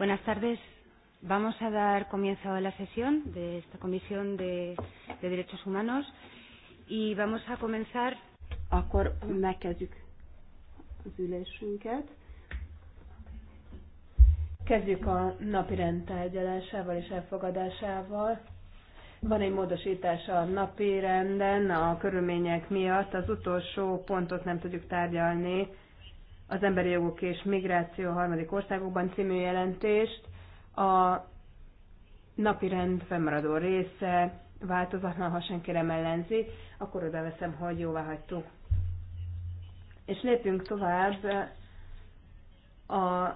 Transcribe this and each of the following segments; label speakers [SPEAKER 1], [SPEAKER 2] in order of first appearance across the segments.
[SPEAKER 1] Buenas tardes. Vamos a dar comienzo a la sesión de esta Comisión de, de Derechos Humanos y vamos a comenzar. Akkor megkezdjük az ülésünket. Kezdjük a napi rendtárgyalásával és elfogadásával. Van egy módosítás a napi renden, a körülmények miatt az utolsó pontot nem tudjuk tárgyalni, az emberi jogok és migráció harmadik országokban című jelentést. A napi rend fennmaradó része változatlan, ha senki nem ellenzi, akkor oda veszem, hogy jóvá hagytuk. És lépjünk tovább a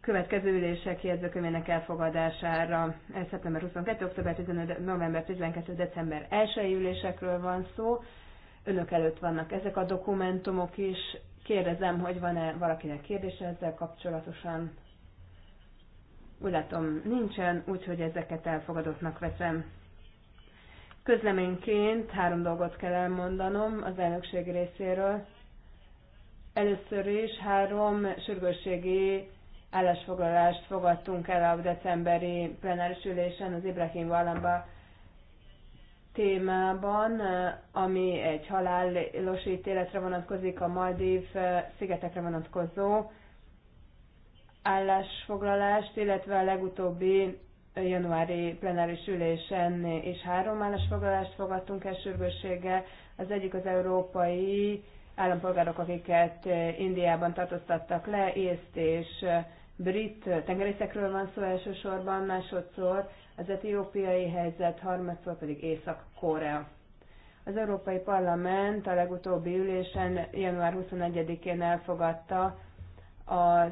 [SPEAKER 1] következő ülések jegyzőkönyvének elfogadására. Ez szeptember 22, október 15, november 12, december 1 ülésekről van szó önök előtt vannak ezek a dokumentumok is. Kérdezem, hogy van-e valakinek kérdése ezzel kapcsolatosan. Úgy látom, nincsen, úgyhogy ezeket elfogadottnak veszem. Közleményként három dolgot kell elmondanom az elnökség részéről. Először is három sürgősségi állásfoglalást fogadtunk el a decemberi plenáris ülésen az Ibrahim Vallamba témában, eh, ami egy halálos ítéletre vonatkozik, a Maldív eh, szigetekre vonatkozó állásfoglalást, illetve a legutóbbi januári plenáris ülésen és három állásfoglalást fogadtunk el sürgősséggel. Az egyik az európai állampolgárok, akiket eh, Indiában tartóztattak le, észt és brit tengerészekről van szó elsősorban, másodszor az etiópiai helyzet, harmadszor pedig Észak-Korea. Az Európai Parlament a legutóbbi ülésen január 21-én elfogadta az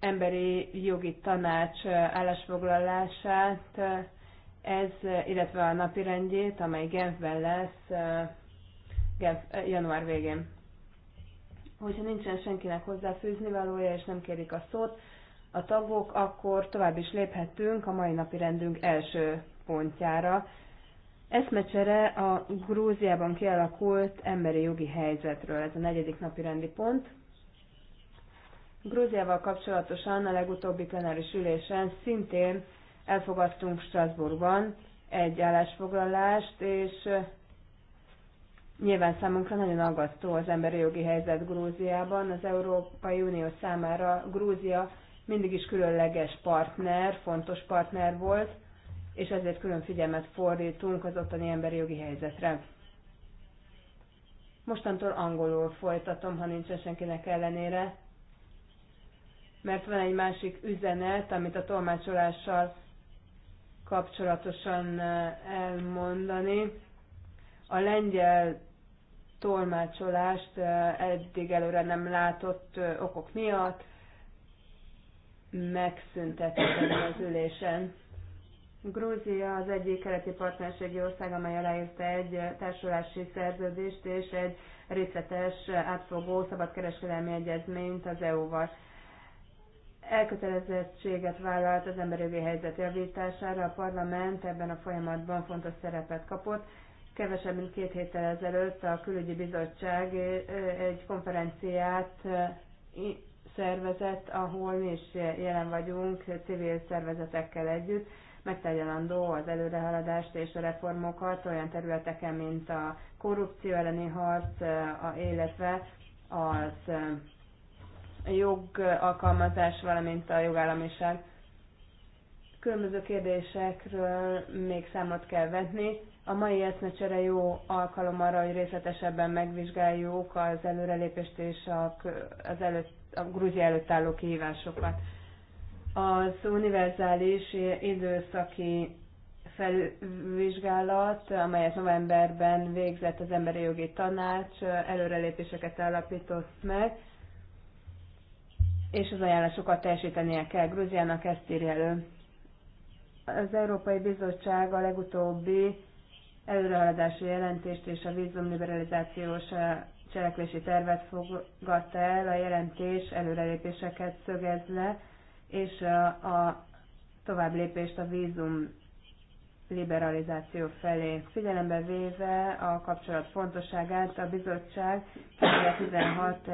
[SPEAKER 1] emberi jogi tanács állásfoglalását, ez, illetve a napirendjét, amely Genfben lesz Genf, január végén. Hogyha nincsen senkinek hozzáfűzni valója, és nem kérik a szót, a tagok, akkor tovább is léphettünk a mai napi rendünk első pontjára. Eszmecsere a Grúziában kialakult emberi jogi helyzetről, ez a negyedik napi rendi pont. Grúziával kapcsolatosan a legutóbbi plenáris ülésen szintén elfogadtunk Strasbourgban egy állásfoglalást, és nyilván számunkra nagyon aggasztó az emberi jogi helyzet Grúziában. Az Európai Unió számára Grúzia mindig is különleges partner, fontos partner volt, és ezért külön figyelmet fordítunk az ottani emberi jogi helyzetre. Mostantól angolul folytatom, ha nincsen senkinek ellenére, mert van egy másik üzenet, amit a tolmácsolással kapcsolatosan eh, elmondani. A lengyel tolmácsolást eh, eddig előre nem látott eh, okok miatt megszüntettek az ülésen. Grúzia az egyik keleti partnerségi ország, amely aláírta egy társulási szerződést és egy részletes, átfogó szabadkereskedelmi egyezményt az EU-val. Elkötelezettséget vállalt az emberi helyzet javítására, a parlament ebben a folyamatban fontos szerepet kapott. Kevesebb mint két héttel ezelőtt a külügyi bizottság eh, egy konferenciát eh, szervezet, ahol mi is jelen vagyunk civil szervezetekkel együtt, megtárgyalandó az előrehaladást és a reformokat olyan területeken, mint a korrupció elleni harc, a, életve, az jogalkalmazás, valamint a jogállamiság. Különböző kérdésekről még számot kell vetni. A mai eszmecsere jó alkalom arra, hogy részletesebben megvizsgáljuk az előrelépést és az előtt a Grúzia előtt álló kihívásokat. Az univerzális időszaki felvizsgálat, amelyet novemberben végzett az Emberi Jogi Tanács, előrelépéseket állapított meg, és az ajánlásokat teljesítenie kell. Grúziának ezt írja elő. Az Európai Bizottság a legutóbbi előrehaladási jelentést és a vízumliberalizációs cselekvési tervet fogadta el, a jelentés előrelépéseket szögez le, és a, a tovább lépést a vízum liberalizáció felé. Figyelembe véve a kapcsolat fontosságát, a bizottság 2016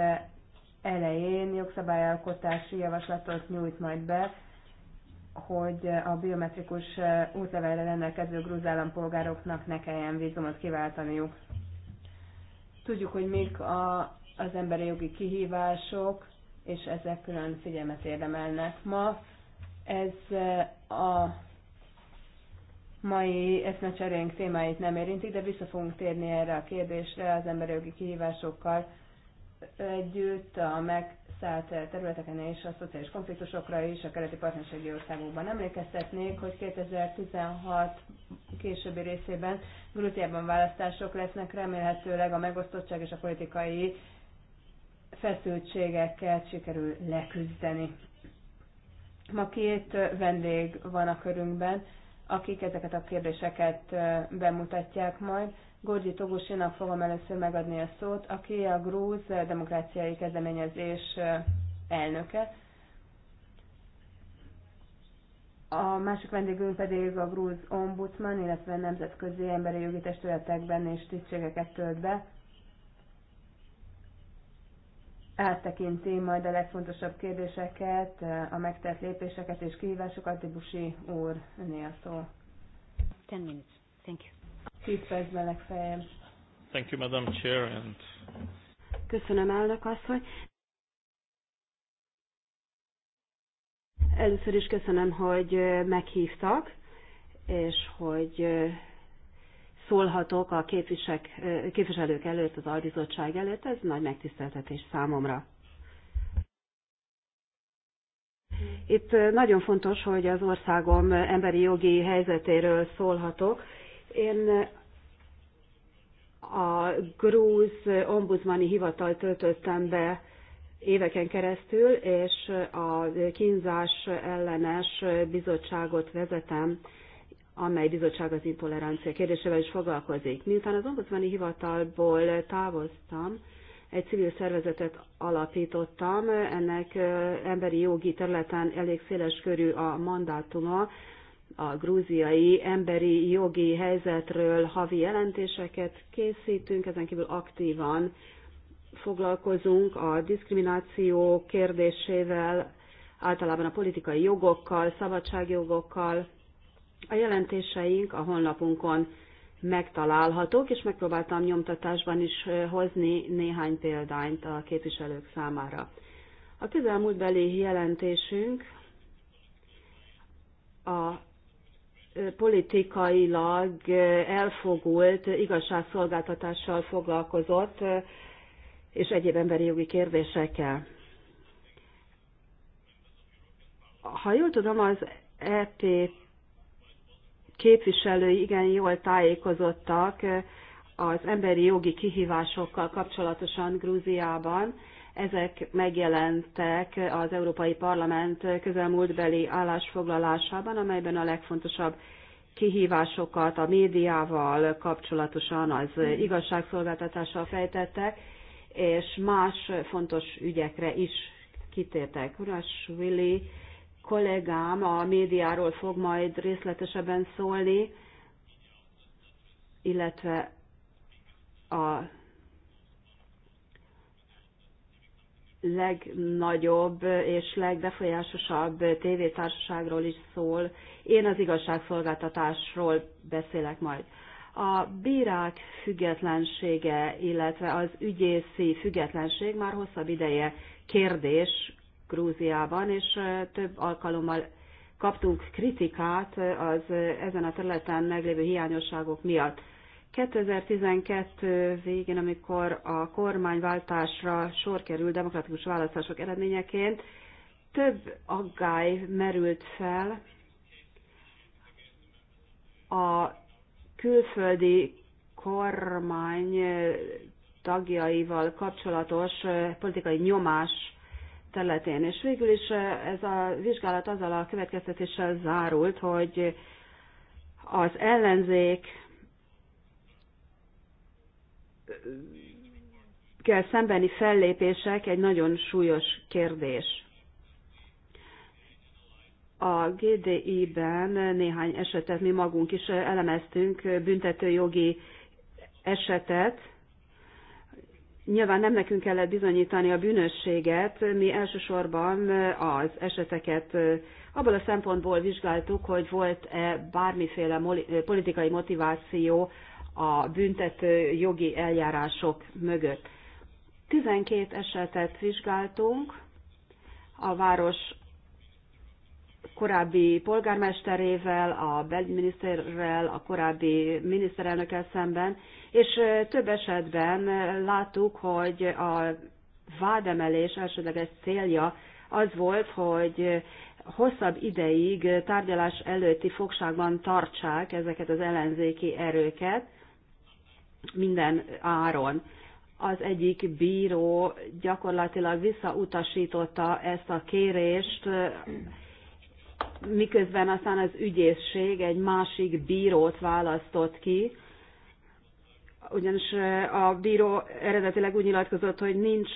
[SPEAKER 1] elején jogszabályalkotási javaslatot nyújt majd be, hogy a biometrikus útlevelre rendelkező grúz állampolgároknak ne kelljen vízumot kiváltaniuk. Tudjuk, hogy mik a, az emberi jogi kihívások, és ezek külön figyelmet érdemelnek. Ma ez eh, a mai eszmecserénk témáit nem érintik, de vissza fogunk térni erre a kérdésre az emberi jogi kihívásokkal együtt, a meg szállt eh, területeken és a szociális konfliktusokra is a keleti partnerségi országokban. Emlékeztetnék, hogy 2016 későbbi részében Grúziában választások lesznek, remélhetőleg a megosztottság és a politikai feszültségekkel sikerül leküzdeni. Ma két eh, vendég van a körünkben, akik ezeket a kérdéseket eh, bemutatják majd. Gorgyi Togusinak fogom először megadni a szót, aki a Grúz Demokráciai Kezdeményezés elnöke. A másik vendégünk pedig a Grúz Ombudsman, illetve nemzetközi emberi jogi testületekben és tisztségeket tölt be. Áttekinti majd a legfontosabb kérdéseket, a megtett lépéseket és kihívásokat. Tibusi úr, öné a szó. 10 minutes. Thank you percben legfeljebb. Thank you, Madam Chair, and... Köszönöm, elnök asszony. Először is köszönöm, hogy meghívtak, és hogy szólhatok a képvisek, képviselők előtt, az albizottság előtt. Ez nagy megtiszteltetés számomra. Itt nagyon fontos, hogy az országom emberi jogi helyzetéről szólhatok. Én a grúz ombudsmani hivatal töltöttem be éveken keresztül, és a kínzás ellenes bizottságot vezetem, amely bizottság az intolerancia kérdésével is foglalkozik. Miután az ombudsmani hivatalból távoztam, egy civil szervezetet alapítottam, ennek emberi jogi területen elég széles körű a mandátuma, a grúziai emberi jogi helyzetről havi jelentéseket készítünk, ezen kívül aktívan foglalkozunk a diszkrimináció kérdésével, általában a politikai jogokkal, szabadságjogokkal. A jelentéseink a honlapunkon megtalálhatók, és megpróbáltam nyomtatásban is hozni néhány példányt a képviselők számára. A közelmúltbeli jelentésünk a politikailag elfogult igazságszolgáltatással foglalkozott, és egyéb emberi jogi kérdésekkel. Ha jól tudom, az EP képviselői igen jól tájékozottak az emberi jogi kihívásokkal kapcsolatosan Grúziában, ezek megjelentek az Európai Parlament közelmúltbeli állásfoglalásában, amelyben a legfontosabb kihívásokat a médiával kapcsolatosan az hmm. igazságszolgáltatással fejtettek, és más fontos ügyekre is kitértek. Uras Willi kollégám a médiáról fog majd részletesebben szólni, illetve a legnagyobb és legbefolyásosabb tévétársaságról is szól. Én az igazságszolgáltatásról beszélek majd. A bírák függetlensége, illetve az ügyészi függetlenség már hosszabb ideje kérdés Grúziában, és több alkalommal kaptunk kritikát az ezen a területen meglévő hiányosságok miatt. 2012 végén, amikor a kormányváltásra sor került demokratikus választások eredményeként, több aggály merült fel a külföldi kormány tagjaival kapcsolatos politikai nyomás területén. És végül is ez a vizsgálat azzal a következtetéssel zárult, hogy az ellenzék kell szembeni fellépések egy nagyon súlyos kérdés. A GDI-ben néhány esetet mi magunk is elemeztünk, büntetőjogi esetet. Nyilván nem nekünk kellett bizonyítani a bűnösséget, mi elsősorban az eseteket abból a szempontból vizsgáltuk, hogy volt-e bármiféle politikai motiváció a büntető jogi eljárások mögött. 12 esetet vizsgáltunk, a város korábbi polgármesterével, a belügyminiszterrel, a korábbi miniszterelnökkel szemben, és több esetben láttuk, hogy a vádemelés elsődleges célja az volt, hogy hosszabb ideig tárgyalás előtti fogságban tartsák ezeket az ellenzéki erőket, minden áron. Az egyik bíró gyakorlatilag visszautasította ezt a kérést, miközben aztán az ügyészség egy másik bírót választott ki, ugyanis a bíró eredetileg úgy nyilatkozott, hogy nincs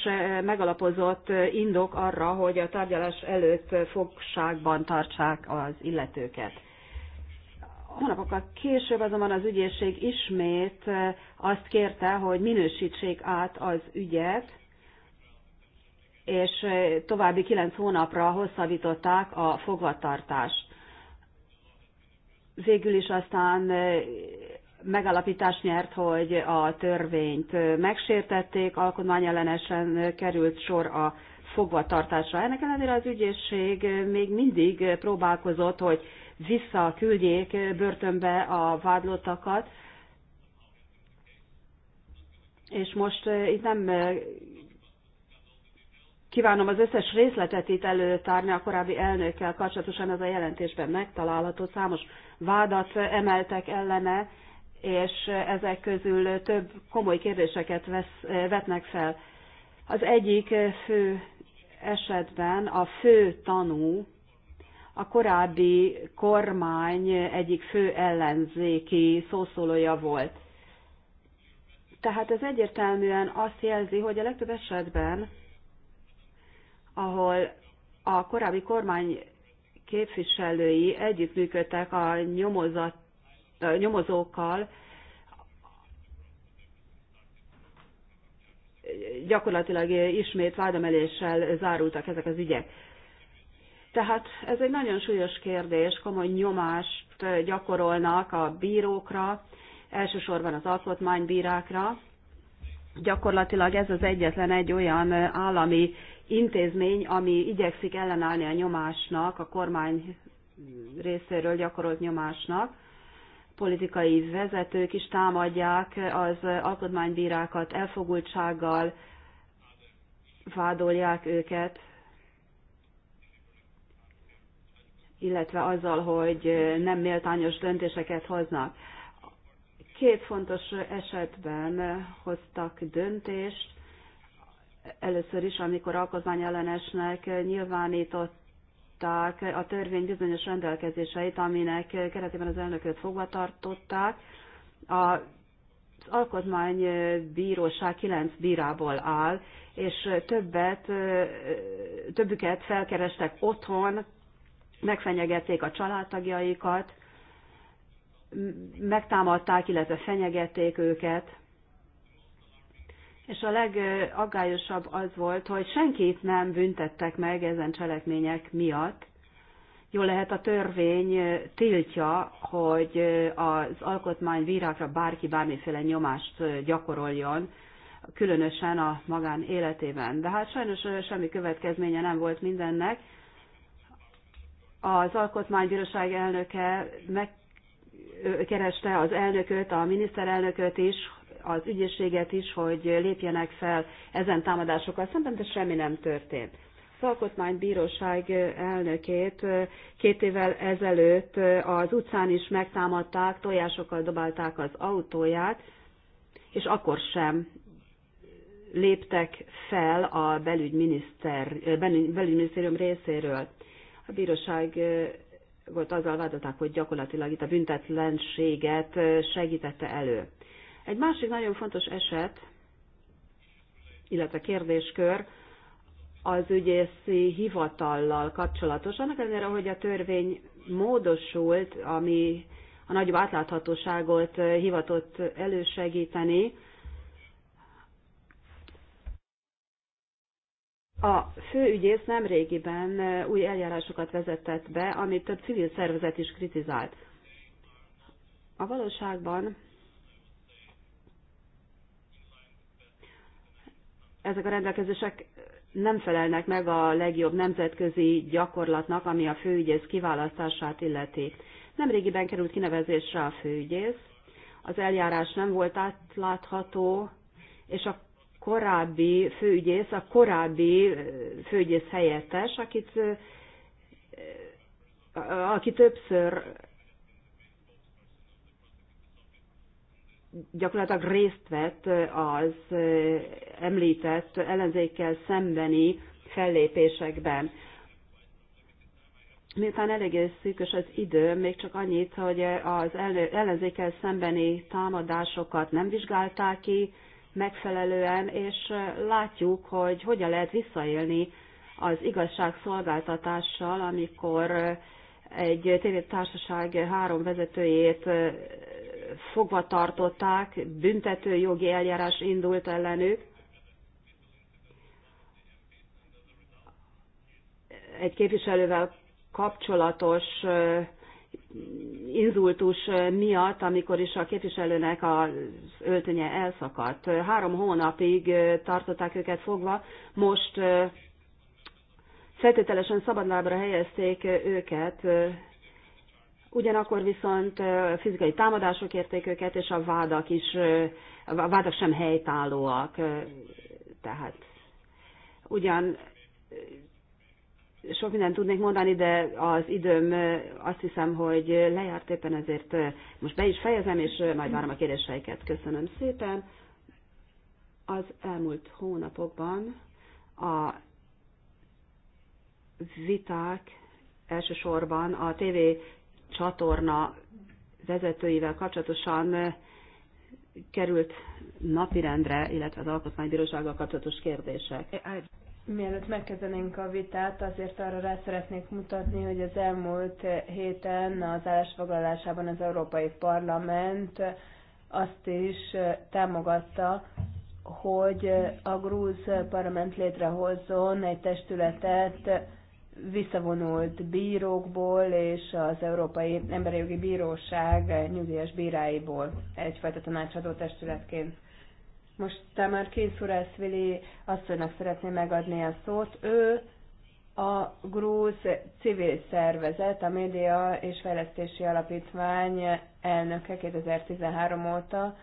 [SPEAKER 1] megalapozott indok arra, hogy a tárgyalás előtt fogságban tartsák az illetőket. Hónapokkal később azonban az ügyészség ismét azt kérte, hogy minősítsék át az ügyet, és további kilenc hónapra hosszabbították a fogvatartást. Végül is aztán megalapítás nyert, hogy a törvényt megsértették, alkotmányellenesen került sor a fogvatartásra. Ennek ellenére az ügyészség még mindig próbálkozott, hogy visszaküldjék börtönbe a vádlottakat. És most eh, itt nem eh, kívánom az összes részletet itt előtárni a korábbi elnökkel kapcsolatosan, ez a jelentésben megtalálható. Számos vádat emeltek ellene, és ezek közül több komoly kérdéseket vesz, eh, vetnek fel. Az egyik fő esetben a fő tanú a korábbi kormány egyik fő ellenzéki szószólója volt. Tehát ez egyértelműen azt jelzi, hogy a legtöbb esetben, ahol a korábbi kormány képviselői együttműködtek a nyomozat, a nyomozókkal, gyakorlatilag ismét vádemeléssel zárultak ezek az ügyek. Tehát ez egy nagyon súlyos kérdés, komoly nyomást gyakorolnak a bírókra, elsősorban az alkotmánybírákra. Gyakorlatilag ez az egyetlen egy olyan állami intézmény, ami igyekszik ellenállni a nyomásnak, a kormány részéről gyakorolt nyomásnak. Politikai vezetők is támadják az alkotmánybírákat, elfogultsággal vádolják őket, illetve azzal, hogy nem méltányos döntéseket hoznak. Két fontos esetben hoztak döntést. Először is, amikor alkotmányellenesnek nyilvánították a törvény bizonyos rendelkezéseit, aminek keretében az elnököt fogva tartották. az alkotmánybíróság kilenc bírából áll, és többet, többüket felkerestek otthon, megfenyegették a családtagjaikat, megtámadták, illetve fenyegették őket. És a legaggályosabb az volt, hogy senkit nem büntettek meg ezen cselekmények miatt. Jó lehet a törvény tiltja, hogy az alkotmány virágra bárki bármiféle nyomást gyakoroljon, különösen a magán életében. De hát sajnos semmi következménye nem volt mindennek, az alkotmánybíróság elnöke megkereste az elnököt, a miniszterelnököt is, az ügyészséget is, hogy lépjenek fel ezen támadásokkal szemben, de semmi nem történt. Az alkotmánybíróság elnökét két évvel ezelőtt az utcán is megtámadták, tojásokkal dobálták az autóját, és akkor sem léptek fel a belügyminiszter, belügyminisztérium részéről. A bíróság volt azzal vádolták, hogy gyakorlatilag itt a büntetlenséget segítette elő. Egy másik nagyon fontos eset, illetve kérdéskör, az ügyészi hivatallal kapcsolatos. Annak ellenére, hogy a törvény módosult, ami a nagyobb átláthatóságot hivatott elősegíteni, A főügyész nem régiben új eljárásokat vezetett be, amit több civil szervezet is kritizált. A valóságban ezek a rendelkezések nem felelnek meg a legjobb nemzetközi gyakorlatnak, ami a főügyész kiválasztását illeti. Nemrégiben került kinevezésre a főügyész, az eljárás nem volt átlátható, és a korábbi főügyész, a korábbi főügyész helyettes, akit, aki többször gyakorlatilag részt vett az említett ellenzékkel szembeni fellépésekben. Miután eléggé szűkös az idő, még csak annyit, hogy az ellenzékkel szembeni támadásokat nem vizsgálták ki, megfelelően, és látjuk, hogy hogyan lehet visszaélni az igazságszolgáltatással, amikor egy tévétársaság három vezetőjét fogva tartották, büntető jogi eljárás indult ellenük. Egy képviselővel kapcsolatos inzultus miatt, amikor is a képviselőnek az öltönye elszakadt. Három hónapig tartották őket fogva, most feltételesen szabadlábra helyezték őket, ugyanakkor viszont fizikai támadások érték őket, és a vádak is, a vádak sem helytállóak, tehát ugyan sok mindent tudnék mondani, de az időm azt hiszem, hogy lejárt éppen ezért most be is fejezem, és majd várom a kérdéseiket. Köszönöm szépen. Az elmúlt hónapokban a viták elsősorban a TV csatorna vezetőivel kapcsolatosan került napirendre, illetve az Alkotmánybírósággal kapcsolatos kérdések. Mielőtt megkezdenénk a vitát, azért arra rá szeretnék mutatni, hogy az elmúlt héten az állásfoglalásában az Európai Parlament azt is támogatta, hogy a grúz parlament létrehozzon egy testületet visszavonult bírókból és az Európai Emberi Jogi Bíróság nyugdíjas bíráiból egyfajta tanácsadó testületként. Most már Kinsurászvili asszonynak szeretném megadni a szót. Ő a Grúz civil szervezet, a Média és Fejlesztési Alapítvány elnöke 2013 óta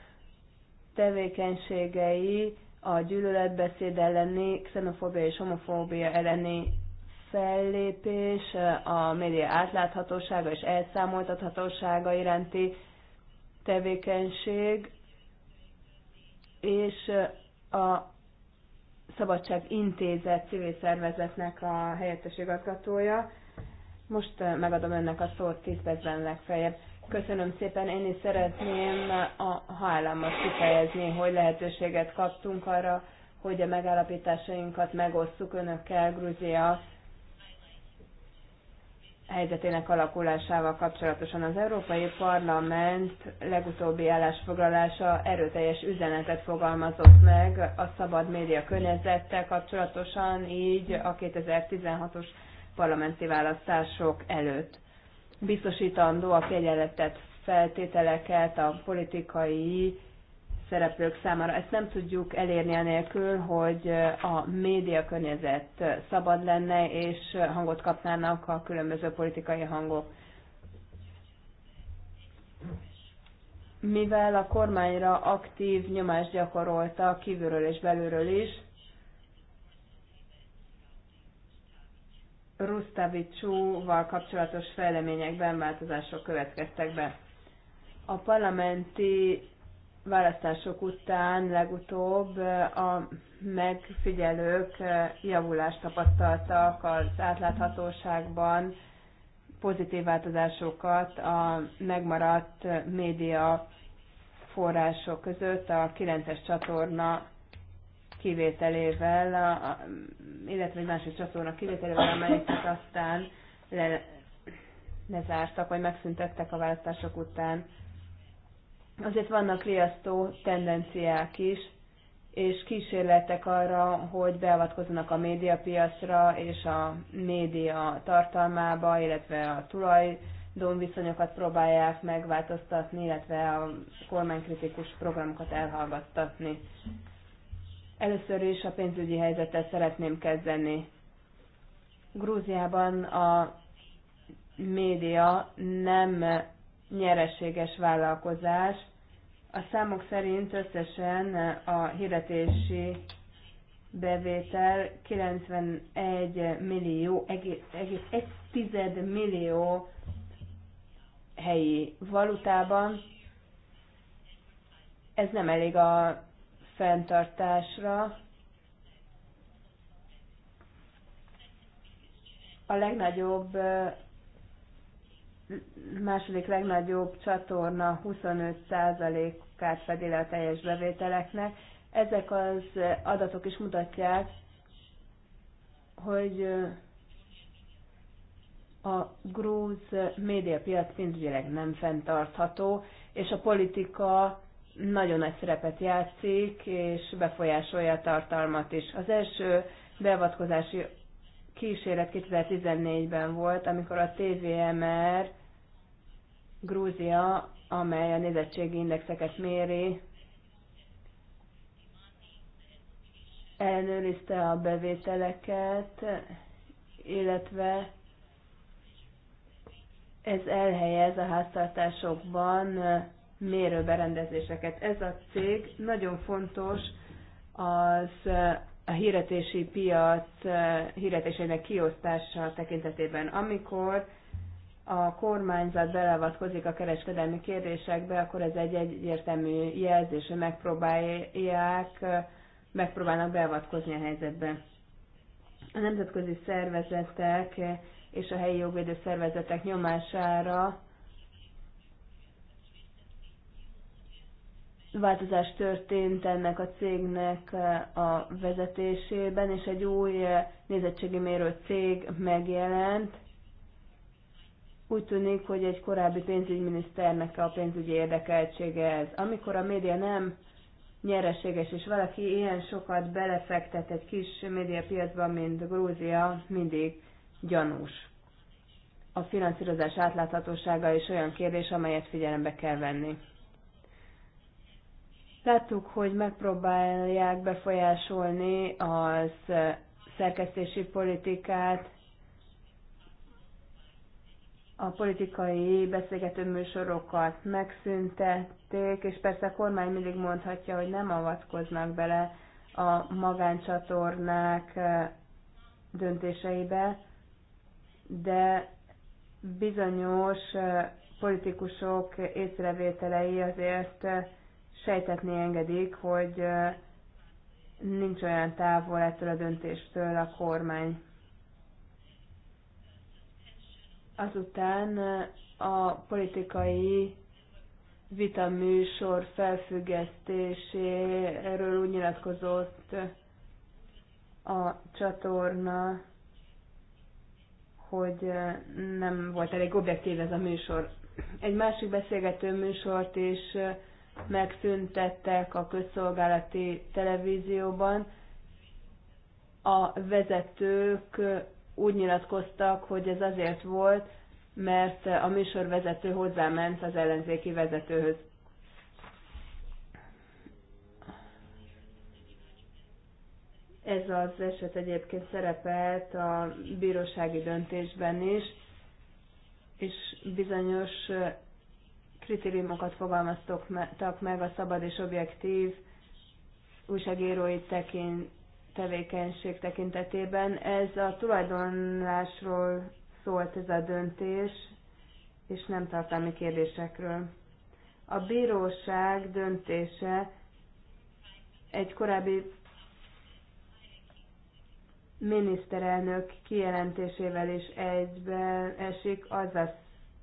[SPEAKER 1] tevékenységei a gyűlöletbeszéd elleni, xenofóbia és homofóbia elleni fellépés, a média átláthatósága és elszámoltathatósága iránti tevékenység, és a Szabadság Intézet civil szervezetnek a helyettes igazgatója. Most megadom önnek a szót 10 percben legfeljebb. Köszönöm szépen, én is szeretném a hálámat kifejezni, hogy lehetőséget kaptunk arra, hogy a megállapításainkat megosztjuk önökkel. Grúzia helyzetének alakulásával kapcsolatosan az Európai Parlament legutóbbi állásfoglalása erőteljes üzenetet fogalmazott meg a szabad média környezettel kapcsolatosan, így a 2016-os parlamenti választások előtt. Biztosítandó a kegyeletet feltételeket a politikai szereplők számára. Ezt nem tudjuk elérni anélkül, hogy a média környezet szabad lenne, és hangot kapnának a különböző politikai hangok. Mivel a kormányra aktív nyomást gyakorolta kívülről és belülről is, Rustavicsúval kapcsolatos fejleményekben változások következtek be. A parlamenti választások után legutóbb a megfigyelők javulást tapasztaltak az átláthatóságban, pozitív változásokat a megmaradt média források között a 9-es csatorna kivételével, a, a, illetve egy másik csatorna kivételével, amelyet aztán le, lezártak, vagy megszüntettek a választások után. Azért vannak riasztó tendenciák is, és kísérletek arra, hogy beavatkozzanak a médiapiacra és a média tartalmába, illetve a tulajdonviszonyokat próbálják megváltoztatni, illetve a kormánykritikus programokat elhallgattatni. Először is a pénzügyi helyzetet szeretném kezdeni. Grúziában a média nem nyereséges vállalkozás. A számok szerint összesen a hirdetési bevétel 91 millió, egész, egy tized millió helyi valutában. Ez nem elég a fenntartásra. A legnagyobb második legnagyobb csatorna 25%-át fedi le a teljes bevételeknek. Ezek az adatok is mutatják, hogy a grúz médiapiac pénzügyileg nem fenntartható, és a politika nagyon nagy szerepet játszik, és befolyásolja a tartalmat is. Az első beavatkozási kísérlet 2014-ben volt, amikor a TVMR Grúzia, amely a nézettségi indexeket méri, ellenőrizte a bevételeket, illetve ez elhelyez a háztartásokban mérőberendezéseket. Ez a cég nagyon fontos az a hirdetési piac eh, hirdetéseinek kiosztása tekintetében. Amikor a kormányzat beleavatkozik a kereskedelmi kérdésekbe, akkor ez egy egyértelmű jelzés, hogy megpróbálják, eh, megpróbálnak beavatkozni a helyzetbe. A nemzetközi szervezetek eh, és a helyi jogvédő szervezetek nyomására változás történt ennek a cégnek eh, a vezetésében, és egy új eh, nézettségi mérő cég megjelent. Úgy tűnik, hogy egy korábbi pénzügyminiszternek a pénzügyi érdekeltsége ez. Amikor a média nem nyereséges, és valaki ilyen sokat belefektet egy kis médiapiacba, mint Grúzia, mindig gyanús. A finanszírozás átláthatósága is olyan kérdés, amelyet figyelembe kell venni. Láttuk, hogy megpróbálják befolyásolni az szerkesztési politikát, a politikai beszélgető műsorokat megszüntették, és persze a kormány mindig mondhatja, hogy nem avatkoznak bele a magáncsatornák döntéseibe, de bizonyos politikusok észrevételei azért sejtetni engedik, hogy nincs olyan távol ettől a döntéstől a kormány. Azután a politikai vitaműsor felfüggesztéséről úgy nyilatkozott a csatorna, hogy nem volt elég objektív ez a műsor. Egy másik beszélgető műsort is megszüntettek a közszolgálati televízióban, a vezetők úgy nyilatkoztak, hogy ez azért volt, mert a műsorvezető hozzáment az ellenzéki vezetőhöz. Ez az eset egyébként szerepelt a bírósági döntésben is, és bizonyos kritériumokat fogalmaztak meg a szabad és objektív újságírói tekint, tevékenység tekintetében. Ez a tulajdonlásról szólt ez a döntés, és nem tartalmi kérdésekről. A bíróság döntése egy korábbi miniszterelnök kijelentésével is egyben esik, azaz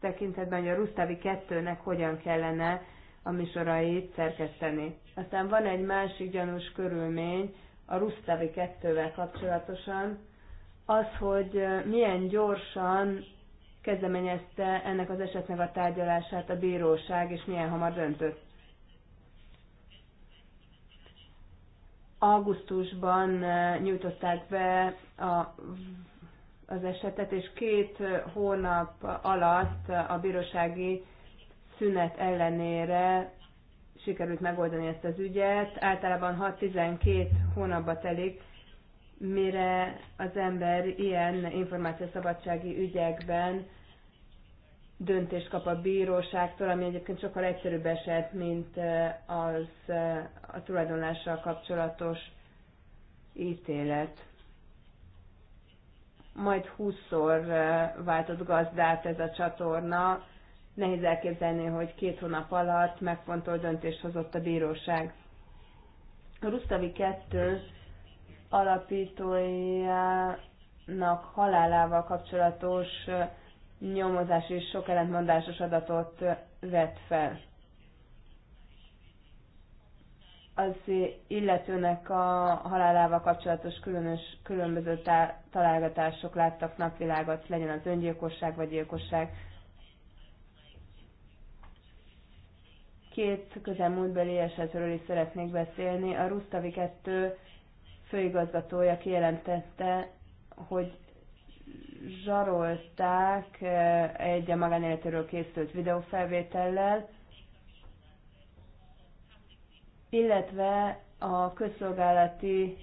[SPEAKER 1] tekintetben, hogy a Rusztavi 2-nek hogyan kellene a műsorait szerkeszteni. Aztán van egy másik gyanús körülmény a Rusztavi 2-vel kapcsolatosan, az, hogy milyen gyorsan kezdeményezte ennek az esetnek a tárgyalását a bíróság, és milyen hamar döntött. Augusztusban nyújtották be a az esetet, és két hónap alatt a bírósági szünet ellenére sikerült megoldani ezt az ügyet. Általában 6-12 hónapba telik, mire az ember ilyen információszabadsági ügyekben döntést kap a bíróságtól, ami egyébként sokkal egyszerűbb eset, mint az a tulajdonlással kapcsolatos ítélet majd 20-szor eh, váltott gazdát ez a csatorna. Nehéz elképzelni, hogy két hónap alatt megfontolt döntést hozott a bíróság. A Rusztavi 2 alapítójának halálával kapcsolatos eh, nyomozás és sok ellentmondásos adatot eh, vett fel az illetőnek a halálával kapcsolatos különös, különböző találgatások láttak napvilágot, legyen az öngyilkosság vagy gyilkosság. Két közelmúltbeli esetről is szeretnék beszélni. A Rusztavi 2 főigazgatója kijelentette, hogy zsarolták eh, egy a magánéletéről készült videófelvétellel, illetve a közszolgálati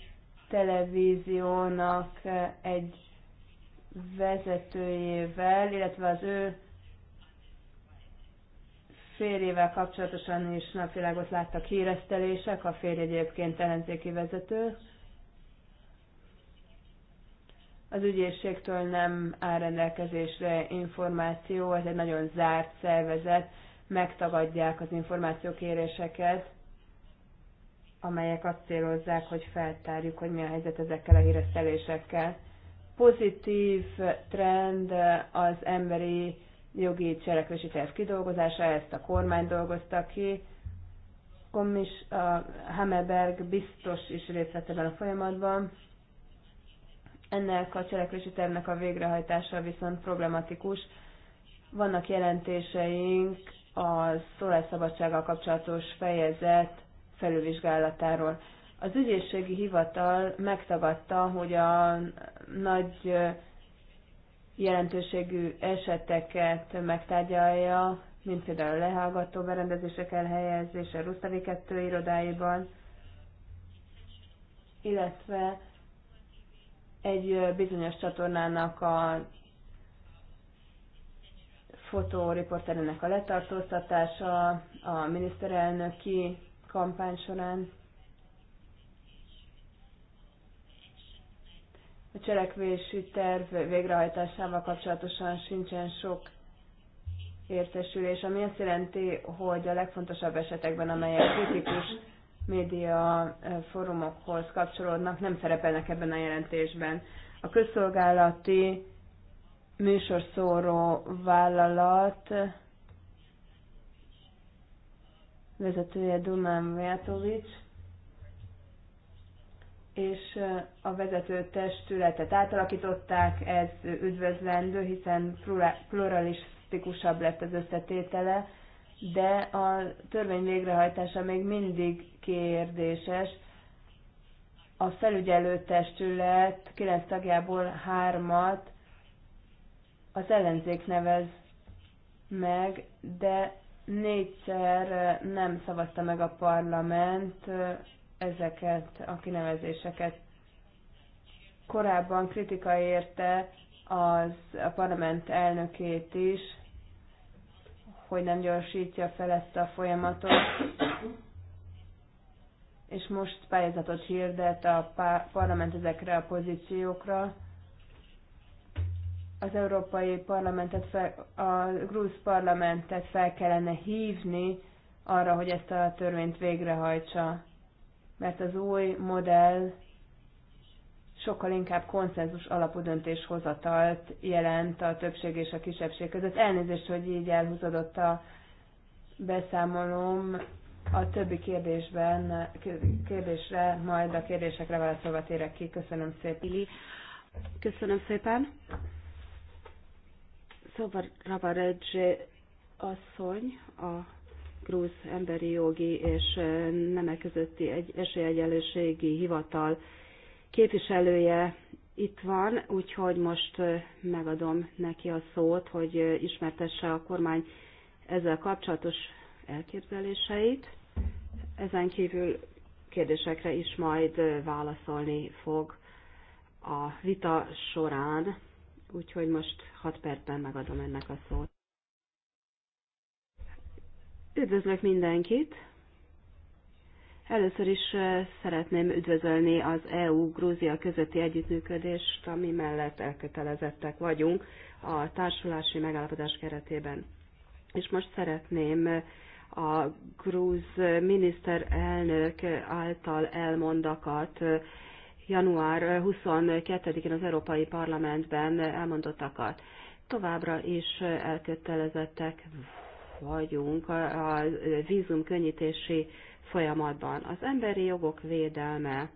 [SPEAKER 1] televíziónak egy vezetőjével, illetve az ő férjével kapcsolatosan is napvilágot láttak híresztelések, a férj egyébként ellenzéki vezető. Az ügyészségtől nem áll rendelkezésre információ, ez egy nagyon zárt szervezet, megtagadják az információkéréseket, amelyek azt célozzák, hogy feltárjuk, hogy mi a helyzet ezekkel a híresztelésekkel. Pozitív trend az emberi jogi cselekvési terv kidolgozása, ezt a kormány dolgozta ki. Komis a Hammerberg biztos is részt vett ebben a folyamatban. Ennek a cselekvési tervnek a végrehajtása viszont problematikus. Vannak jelentéseink a szólásszabadsággal kapcsolatos fejezet felülvizsgálatáról. Az ügyészségi hivatal megtagadta, hogy a nagy jelentőségű eseteket megtárgyalja, mint például a lehallgató berendezések elhelyezése Rusztavi 2 irodáiban, illetve egy bizonyos csatornának a fotóriporterének a letartóztatása, a miniszterelnöki kampány során. A cselekvési terv végrehajtásával kapcsolatosan sincsen sok értesülés, ami azt jelenti, hogy a legfontosabb esetekben, amelyek kritikus média eh, fórumokhoz kapcsolódnak, nem szerepelnek ebben a jelentésben. A közszolgálati műsorszóró vállalat vezetője Dumán Vajatovics, és a vezető testületet átalakították, ez üdvözlendő, hiszen pluralistikusabb lett az összetétele, de a törvény végrehajtása még mindig kérdéses. A felügyelő testület 9 tagjából hármat az ellenzék nevez meg, de négyszer nem szavazta meg a parlament ezeket a kinevezéseket. Korábban kritika érte az, a parlament elnökét is, hogy nem gyorsítja fel ezt a folyamatot, és most pályázatot hirdet a parlament ezekre a pozíciókra az Európai Parlamentet, fel, a Grúz Parlamentet fel kellene hívni arra, hogy ezt a törvényt végrehajtsa. Mert az új modell sokkal inkább konszenzus alapú döntéshozatalt jelent a többség és a kisebbség között. Elnézést, hogy így elhúzódott a beszámolom. A többi kérdésben, kérdésre, majd a kérdésekre válaszolva térek ki. Köszönöm szépen. Köszönöm szépen. Redzsé asszony a Grúz Emberi Jogi és Nemek közötti egy esélyegyenlőségi hivatal képviselője itt van, úgyhogy most megadom neki a szót, hogy ismertesse a kormány ezzel kapcsolatos elképzeléseit. Ezen kívül kérdésekre is majd válaszolni fog a vita során úgyhogy most 6 percben megadom ennek a szót. Üdvözlök mindenkit! Először is eh, szeretném üdvözölni az EU-Grúzia közötti együttműködést, ami mellett elkötelezettek vagyunk a társulási megállapodás keretében. És most szeretném eh, a grúz miniszterelnök által elmondakat eh, január 22-én az Európai Parlamentben elmondottakat. Továbbra is elkötelezettek vagyunk a vízum könnyítési folyamatban. Az emberi jogok védelme,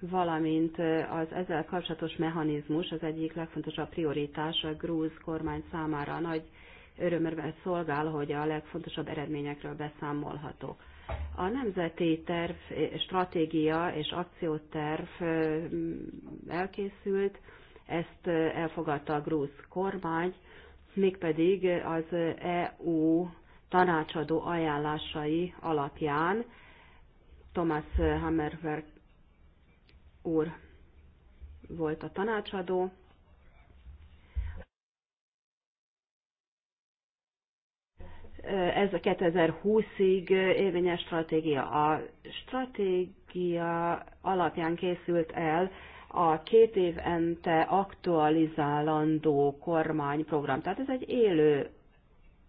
[SPEAKER 1] valamint az ezzel kapcsolatos mechanizmus az egyik legfontosabb prioritás a grúz kormány számára. Nagy örömömre szolgál, hogy a legfontosabb eredményekről beszámolhatok. A nemzeti terv, stratégia és akcióterv elkészült, ezt elfogadta a grúz kormány, mégpedig az EU tanácsadó ajánlásai alapján Thomas Hammerwerk úr volt a tanácsadó, ez a 2020-ig érvényes stratégia. A stratégia alapján készült el a két évente aktualizálandó kormányprogram. Tehát ez egy élő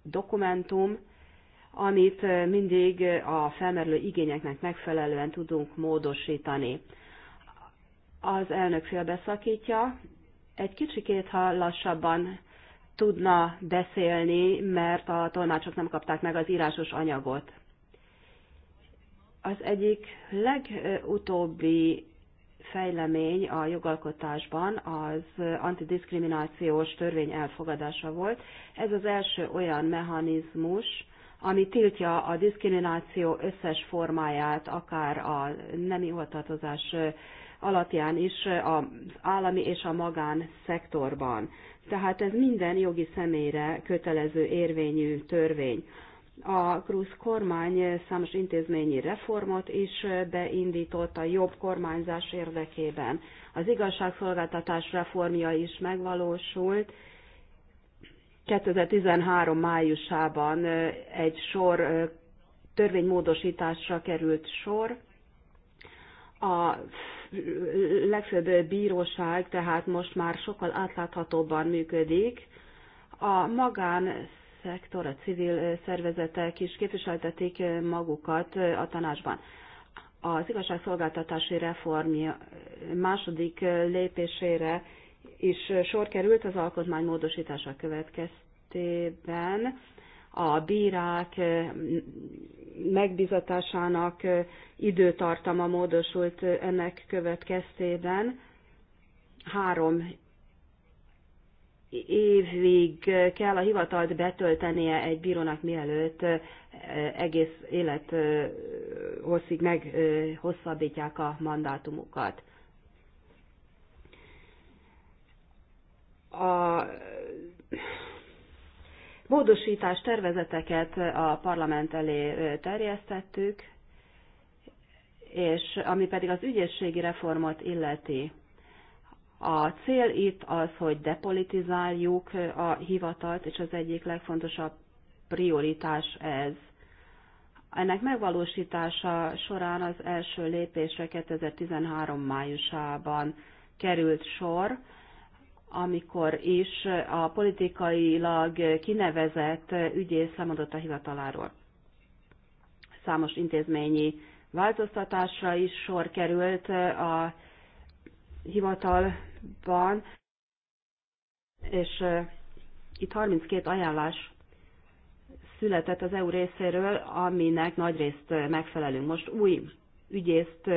[SPEAKER 1] dokumentum, amit mindig a felmerülő igényeknek megfelelően tudunk módosítani. Az elnök félbeszakítja, egy kicsikét, ha lassabban tudna beszélni, mert a tolmácsok nem kapták meg az írásos anyagot. Az egyik legutóbbi fejlemény a jogalkotásban az antidiszkriminációs törvény elfogadása volt. Ez az első olyan mechanizmus, ami tiltja a diszkrimináció összes formáját, akár a nemi oltatozás alapján is az állami és a magán szektorban. Tehát ez minden jogi személyre kötelező érvényű törvény. A krusz kormány számos intézményi reformot is beindított a jobb kormányzás érdekében. Az igazságszolgáltatás reformja is megvalósult. 2013 májusában egy sor törvénymódosításra került sor. A legfőbb bíróság tehát most már sokkal átláthatóbban működik. A magánszektor, a civil szervezetek is képviseltetik magukat a tanácsban. Az igazságszolgáltatási reform második lépésére is sor került az alkotmány módosítása következtében. A bírák megbizatásának időtartama módosult ennek következtében. Három évig kell a hivatalt betöltenie egy bírónak, mielőtt egész élet hosszig meghosszabbítják a mandátumukat. A módosítás tervezeteket a parlament elé terjesztettük, és ami pedig az ügyészségi reformot illeti. A cél itt az, hogy depolitizáljuk a hivatalt, és az egyik legfontosabb prioritás ez. Ennek megvalósítása során az első lépésre 2013 májusában került sor, amikor is a politikailag kinevezett ügyész lemondott a hivataláról. Számos intézményi változtatásra is sor került a hivatalban, és itt 32 ajánlás született az EU részéről, aminek részt megfelelünk. Most új ügyészt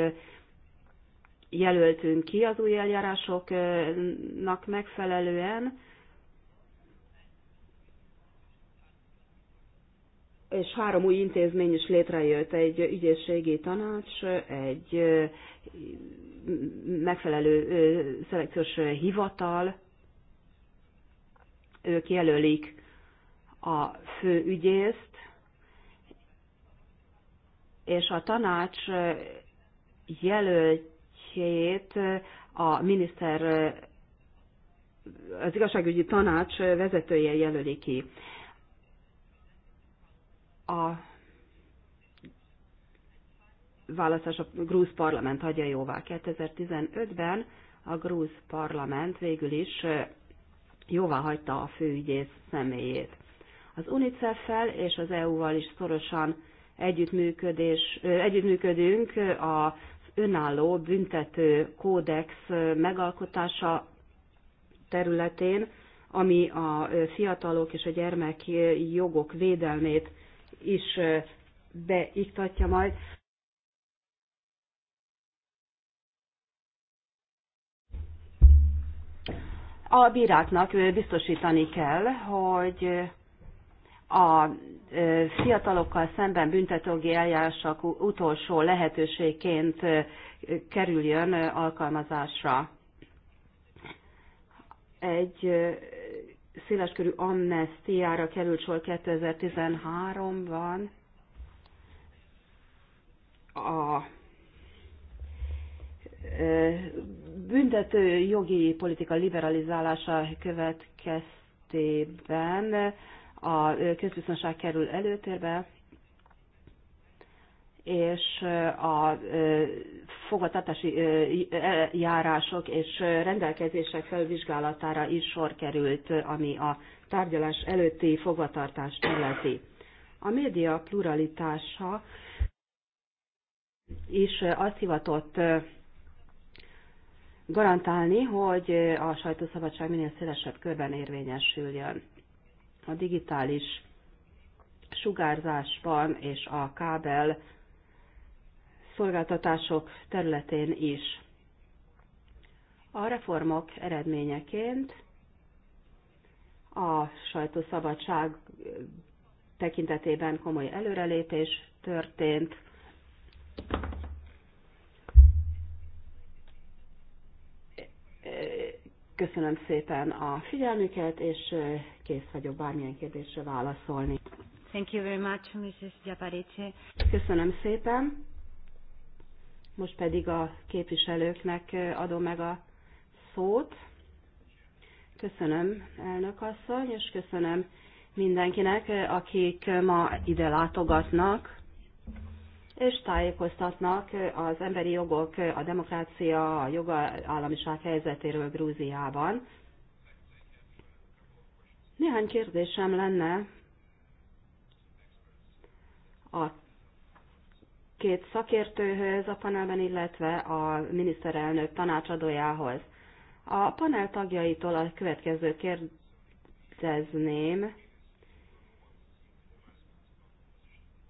[SPEAKER 1] jelöltünk ki az új eljárásoknak megfelelően, és három új intézmény is létrejött, egy ügyészségi tanács, egy megfelelő szelekciós hivatal, ők jelölik a fő ügyészt, és a tanács jelölt dossziéjét a miniszter, az igazságügyi tanács vezetője jelöli ki. A választás a grúz parlament hagyja jóvá. 2015-ben a grúz parlament végül is jóvá hagyta a főügyész személyét. Az UNICEF-fel és az EU-val is szorosan együttműködés, együttműködünk a önálló büntető kódex megalkotása területén, ami a fiatalok és a gyermek jogok védelmét is beiktatja majd. A bíráknak biztosítani kell, hogy a fiatalokkal szemben büntetőgi eljárások utolsó lehetőségként kerüljön alkalmazásra. Egy széleskörű amnestiára került sor 2013-ban. A büntető jogi politika liberalizálása következtében a közbiztonság kerül előtérbe, és a fogadtatási e, járások és rendelkezések felvizsgálatára is sor került, ami a tárgyalás előtti fogvatartást illeti. A média pluralitása is azt hivatott garantálni, hogy a sajtószabadság minél szélesebb körben érvényesüljön a digitális sugárzásban és a kábel szolgáltatások területén is. A reformok eredményeként a sajtószabadság tekintetében komoly előrelépés történt, Köszönöm szépen a figyelmüket, és kész vagyok bármilyen kérdésre válaszolni. Thank you very much, Mrs. Gyaparice. Köszönöm szépen. Most pedig a képviselőknek adom meg a szót. Köszönöm, elnök asszony, és köszönöm mindenkinek, akik ma ide látogatnak és tájékoztatnak az emberi jogok, a demokrácia, a jogállamiság helyzetéről Grúziában. Néhány kérdésem lenne a két szakértőhöz a panelben, illetve a miniszterelnök tanácsadójához. A panel tagjaitól a következőt kérdezném.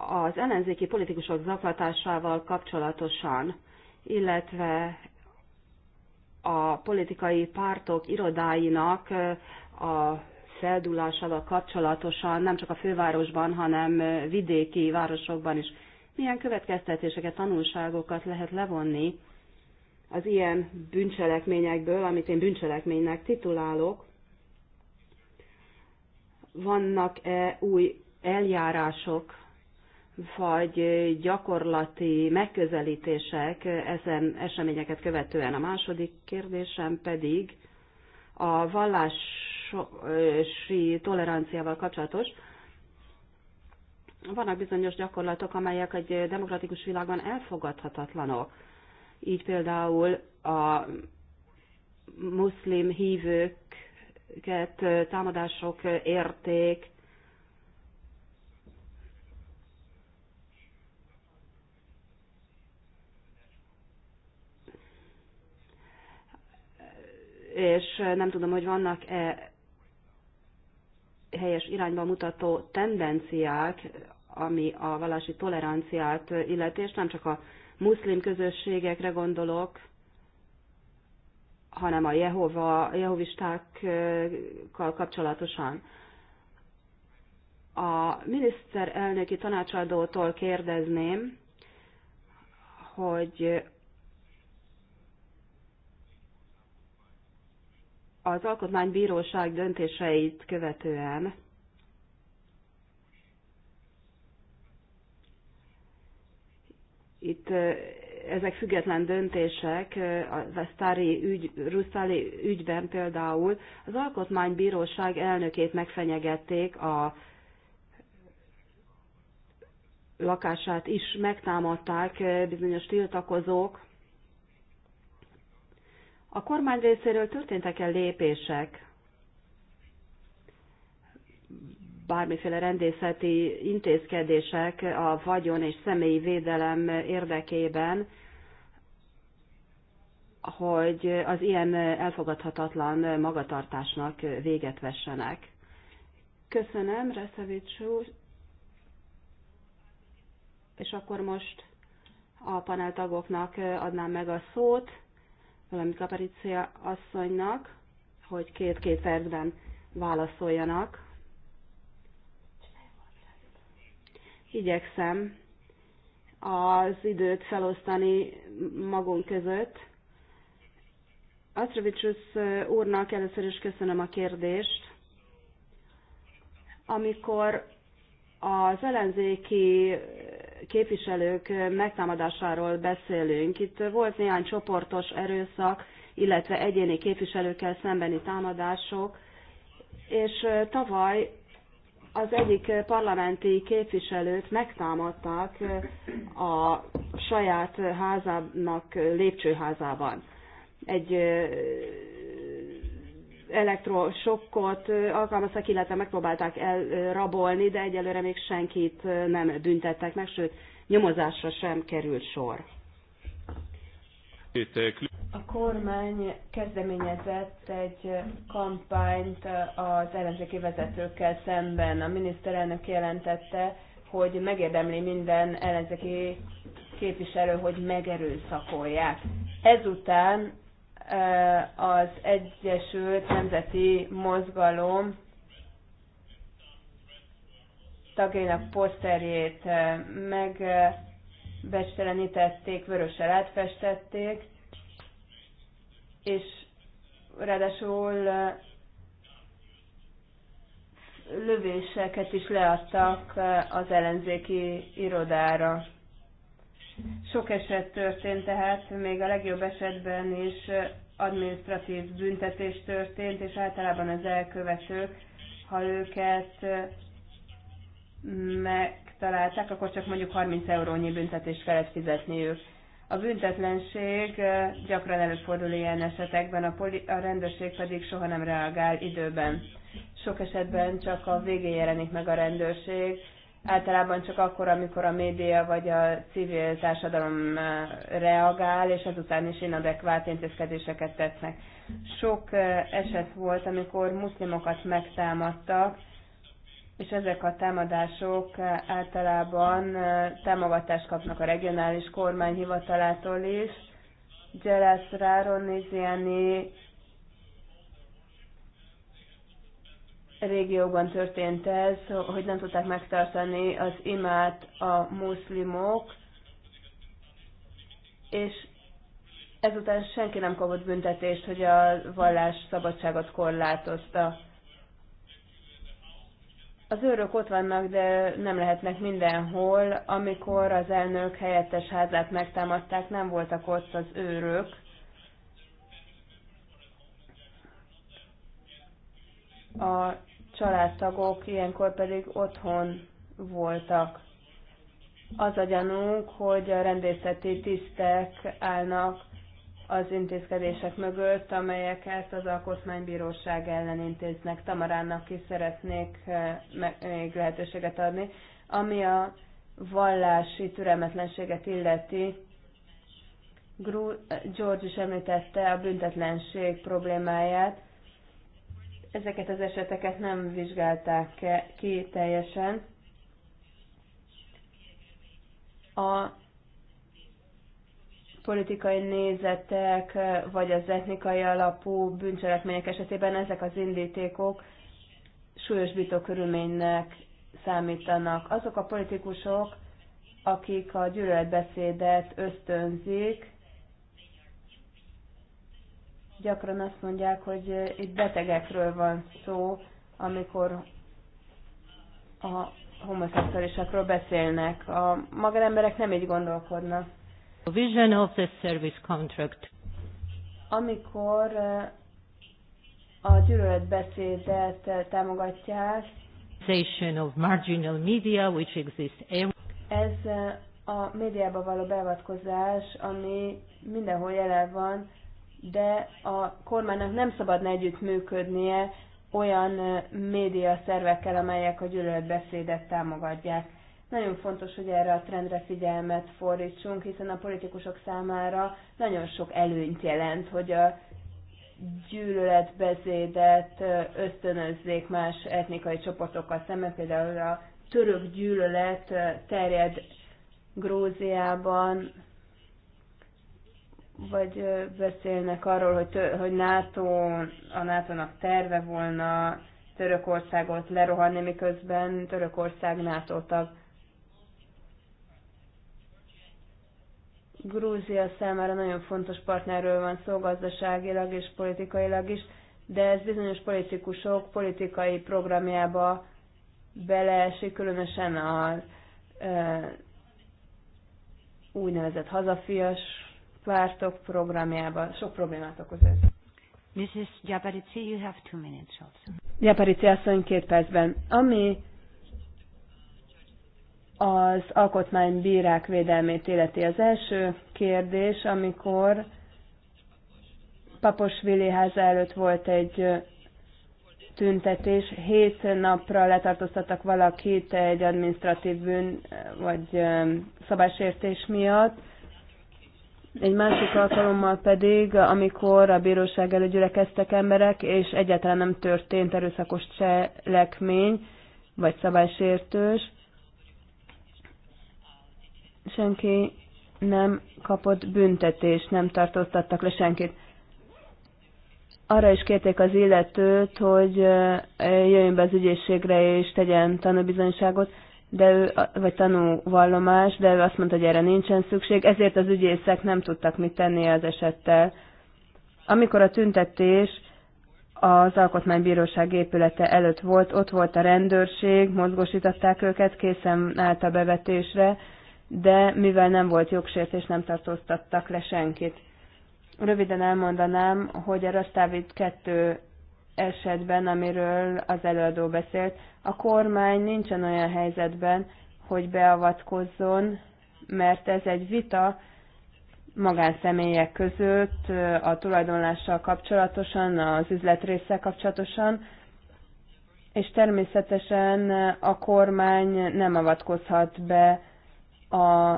[SPEAKER 1] az ellenzéki politikusok zaklatásával kapcsolatosan, illetve a politikai pártok irodáinak a feldullásával kapcsolatosan nem csak a fővárosban, hanem vidéki városokban is milyen következtetéseket, tanulságokat lehet levonni az ilyen bűncselekményekből, amit én bűncselekménynek titulálok. Vannak-e új eljárások, vagy gyakorlati megközelítések ezen eseményeket követően. A második kérdésem pedig a vallási toleranciával kapcsolatos. Vannak bizonyos gyakorlatok, amelyek egy demokratikus világban elfogadhatatlanok. Így például a muszlim hívőket támadások érték, és eh, nem tudom, hogy vannak-e helyes irányba mutató tendenciák, ami a vallási toleranciát eh, illeti, és nem csak a muszlim közösségekre gondolok, hanem a Jehova, jehovistákkal kapcsolatosan. A miniszterelnöki tanácsadótól kérdezném, hogy az alkotmánybíróság döntéseit követően itt ezek független döntések, a Vesztári ügy, Ruszáli ügyben például az Alkotmánybíróság elnökét megfenyegették, a lakását is megtámadták bizonyos tiltakozók, a kormány részéről történtek-e lépések bármiféle rendészeti intézkedések a vagyon és személyi védelem érdekében, hogy az ilyen elfogadhatatlan magatartásnak véget vessenek. Köszönöm, Reszevics úr. És akkor most a paneltagoknak adnám meg a szót valamint Kapariccia asszonynak, hogy két-két percben válaszoljanak. Igyekszem az időt felosztani magunk között. Asztrovicsus úrnak először is köszönöm a kérdést. Amikor az ellenzéki képviselők megtámadásáról beszélünk. Itt volt néhány csoportos erőszak, illetve egyéni képviselőkkel szembeni támadások, és tavaly az egyik parlamenti képviselőt megtámadták a saját házának lépcsőházában. Egy elektrosokkot alkalmaztak, illetve megpróbálták elrabolni, de egyelőre még senkit nem büntettek meg, sőt, nyomozásra sem került sor. A kormány kezdeményezett egy kampányt az ellenzéki vezetőkkel szemben. A miniszterelnök jelentette, hogy megérdemli minden ellenzéki képviselő, hogy megerőszakolják. Ezután az Egyesült Nemzeti Mozgalom tagjainak poszterjét megbestelenítették, vörösel átfestették, és ráadásul lövéseket is leadtak az ellenzéki irodára. Sok eset történt, tehát még a legjobb esetben is administratív büntetés történt, és általában az elkövetők, ha őket megtalálták, akkor csak mondjuk 30 eurónyi büntetést kellett fizetniük. A büntetlenség gyakran előfordul ilyen esetekben, a, poli- a rendőrség pedig soha nem reagál időben. Sok esetben csak a végén jelenik meg a rendőrség, általában csak akkor, amikor a média vagy a civil társadalom eh, reagál, és azután is inadekvált intézkedéseket tesznek. Sok eh, eset volt, amikor muszlimokat megtámadtak, és ezek a támadások eh, általában támogatást kapnak a regionális kormányhivatalától is. Gyeles Ráron, Niziani Régióban történt ez, hogy nem tudták megtartani az imát a muszlimok, és ezután senki nem kapott büntetést, hogy a vallás szabadságot korlátozta. Az őrök ott vannak, de nem lehetnek mindenhol. Amikor az elnök helyettes házát megtámadták, nem voltak ott az őrök. A családtagok ilyenkor pedig otthon voltak. Az a gyanunk, hogy a rendészeti tisztek állnak az intézkedések mögött, amelyeket az Alkotmánybíróság ellen intéznek. Tamarának is szeretnék eh, még lehetőséget adni. Ami a vallási türelmetlenséget illeti, George is említette a büntetlenség problémáját. Ezeket az eseteket nem vizsgálták ki teljesen. A politikai nézetek, vagy az etnikai alapú bűncselekmények esetében ezek az indítékok súlyos körülménynek számítanak. Azok a politikusok, akik a gyűlöletbeszédet ösztönzik, Gyakran azt mondják, hogy eh, itt betegekről van szó, amikor a homoszexualisakról beszélnek. A magánemberek nem így gondolkodnak. Vision of the service contract. Amikor eh, a gyűlöletbeszédet eh, támogatják, of marginal media, which exists ez a médiába való beavatkozás, ami mindenhol jelen van, de a kormánynak nem szabadna együttműködnie olyan média szervekkel, amelyek a gyűlöletbeszédet támogatják. Nagyon fontos, hogy erre a trendre figyelmet fordítsunk, hiszen a politikusok számára nagyon sok előnyt jelent, hogy a gyűlöletbeszédet ösztönözzék más etnikai csoportokkal szemben, például a török gyűlölet terjed Gróziában, vagy beszélnek arról, hogy, tő, hogy NATO, a NATO-nak terve volna Törökországot lerohanni, miközben Törökország NATO tag. Grúzia számára nagyon fontos partnerről van szó gazdaságilag és politikailag is, de ez bizonyos politikusok politikai programjába beleesik, különösen az e, úgynevezett hazafias pártok programjában. Sok problémát okoz ez. Mrs. Japarici, you have two minutes also. Japarici asszony két percben. Ami az alkotmánybírák védelmét illeti az első kérdés, amikor Vili háza előtt volt egy tüntetés, hét napra letartóztattak valakit egy administratív bűn vagy szabásértés miatt, egy másik alkalommal pedig, amikor a bíróság előgyülekeztek emberek, és egyáltalán nem történt erőszakos cselekmény, vagy szabálysértős, senki nem kapott büntetést, nem tartóztattak le senkit. Arra is kérték az illetőt, hogy eh, jöjjön be az ügyészségre és tegyen tanúbizonyságot de ő, vagy tanúvallomás, de ő azt mondta, hogy erre nincsen szükség, ezért az ügyészek nem tudtak mit tenni az esettel. Amikor a tüntetés az Alkotmánybíróság épülete előtt volt, ott volt a rendőrség, mozgosították őket, készen állt a bevetésre, de mivel nem volt jogsértés, nem tartóztattak le senkit. Röviden elmondanám, hogy a Rastávid kettő esetben, amiről az előadó beszélt, a kormány nincsen olyan helyzetben, hogy beavatkozzon, mert ez egy vita magánszemélyek között, a tulajdonlással kapcsolatosan, az üzletrészsel kapcsolatosan, és természetesen a kormány nem avatkozhat be a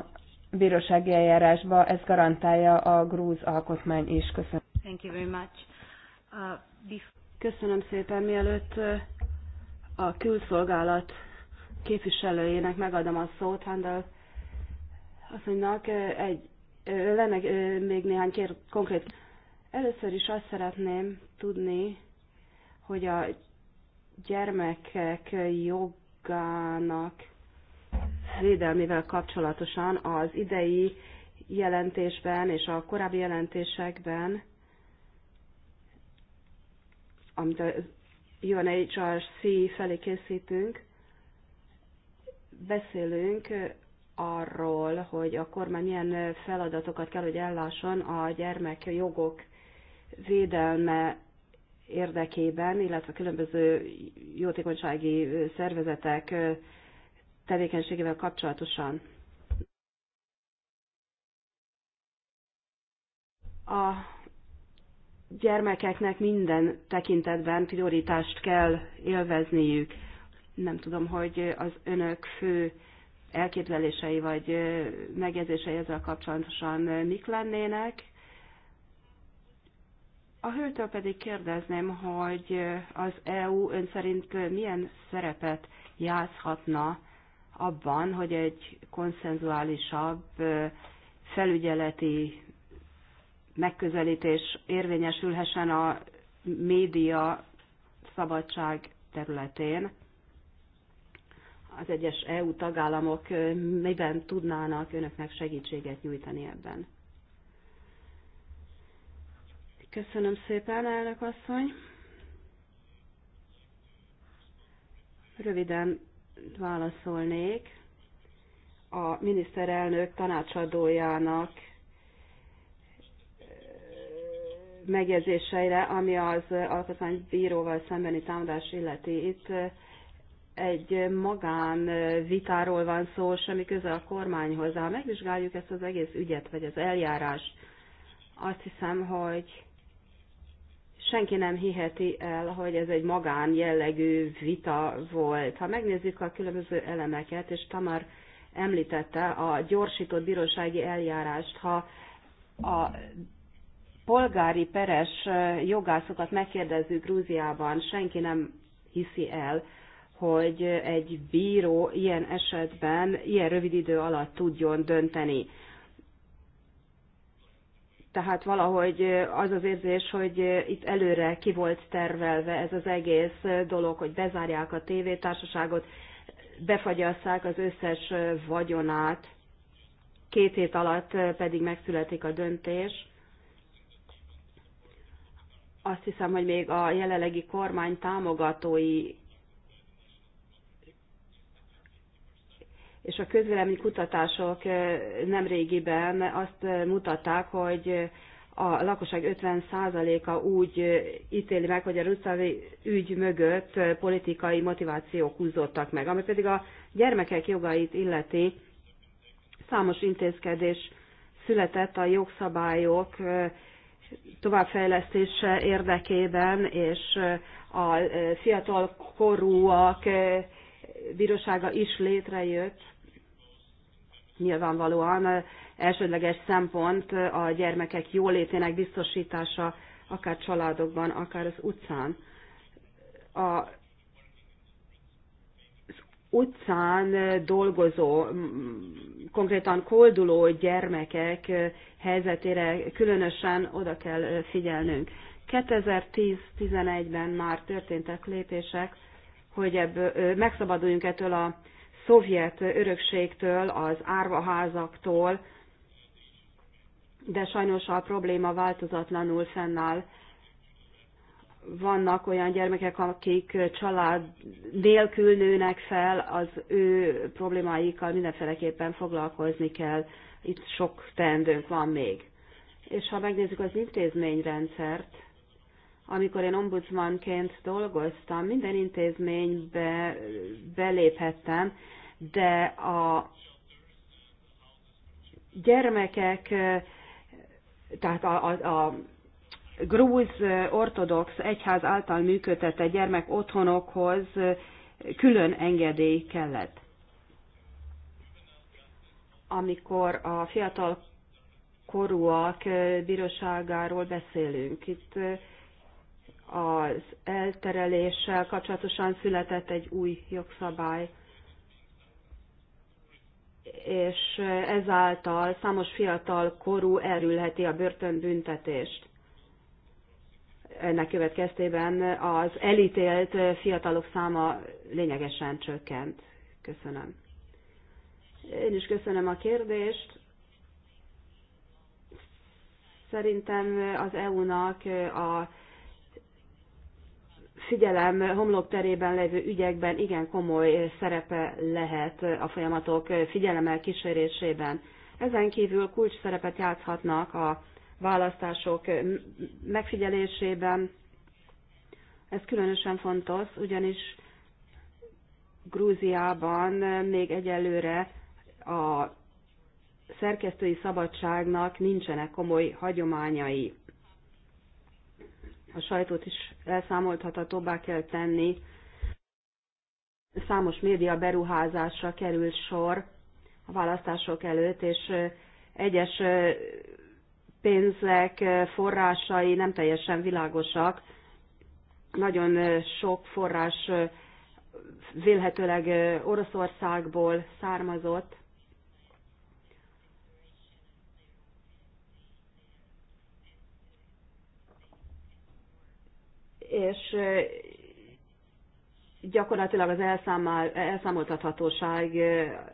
[SPEAKER 1] bírósági eljárásba, ez garantálja a grúz alkotmány is. Köszönöm. Thank you very much. Uh, Köszönöm szépen, mielőtt a külszolgálat képviselőjének megadom a szót, Handel asszonynak egy, lenne még néhány kér, konkrét. Először is azt szeretném tudni, hogy a gyermekek jogának védelmével kapcsolatosan az idei jelentésben és a korábbi jelentésekben amit a UNHRC felé készítünk, beszélünk arról, hogy a kormány milyen feladatokat kell, hogy ellásson a jogok védelme érdekében, illetve különböző jótékonysági szervezetek tevékenységével kapcsolatosan. A gyermekeknek minden tekintetben prioritást kell élvezniük. Nem tudom, hogy az önök fő elképzelései vagy megjegyzései ezzel kapcsolatosan mik lennének. A hőtől pedig kérdezném, hogy az EU ön szerint milyen szerepet játszhatna abban, hogy egy konszenzuálisabb felügyeleti megközelítés érvényesülhessen a média szabadság területén. Az egyes EU tagállamok miben tudnának önöknek segítséget nyújtani ebben? Köszönöm szépen, elnök asszony. Röviden válaszolnék a miniszterelnök tanácsadójának megjegyzéseire, ami az alkotmánybíróval szembeni támadás illeti. Itt eh, egy magán eh, vitáról van szó, semmi köze a kormányhoz. Ha megvizsgáljuk ezt az egész ügyet, vagy az eljárást, azt hiszem, hogy senki nem hiheti el, hogy ez egy magán jellegű vita volt. Ha megnézzük a különböző elemeket, és Tamar említette a gyorsított bírósági eljárást, ha a polgári peres jogászokat megkérdezzük Grúziában, senki nem hiszi el, hogy egy bíró ilyen esetben ilyen rövid idő alatt tudjon dönteni. Tehát valahogy az az érzés, hogy itt előre ki volt tervelve ez az egész dolog, hogy bezárják a tévétársaságot, befagyasszák az összes vagyonát, két hét alatt pedig megszületik a döntés azt hiszem, hogy még a jelenlegi kormány támogatói és a közvélemény kutatások eh, nemrégiben azt eh, mutatták, hogy a lakosság 50%-a úgy eh, ítéli meg, hogy a Rucavi ügy mögött politikai motivációk húzódtak meg. Ami pedig a gyermekek jogait illeti, számos intézkedés született a jogszabályok továbbfejlesztése érdekében, és a e, fiatal korúak e, bírósága is létrejött. Nyilvánvalóan e, elsődleges szempont a gyermekek jólétének biztosítása, akár családokban, akár az utcán. A utcán eh, dolgozó, konkrétan kolduló gyermekek eh, helyzetére különösen oda kell eh, figyelnünk. 2010-11-ben már történtek lépések, hogy ebből, megszabaduljunk ettől a szovjet örökségtől, az árvaházaktól, de sajnos a probléma változatlanul fennáll vannak olyan gyermekek, akik család nélkül nőnek fel, az ő problémáikkal mindenféleképpen foglalkozni kell. Itt sok teendőnk van még. És ha megnézzük az intézményrendszert, amikor én ombudsmanként dolgoztam, minden intézménybe beléphettem, de a gyermekek, tehát a, a, a grúz ortodox egyház által működtetett gyermek otthonokhoz külön engedély kellett. Amikor a fiatal korúak bíróságáról beszélünk, itt az eltereléssel kapcsolatosan született egy új jogszabály, és ezáltal számos fiatal korú elülheti a börtönbüntetést ennek következtében az elítélt fiatalok száma lényegesen csökkent. Köszönöm. Én is köszönöm a kérdést. Szerintem az EU-nak a figyelem homlokterében levő ügyekben igen komoly szerepe lehet a folyamatok figyelemmel kísérésében. Ezen kívül kulcs szerepet játszhatnak a választások megfigyelésében. Ez különösen fontos, ugyanis Grúziában még egyelőre a szerkesztői szabadságnak nincsenek komoly hagyományai. A sajtót is elszámolthatatóbbá kell tenni. Számos média beruházásra került sor a választások előtt, és egyes pénzek eh, forrásai nem teljesen világosak. Nagyon eh, sok forrás eh, vélhetőleg Oroszországból származott. És gyakorlatilag az elszámoltathatóság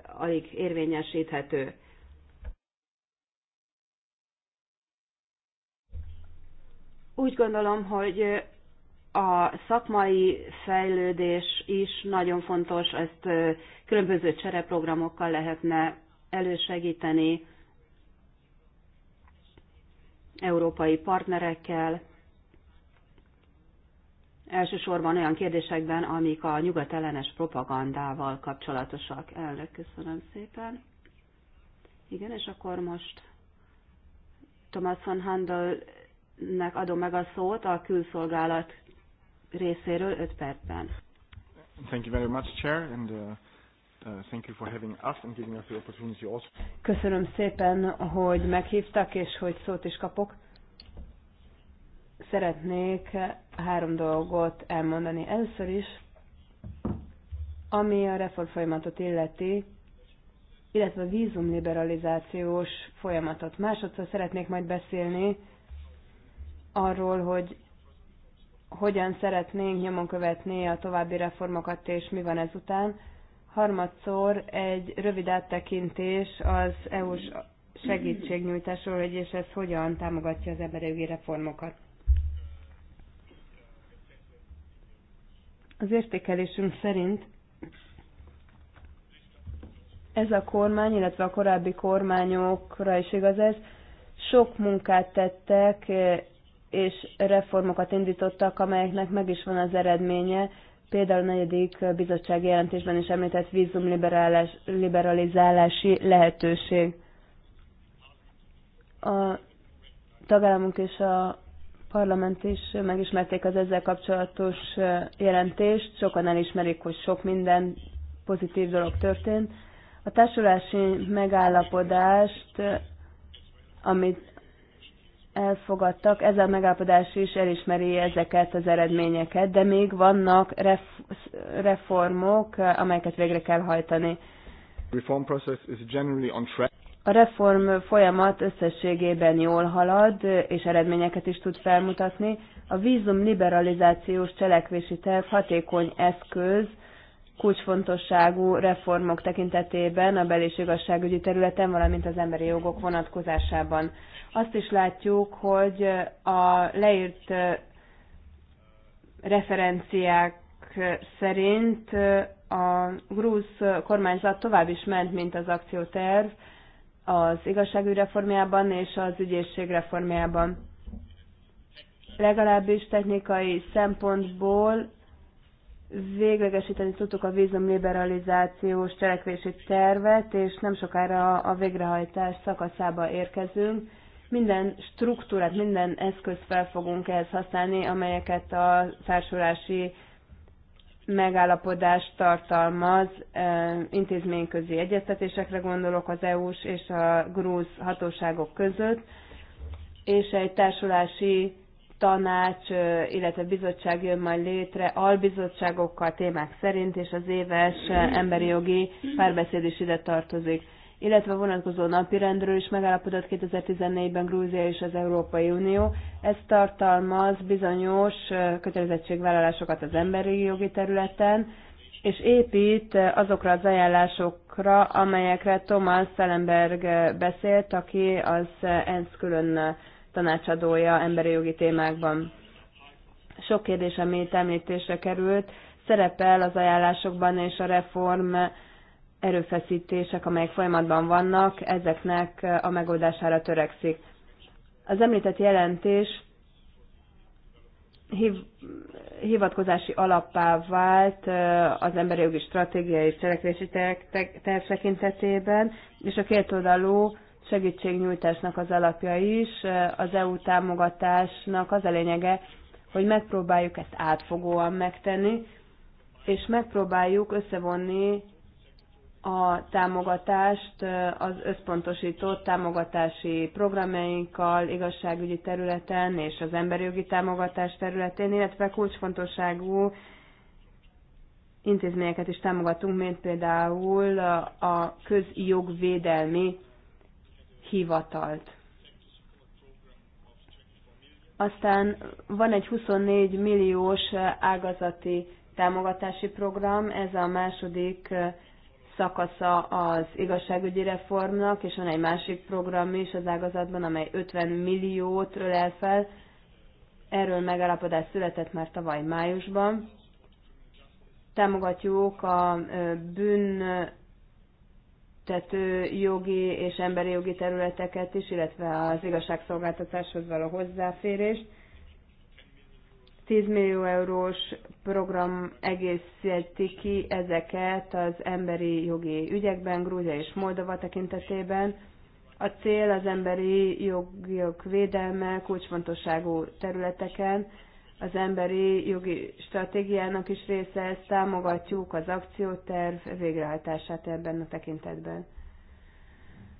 [SPEAKER 1] alig érvényesíthető. Úgy gondolom, hogy a szakmai fejlődés is nagyon fontos, ezt különböző csereprogramokkal lehetne elősegíteni, európai partnerekkel, elsősorban olyan kérdésekben, amik a nyugatellenes propagandával kapcsolatosak. Elnök, köszönöm szépen. Igen, és akkor most Thomas von Handel nek adom meg a szót a külszolgálat részéről 5 percben. Thank you very much, Chair, and uh, uh, thank you for having us and giving us the opportunity also. Köszönöm szépen, hogy meghívtak, és hogy szót is kapok. Szeretnék három dolgot elmondani. Először is, ami a reform folyamatot illeti, illetve a vízumliberalizációs folyamatot. Másodszor szeretnék majd beszélni arról, hogy hogyan szeretnénk nyomon követni a további reformokat, és mi van ezután. Harmadszor egy rövid áttekintés az EU-s segítségnyújtásról, hogy és ez hogyan támogatja az emberi jogi reformokat. Az értékelésünk szerint ez a kormány, illetve a korábbi kormányokra is igaz ez, sok munkát tettek, és reformokat indítottak, amelyeknek meg is van az eredménye. Például a negyedik bizottsági jelentésben is említett vízumliberalizálási lehetőség. A tagállamok és a parlament is megismerték az ezzel kapcsolatos jelentést, sokan elismerik, hogy sok minden pozitív dolog történt. A társulási megállapodást, amit elfogadtak. Ez a megállapodás is elismeri ezeket az eredményeket, de még vannak reformok, amelyeket végre kell hajtani. A reform folyamat összességében jól halad, és eredményeket is tud felmutatni. A vízum liberalizációs cselekvési terv hatékony eszköz kulcsfontosságú reformok tekintetében a bel- és igazságügyi területen, valamint az emberi jogok vonatkozásában. Azt is látjuk, hogy a leírt referenciák szerint a grúz kormányzat tovább is ment, mint az akcióterv az igazságügy reformjában és az ügyészség reformjában. Legalábbis technikai szempontból véglegesíteni tudtuk a vízum liberalizációs cselekvési tervet, és nem sokára a végrehajtás szakaszába érkezünk. Minden struktúrát, minden eszközt fel fogunk ehhez használni, amelyeket a társulási megállapodás tartalmaz, intézményközi egyeztetésekre gondolok az EU-s és a grúz hatóságok között, és egy társulási tanács, illetve bizottság jön majd létre albizottságokkal témák szerint, és az éves emberi jogi párbeszéd is ide tartozik. Illetve a vonatkozó napirendről is megállapodott 2014-ben Grúzia és az Európai Unió. Ez tartalmaz bizonyos kötelezettségvállalásokat az emberi jogi területen, és épít azokra az ajánlásokra, amelyekre Thomas Szelenberg beszélt, aki az ENSZ külön tanácsadója emberi jogi témákban. Sok kérdés, itt említésre került, szerepel az ajánlásokban és a reform erőfeszítések, amelyek folyamatban vannak, ezeknek a megoldására törekszik. Az említett jelentés hiv, hivatkozási alappá vált az emberi jogi stratégiai cselekvési terv tekintetében, és a kétoldalú segítségnyújtásnak az alapja is. Az EU támogatásnak az a lényege, hogy megpróbáljuk ezt átfogóan megtenni, és megpróbáljuk összevonni a támogatást az összpontosított támogatási programjainkkal, igazságügyi területen és az emberi jogi támogatás területén, illetve kulcsfontosságú intézményeket is támogatunk, mint például a közjogvédelmi hivatalt. Aztán van egy 24 milliós ágazati támogatási program, ez a második szakasza az igazságügyi reformnak, és van egy másik program is az ágazatban, amely 50 milliót ölel fel. Erről megállapodás született már tavaly májusban. Támogatjuk a bűn büntető jogi és emberi jogi területeket is, illetve az igazságszolgáltatáshoz való hozzáférést. 10 millió eurós program egészíti ki ezeket az emberi jogi ügyekben, Grúzia és Moldova tekintetében. A cél az emberi jogok védelme kulcsfontosságú területeken, az emberi jogi stratégiának is része, ezt támogatjuk az akcióterv végrehajtását ebben a tekintetben.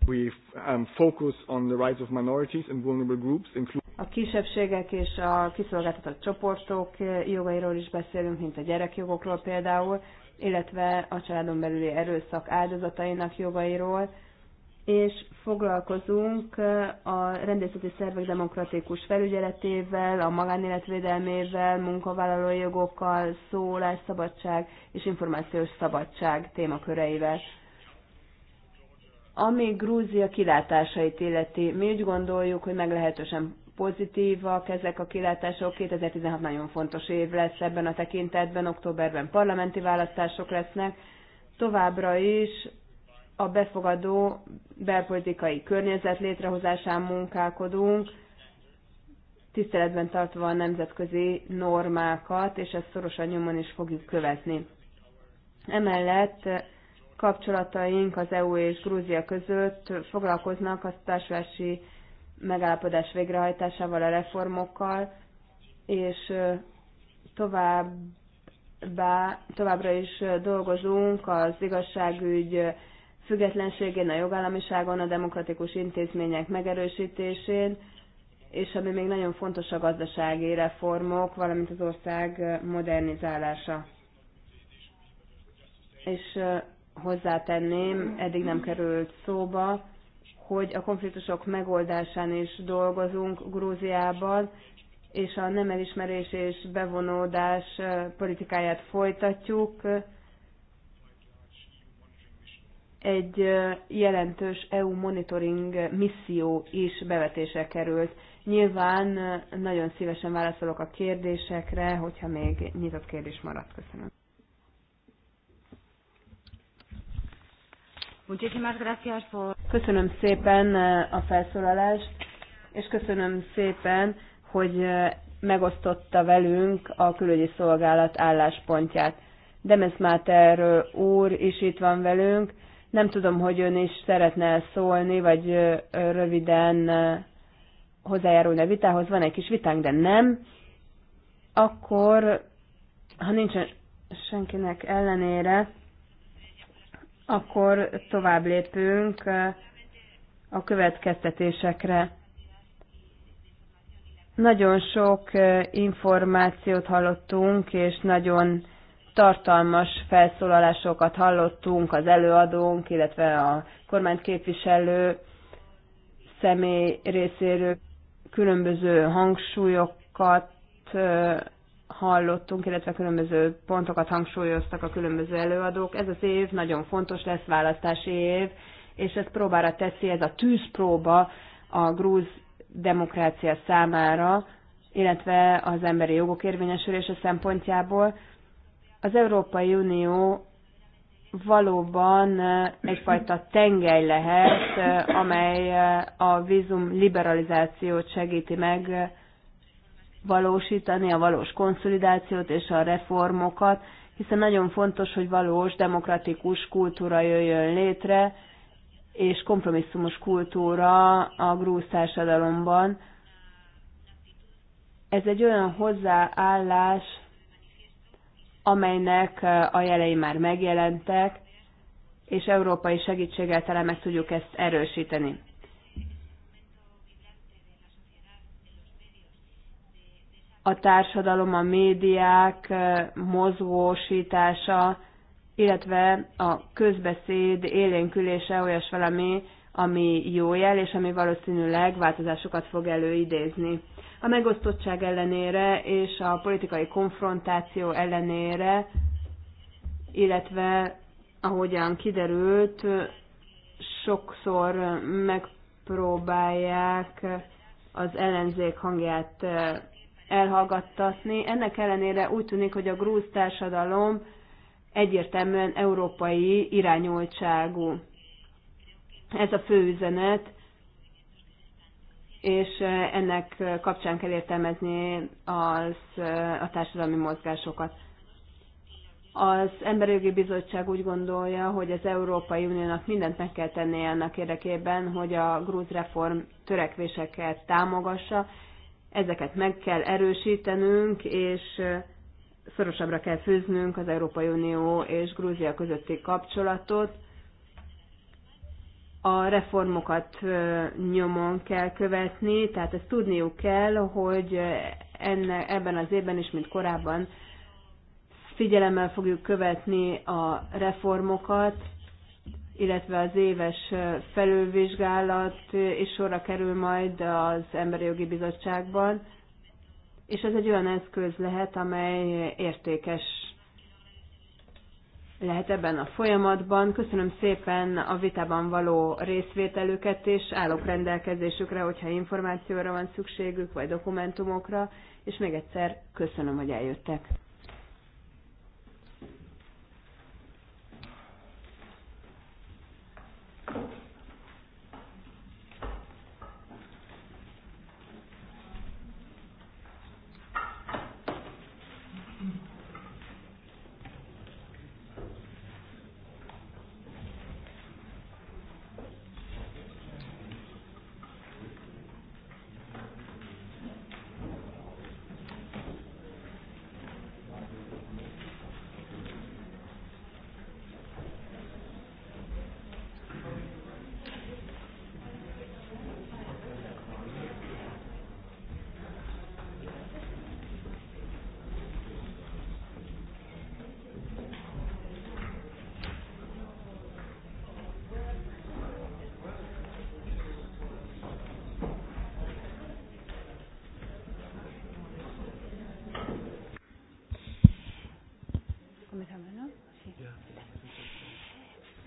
[SPEAKER 1] We um, focus on the rights of minorities and vulnerable groups, a kisebbségek és a kiszolgáltatott csoportok jogairól is beszélünk, mint a gyerekjogokról például, illetve a családon belüli erőszak áldozatainak jogairól és foglalkozunk eh, a rendészeti szervek demokratikus felügyeletével, a magánéletvédelmével, munkavállalói jogokkal, szólásszabadság és információs szabadság témaköreivel. Ami Grúzia kilátásait illeti, mi úgy gondoljuk, hogy meglehetősen pozitívak ezek a kilátások. 2016 nagyon fontos év lesz ebben a tekintetben, októberben parlamenti választások lesznek. Továbbra is a befogadó belpolitikai környezet létrehozásán munkálkodunk, tiszteletben tartva a nemzetközi normákat, és ezt szorosan nyomon is fogjuk követni. Emellett kapcsolataink az EU és Grúzia között foglalkoznak a társulási megállapodás végrehajtásával, a reformokkal, és továbbá, továbbra is dolgozunk az igazságügy függetlenségén, a jogállamiságon, a demokratikus intézmények megerősítésén, és ami még nagyon fontos a gazdasági reformok, valamint az ország modernizálása. És hozzátenném, eddig nem került szóba, hogy a konfliktusok megoldásán is dolgozunk Grúziában, és a nem elismerés és bevonódás politikáját folytatjuk, egy jelentős EU monitoring misszió is bevetése került. Nyilván nagyon szívesen válaszolok a kérdésekre, hogyha még nyitott kérdés maradt. Köszönöm. Köszönöm szépen a felszólalást, és köszönöm szépen, hogy megosztotta velünk a külügyi szolgálat álláspontját. Demes Máter úr is itt van velünk, nem tudom, hogy ön is szeretne szólni, vagy röviden hozzájárulni a vitához. Van egy kis vitánk, de nem. Akkor, ha nincs senkinek ellenére, akkor tovább lépünk a következtetésekre. Nagyon sok információt hallottunk, és nagyon tartalmas felszólalásokat hallottunk az előadónk, illetve a kormány képviselő személy részéről különböző hangsúlyokat hallottunk, illetve különböző pontokat hangsúlyoztak a különböző előadók. Ez az év nagyon fontos lesz, választási év, és ez próbára teszi, ez a tűzpróba a grúz demokrácia számára, illetve az emberi jogok érvényesülése szempontjából, az Európai Unió valóban egyfajta tengely lehet, amely a vízum liberalizációt segíti meg valósítani, a valós konszolidációt és a reformokat, hiszen nagyon fontos, hogy valós demokratikus kultúra jöjjön létre, és kompromisszumos kultúra a grúz társadalomban. Ez egy olyan hozzáállás, amelynek a jelei már megjelentek, és európai segítséggel talán meg tudjuk ezt erősíteni. A társadalom, a médiák mozgósítása, illetve a közbeszéd élénkülése olyas valami, ami jó jel, és ami valószínűleg változásokat fog előidézni. A megosztottság ellenére és a politikai konfrontáció ellenére, illetve ahogyan kiderült, sokszor megpróbálják az ellenzék hangját eh, elhallgattatni. Ennek ellenére úgy tűnik, hogy a grúz társadalom egyértelműen európai irányultságú. Ez a fő üzenet, és eh, ennek kapcsán kell értelmezni az, eh, a társadalmi mozgásokat. Az Emberi Jogi Bizottság úgy gondolja, hogy az Európai Uniónak mindent meg kell tennie annak érdekében, hogy a grúz reform törekvéseket támogassa, ezeket meg kell erősítenünk, és eh, szorosabbra kell fűznünk az Európai Unió és Grúzia közötti kapcsolatot, a reformokat nyomon kell követni, tehát ezt tudniuk kell, hogy enne, ebben az évben is, mint korábban, figyelemmel fogjuk követni a reformokat, illetve az éves felülvizsgálat és sorra kerül majd az Emberi Jogi Bizottságban, és ez egy olyan eszköz lehet, amely értékes lehet ebben a folyamatban. Köszönöm szépen a vitában való részvételüket, és állok rendelkezésükre, hogyha információra van szükségük, vagy dokumentumokra, és még egyszer köszönöm, hogy eljöttek.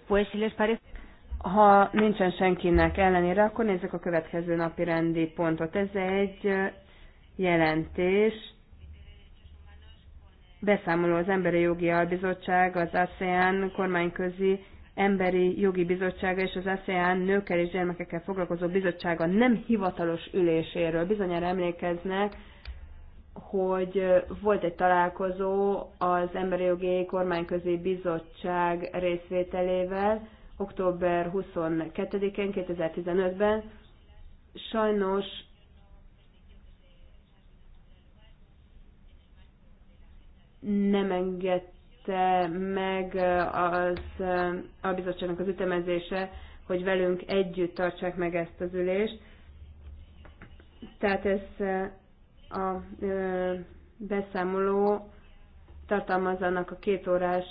[SPEAKER 1] Pues si les parece... Ha nincsen senkinek ellenére, akkor nézzük a következő napi rendi pontot. Ez egy jelentés. Beszámoló az Emberi Jogi Albizottság, az ASEAN kormányközi Emberi Jogi Bizottsága és az ASEAN nőkkel és gyermekekkel foglalkozó bizottsága nem hivatalos üléséről. Bizonyára emlékeznek, hogy volt egy találkozó az Emberi Jogi Kormányközi Bizottság részvételével október 22-én 2015-ben. Sajnos nem engedte meg az, a bizottságnak az ütemezése, hogy velünk együtt tartsák meg ezt az ülést. Tehát ez a beszámoló tartalmazzanak a kétórás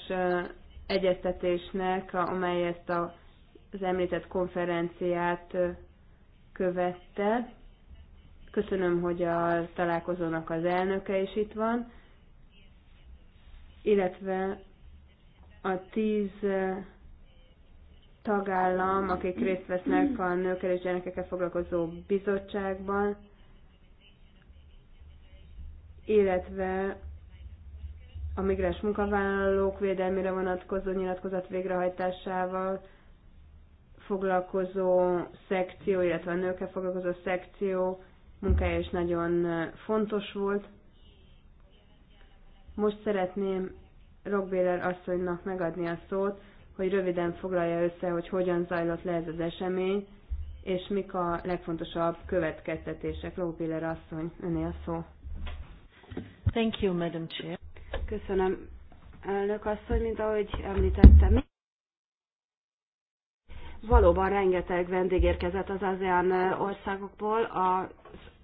[SPEAKER 1] egyeztetésnek, amely ezt a, az említett konferenciát követte. Köszönöm, hogy a találkozónak az elnöke is itt van, illetve a tíz tagállam, akik részt vesznek a nőkkel és gyerekekkel foglalkozó bizottságban, illetve a migráns munkavállalók védelmére vonatkozó nyilatkozat végrehajtásával foglalkozó szekció, illetve a nőkkel foglalkozó szekció munkája is nagyon fontos volt. Most szeretném Rockbéler asszonynak megadni a szót, hogy röviden foglalja össze, hogy hogyan zajlott le ez az esemény, és mik a legfontosabb következtetések. Rockbéler asszony, öné a szó. Thank you, Madam Chair. Köszönöm, elnök asszony, mint ahogy említettem. Valóban rengeteg vendég érkezett az ASEAN országokból. Az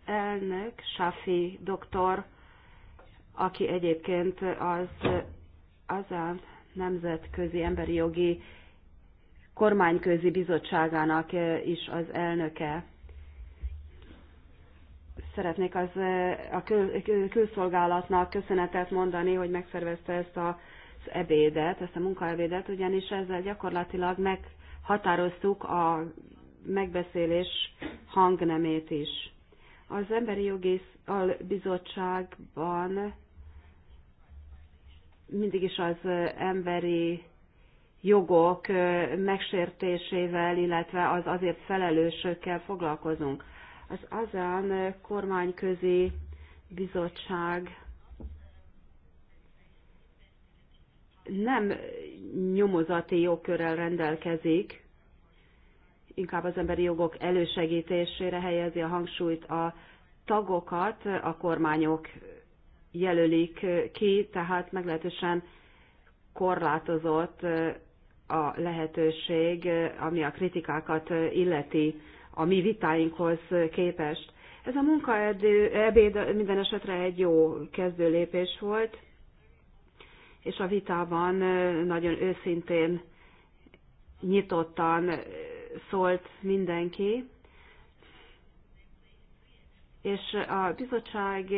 [SPEAKER 1] elnök, Safi doktor, aki egyébként az ASEAN Nemzetközi Emberi Jogi Kormányközi Bizottságának is az elnöke szeretnék az eh, a kül, külszolgálatnak köszönetet mondani, hogy megszervezte ezt a, az ebédet, ezt a munkaebédet, ugyanis ezzel gyakorlatilag meghatároztuk a megbeszélés hangnemét is. Az Emberi Jogi Bizottságban mindig is az eh, emberi jogok eh, megsértésével, illetve az azért felelősökkel foglalkozunk. Az azán kormányközi bizottság nem nyomozati jogkörrel rendelkezik, inkább az emberi jogok elősegítésére helyezi a hangsúlyt a tagokat, a kormányok jelölik ki, tehát meglehetősen korlátozott a lehetőség, ami a kritikákat illeti a mi vitáinkhoz képest. Ez a munkaedő ebéd minden esetre egy jó kezdő lépés volt, és a vitában nagyon őszintén, nyitottan szólt mindenki, és a bizottság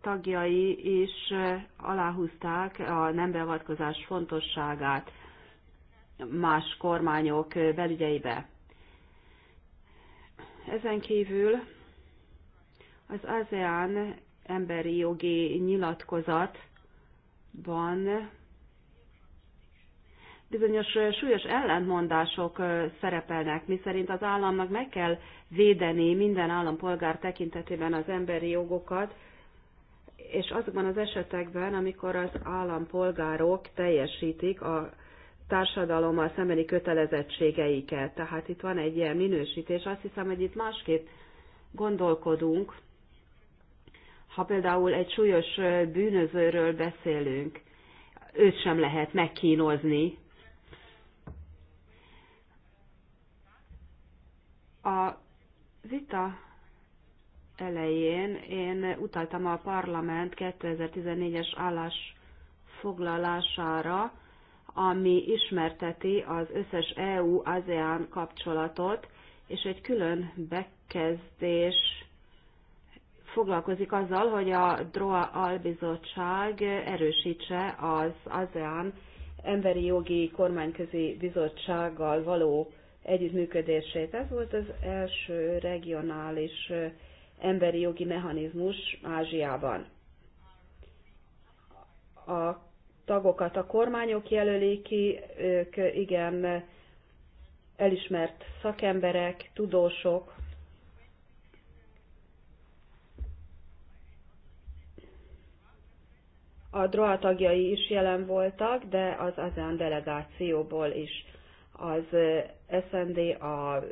[SPEAKER 1] tagjai is aláhúzták a nem beavatkozás fontosságát más kormányok belügyeibe. Ezen kívül az ASEAN emberi jogi nyilatkozatban bizonyos súlyos ellentmondások szerepelnek, miszerint az államnak meg kell védeni minden állampolgár tekintetében az emberi jogokat, és azokban az esetekben, amikor az állampolgárok teljesítik a társadalommal szembeni kötelezettségeiket. Tehát itt van egy ilyen minősítés. Azt hiszem, hogy itt másképp gondolkodunk, ha például egy súlyos bűnözőről beszélünk, őt sem lehet megkínozni. A vita elején én utaltam a parlament 2014-es állásfoglalására, ami ismerteti az összes EU-ASEAN kapcsolatot, és egy külön bekezdés foglalkozik azzal, hogy a DROA albizottság erősítse az ASEAN emberi jogi kormányközi bizottsággal való együttműködését. Ez volt az első regionális emberi jogi mechanizmus Ázsiában. A tagokat a kormányok jelölik ki, ők igen elismert szakemberek, tudósok, a DROA tagjai is jelen voltak, de az ASEAN delegációból is az SND, a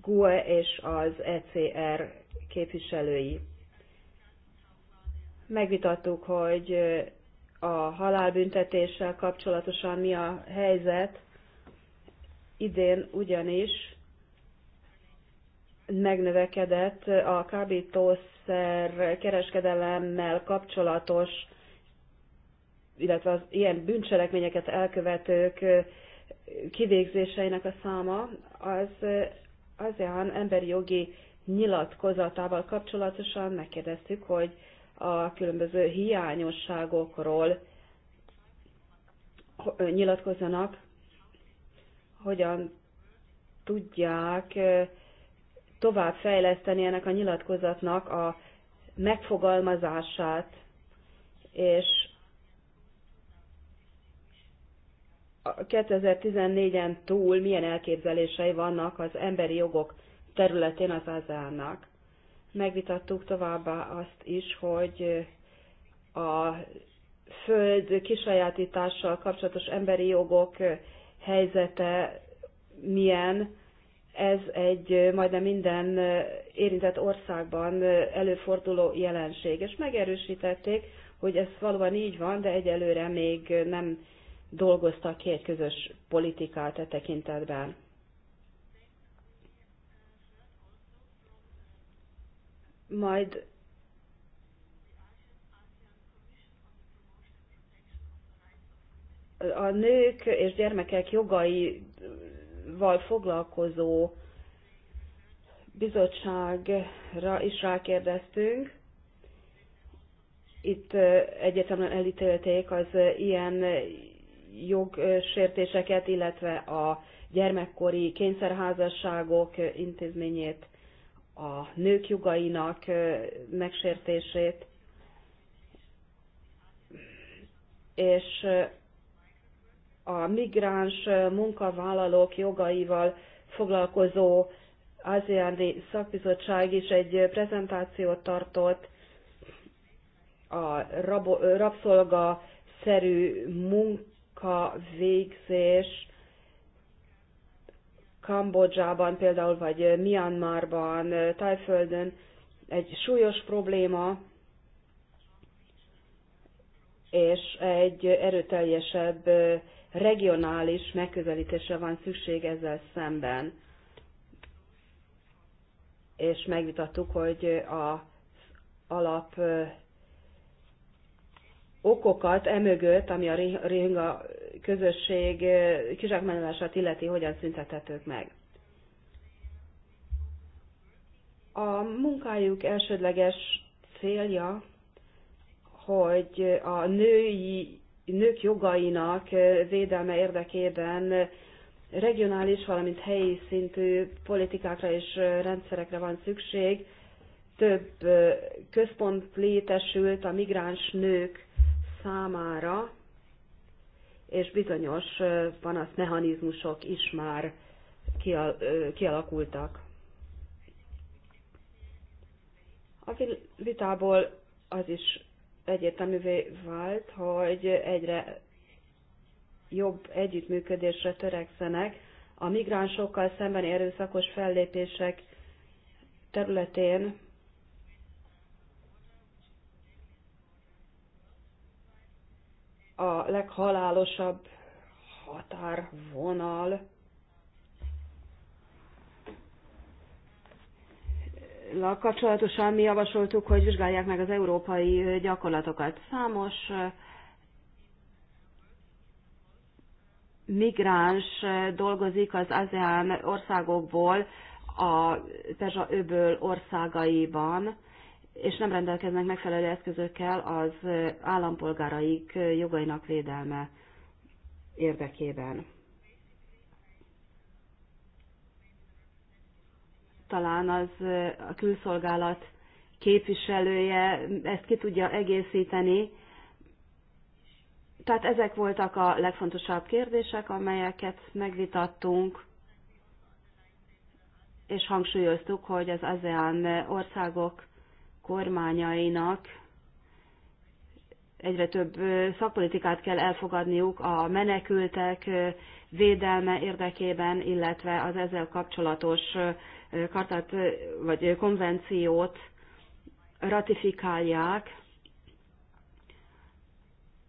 [SPEAKER 1] GUE és az ECR képviselői Megvitattuk, hogy a halálbüntetéssel kapcsolatosan mi a helyzet. Idén ugyanis megnövekedett a kábítószer kereskedelemmel kapcsolatos, illetve az ilyen bűncselekményeket elkövetők kivégzéseinek a száma. Az ASEAN emberi jogi nyilatkozatával kapcsolatosan megkérdeztük, hogy a különböző hiányosságokról nyilatkozzanak, hogyan tudják tovább fejleszteni ennek a nyilatkozatnak a megfogalmazását, és 2014-en túl milyen elképzelései vannak az emberi jogok területén az asean Megvitattuk továbbá azt is, hogy a föld kisajátítással kapcsolatos emberi jogok helyzete milyen, ez egy majdnem minden érintett országban előforduló jelenség. És megerősítették, hogy ez valóban így van, de egyelőre még nem dolgoztak ki egy közös politikát e tekintetben. majd a nők és gyermekek jogaival foglalkozó bizottságra is rákérdeztünk. Itt egyetemen elítélték az ilyen jogsértéseket, illetve a gyermekkori kényszerházasságok intézményét a nők jogainak megsértését, és a migráns munkavállalók jogaival foglalkozó ASEAN szakbizottság is egy prezentációt tartott a rabo, rabszolga szerű munkavégzés Kambodzsában például, vagy Myanmarban, Tajföldön egy súlyos probléma, és egy erőteljesebb regionális megközelítésre van szükség ezzel szemben. És megvitattuk, hogy a alap okokat emögött, ami a Rohingya közösség kizsákmányolását illeti, hogyan szüntethetők meg. A munkájuk elsődleges célja, hogy a női, nők jogainak védelme érdekében regionális, valamint helyi szintű politikákra és rendszerekre van szükség. Több központ létesült a migráns nők számára, és bizonyos panaszmechanizmusok is már kialakultak. A vitából az is egyértelművé vált, hogy egyre jobb együttműködésre törekszenek a migránsokkal szemben erőszakos fellépések területén, a leghalálosabb határvonal. Kapcsolatosan mi javasoltuk, hogy vizsgálják meg az európai gyakorlatokat. Számos migráns dolgozik az ASEAN országokból a Pezsa öböl országaiban, és nem rendelkeznek megfelelő eszközökkel az állampolgáraik jogainak védelme érdekében. Talán az a külszolgálat képviselője ezt ki tudja egészíteni. Tehát ezek voltak a legfontosabb kérdések, amelyeket megvitattunk, és hangsúlyoztuk, hogy az ASEAN országok kormányainak egyre több szakpolitikát kell elfogadniuk a menekültek védelme érdekében, illetve az ezzel kapcsolatos kartát vagy konvenciót ratifikálják,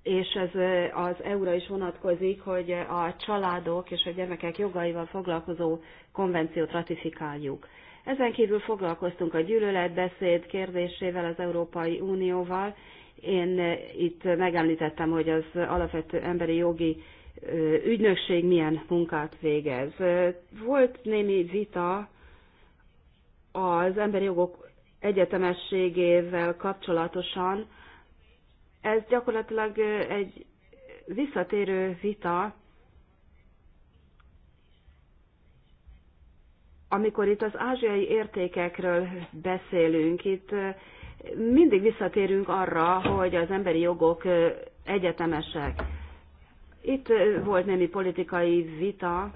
[SPEAKER 1] és ez az EU-ra is vonatkozik, hogy a családok és a gyermekek jogaival foglalkozó konvenciót ratifikáljuk. Ezen kívül foglalkoztunk a gyűlöletbeszéd kérdésével az Európai Unióval. Én eh, itt megemlítettem, hogy az alapvető emberi jogi eh, ügynökség milyen munkát végez. Eh, volt némi vita az emberi jogok egyetemességével kapcsolatosan. Ez gyakorlatilag egy visszatérő vita, amikor itt az ázsiai értékekről beszélünk, itt mindig visszatérünk arra, hogy az emberi jogok egyetemesek. Itt volt némi politikai vita,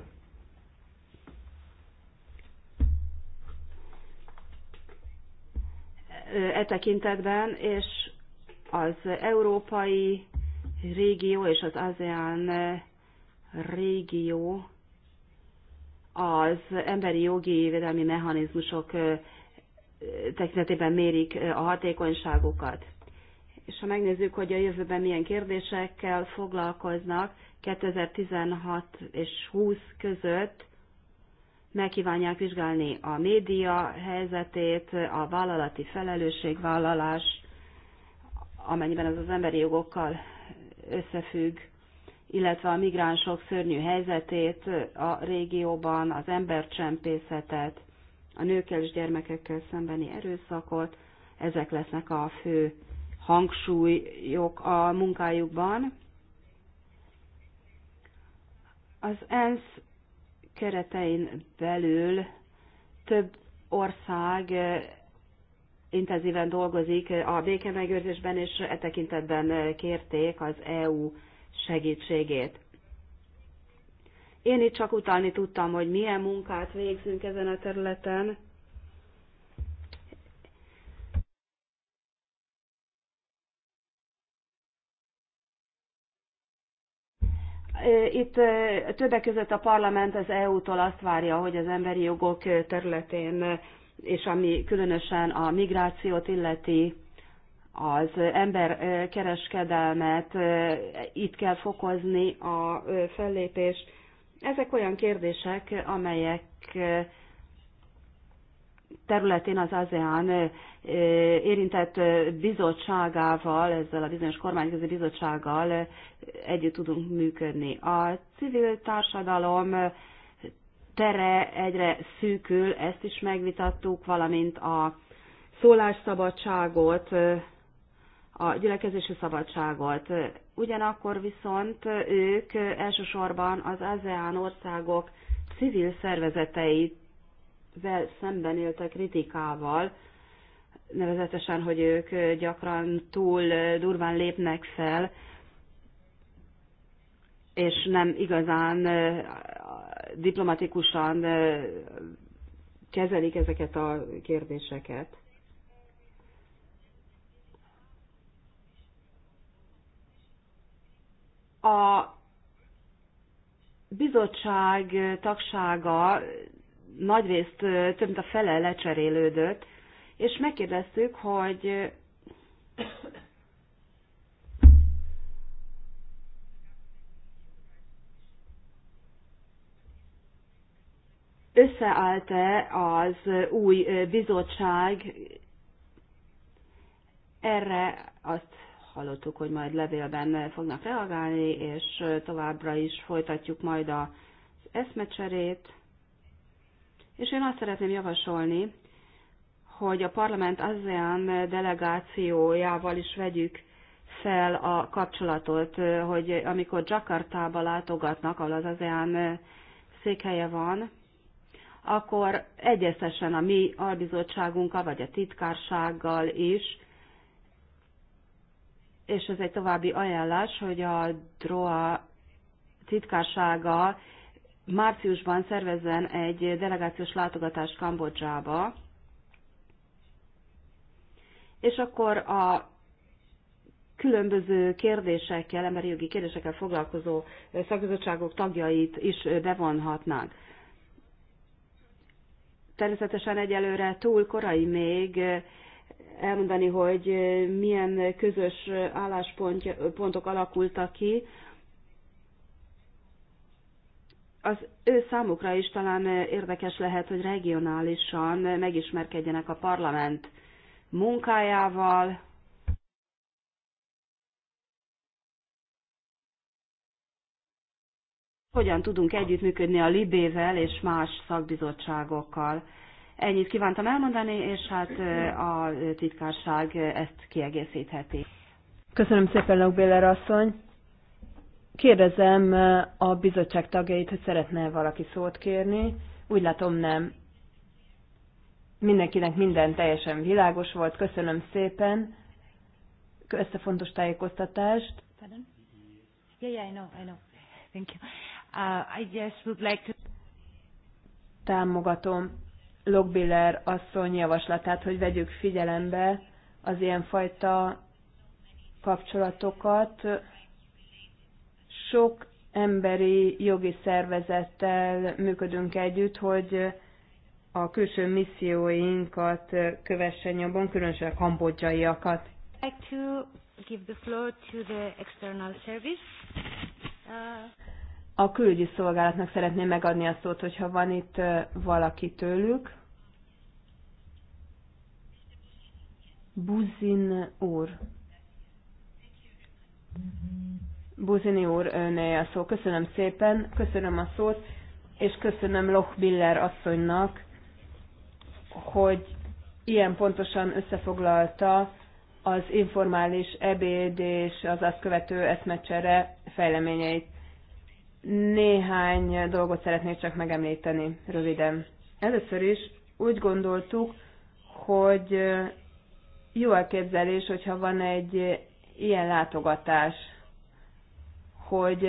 [SPEAKER 1] e tekintetben, és az európai régió és az ASEAN régió az emberi jogi védelmi mechanizmusok tekintetében mérik a hatékonyságukat. És ha megnézzük, hogy a jövőben milyen kérdésekkel foglalkoznak, 2016 és 20 között megkívánják vizsgálni a média helyzetét, a vállalati felelősségvállalás, amennyiben ez az emberi jogokkal összefügg, illetve a migránsok szörnyű helyzetét a régióban, az embercsempészetet, a nőkkel és gyermekekkel szembeni erőszakot, ezek lesznek a fő hangsúlyok a munkájukban. Az ENSZ keretein belül több ország intenzíven dolgozik a békemegőrzésben, és e tekintetben kérték az EU segítségét. Én itt csak utalni tudtam, hogy milyen munkát végzünk ezen a területen. Itt többek között a parlament az EU-tól azt várja, hogy az emberi jogok területén, és ami különösen a migrációt illeti, az emberkereskedelmet, itt kell fokozni a fellépést. Ezek olyan kérdések, amelyek területén az ASEAN érintett bizottságával, ezzel a bizonyos kormányközi bizottsággal együtt tudunk működni. A civil társadalom tere egyre szűkül, ezt is megvitattuk, valamint a szólásszabadságot a gyülekezési szabadságot. Ugyanakkor viszont ők elsősorban az ASEAN országok civil szervezeteivel szemben éltek kritikával, nevezetesen, hogy ők gyakran túl durván lépnek fel, és nem igazán diplomatikusan kezelik ezeket a kérdéseket. A bizottság tagsága nagyrészt több mint a fele lecserélődött, és megkérdeztük, hogy összeállt-e az új bizottság, erre azt hallottuk, hogy majd levélben fognak reagálni, és továbbra is folytatjuk majd az eszmecserét. És én azt szeretném javasolni, hogy a parlament ASEAN delegációjával is vegyük fel a kapcsolatot, hogy amikor Jakartába látogatnak, ahol az ASEAN székhelye van, akkor egyeztessen a mi albizottságunkkal, vagy a titkársággal is, és ez egy további ajánlás, hogy a DROA titkársága márciusban szervezzen egy delegációs látogatást Kambodzsába, és akkor a különböző kérdésekkel, emberi jogi kérdésekkel foglalkozó szakbizottságok tagjait is bevonhatnánk. Természetesen egyelőre túl korai még elmondani, hogy milyen közös álláspontok alakultak ki. Az ő számukra is talán érdekes lehet, hogy regionálisan megismerkedjenek a parlament munkájával, hogyan tudunk együttműködni a Libével és más szakbizottságokkal. Ennyit kívántam elmondani, és hát a titkárság ezt kiegészítheti. Köszönöm szépen, Laukbéler asszony. Kérdezem a bizottság tagjait, hogy szeretne valaki szót kérni. Úgy látom, nem. Mindenkinek minden teljesen világos volt. Köszönöm szépen ezt a fontos tájékoztatást. Pardon? Yeah, yeah, I know, I know. Thank you. Uh, I just would like to... Támogatom Logbiller asszony javaslatát, hogy vegyük figyelembe az ilyenfajta kapcsolatokat. Sok emberi jogi szervezettel működünk együtt, hogy a külső misszióinkat kövessen nyomon, különösen a kambodzsaiakat. Like to give the floor to the external service. Uh... A külügyi szolgálatnak szeretném megadni a szót, hogyha van itt valaki tőlük. Buzin úr. Buzini úr, öné a szó. Köszönöm szépen, köszönöm a szót, és köszönöm Loch Biller asszonynak, hogy ilyen pontosan összefoglalta az informális ebéd és az azt követő eszmecsere fejleményeit. Néhány dolgot szeretnék csak megemlíteni röviden. Először is úgy gondoltuk, hogy jó elképzelés, hogyha van egy ilyen látogatás, hogy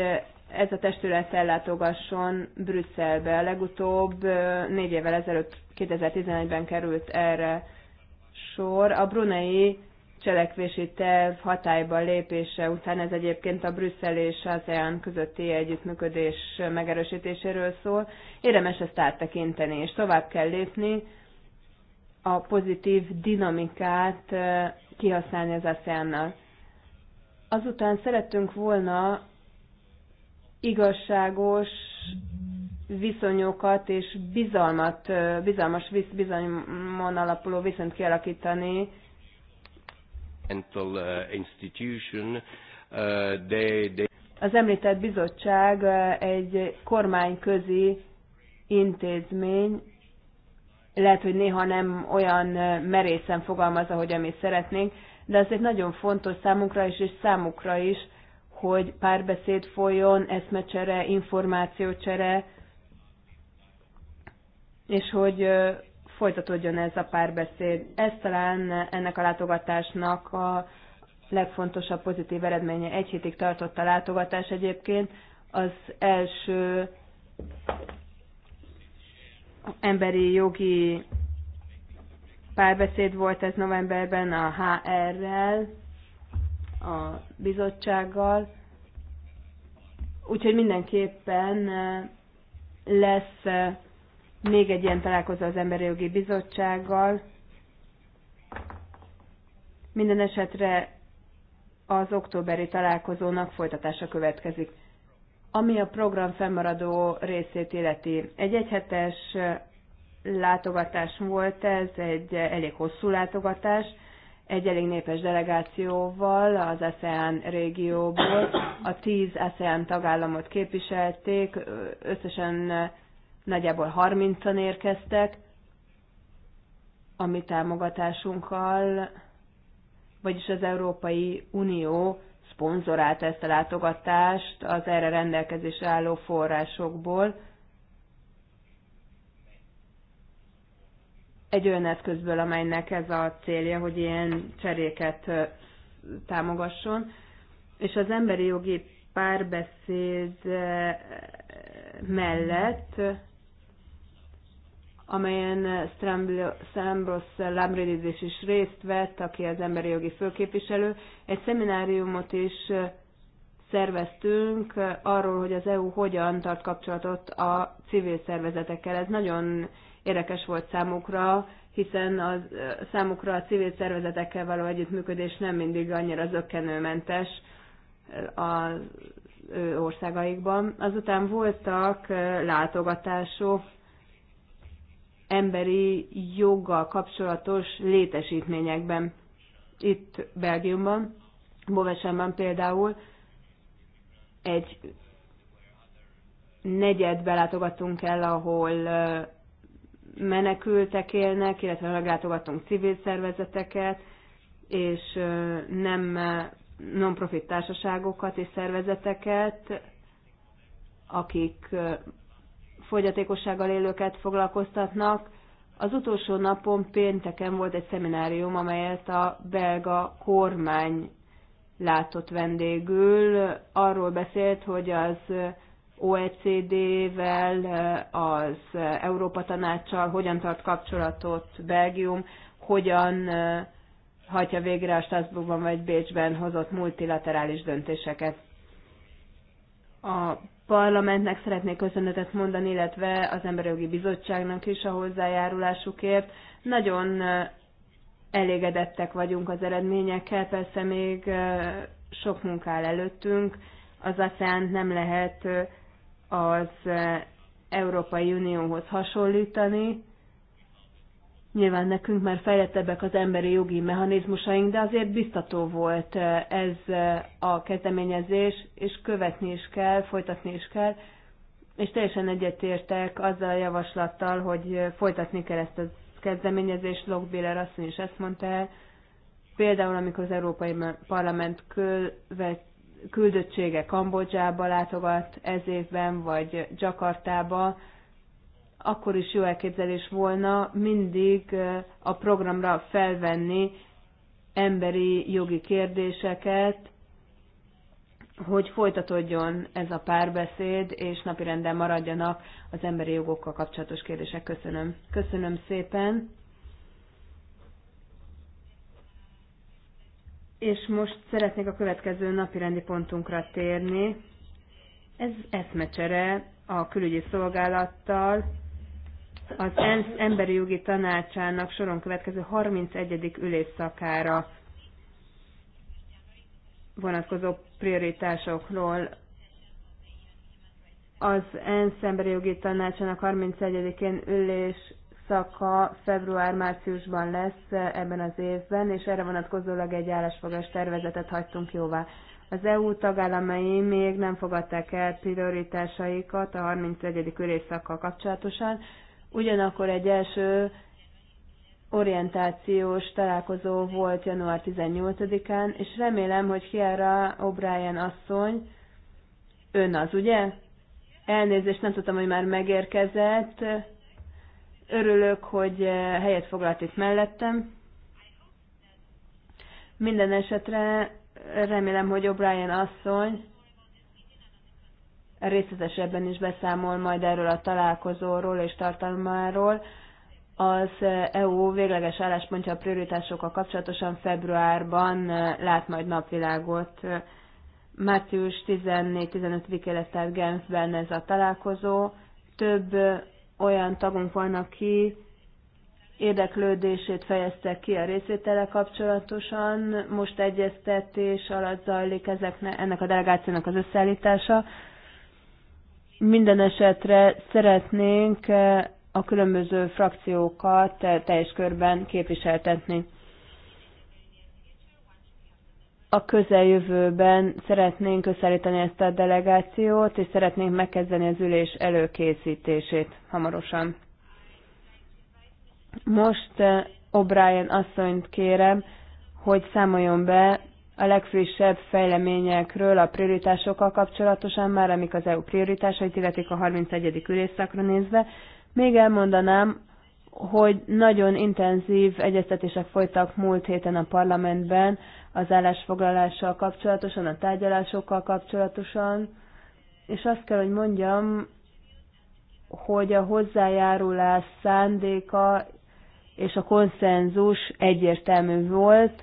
[SPEAKER 1] ez a testület ellátogasson Brüsszelbe. a Legutóbb négy évvel ezelőtt, 2011-ben került erre sor. A brunei cselekvési terv hatályba lépése után, ez egyébként a Brüsszel és az ean közötti együttműködés megerősítéséről szól, érdemes ezt áttekinteni, és tovább kell lépni, a pozitív dinamikát kihasználni az ASEAN-nal. Azután szerettünk volna igazságos viszonyokat és bizalmat, bizalmas visz, alapuló viszont kialakítani Uh, uh, az említett bizottság uh, egy kormányközi intézmény, lehet, hogy néha nem olyan merészen fogalmaz, ahogy amit szeretnénk, de egy nagyon fontos számunkra is, és számukra is, hogy párbeszéd folyjon, eszmecsere, információcsere, és hogy folytatódjon ez a párbeszéd. Ez talán ennek a látogatásnak a legfontosabb pozitív eredménye. Egy hétig tartott a látogatás egyébként. Az első emberi jogi párbeszéd volt ez novemberben a HR-rel, a bizottsággal. Úgyhogy mindenképpen lesz még egy ilyen találkozó az Emberi Jogi Bizottsággal. Minden esetre az októberi találkozónak folytatása következik. Ami a program fennmaradó részét illeti, egy egyhetes látogatás volt ez, egy elég hosszú látogatás, egy elég népes delegációval az ASEAN régióból. A tíz ASEAN tagállamot képviselték, összesen nagyjából 30-an érkeztek, a mi támogatásunkkal, vagyis az Európai Unió szponzorálta ezt a látogatást az erre rendelkezésre álló forrásokból. Egy olyan eszközből, amelynek ez a célja, hogy ilyen cseréket támogasson. És az emberi jogi párbeszéd mellett amelyen Strambros Lambridis is részt vett, aki az emberi jogi főképviselő. Egy szemináriumot is szerveztünk arról, hogy az EU hogyan tart kapcsolatot a civil szervezetekkel. Ez nagyon érdekes volt számukra, hiszen a, számukra a civil szervezetekkel való együttműködés nem mindig annyira zöggenőmentes az országaikban. Azután voltak látogatások, emberi joggal kapcsolatos létesítményekben. Itt Belgiumban, Bovesemben például egy negyedbe látogattunk el, ahol menekültek élnek, illetve meglátogattunk civil szervezeteket, és nem non-profit társaságokat és szervezeteket, akik fogyatékossággal élőket foglalkoztatnak. Az utolsó napon pénteken volt egy szeminárium, amelyet a belga kormány látott vendégül. Arról beszélt, hogy az OECD-vel, az Európa Tanácssal hogyan tart kapcsolatot Belgium, hogyan hagyja végre a Strasbourgban vagy Bécsben hozott multilaterális döntéseket. A parlamentnek szeretnék köszönetet mondani, illetve az Emberjogi Bizottságnak is a hozzájárulásukért. Nagyon elégedettek vagyunk az eredményekkel, persze még sok munkál előttünk. Az asean nem lehet az Európai Unióhoz hasonlítani, Nyilván nekünk már fejlettebbek az emberi jogi mechanizmusaink, de azért biztató volt eh, ez eh, a kezdeményezés, és követni is kell, folytatni is kell, és teljesen egyetértek azzal a javaslattal, hogy eh, folytatni kell ezt a kezdeményezést, Lokbéler asszony is ezt mondta el, például amikor az Európai Parlament küldöttsége Kambodzsába látogat ez évben, vagy Jakartába, akkor is jó elképzelés volna mindig a programra felvenni emberi jogi kérdéseket, hogy folytatódjon ez a párbeszéd, és napirenden maradjanak az emberi jogokkal kapcsolatos kérdések. Köszönöm. Köszönöm szépen. És most szeretnék a következő napi rendi pontunkra térni. Ez eszmecsere a külügyi szolgálattal, az ENSZ emberi jogi tanácsának soron következő 31. ülésszakára vonatkozó prioritásokról. Az ENSZ emberi jogi tanácsának 31-én ülés szaka február-márciusban lesz ebben az évben, és erre vonatkozólag egy állásfogás tervezetet hagytunk jóvá. Az EU tagállamai még nem fogadták el prioritásaikat a 31. ülésszakkal kapcsolatosan, Ugyanakkor egy első orientációs találkozó volt január 18-án, és remélem, hogy Kiara O'Brien asszony, ön az, ugye? Elnézést, nem tudtam, hogy már megérkezett. Örülök, hogy eh, helyet foglalt itt mellettem. Minden esetre remélem, hogy O'Brien asszony részletesebben is beszámol majd erről a találkozóról és tartalmáról. Az EU végleges álláspontja a prioritásokkal kapcsolatosan februárban eh, lát majd napvilágot. Március 14-15-ig tehát Genfben ez a találkozó. Több eh, olyan tagunk van, aki érdeklődését fejezte ki a részvétele kapcsolatosan. Most egyeztetés alatt zajlik ezeknek, ennek a delegációnak az összeállítása. Minden esetre szeretnénk eh, a különböző frakciókat eh, teljes körben képviseltetni. A közeljövőben szeretnénk összeállítani ezt a delegációt, és szeretnénk megkezdeni az ülés előkészítését hamarosan. Most eh, O'Brien asszonyt kérem, hogy számoljon be a legfrissebb fejleményekről a prioritásokkal kapcsolatosan, már amik az EU prioritásait illetik a 31. ülésszakra nézve. Még elmondanám, hogy nagyon intenzív egyeztetések folytak múlt héten a parlamentben az állásfoglalással kapcsolatosan, a tárgyalásokkal kapcsolatosan, és azt kell, hogy mondjam, hogy a hozzájárulás szándéka és a konszenzus egyértelmű volt,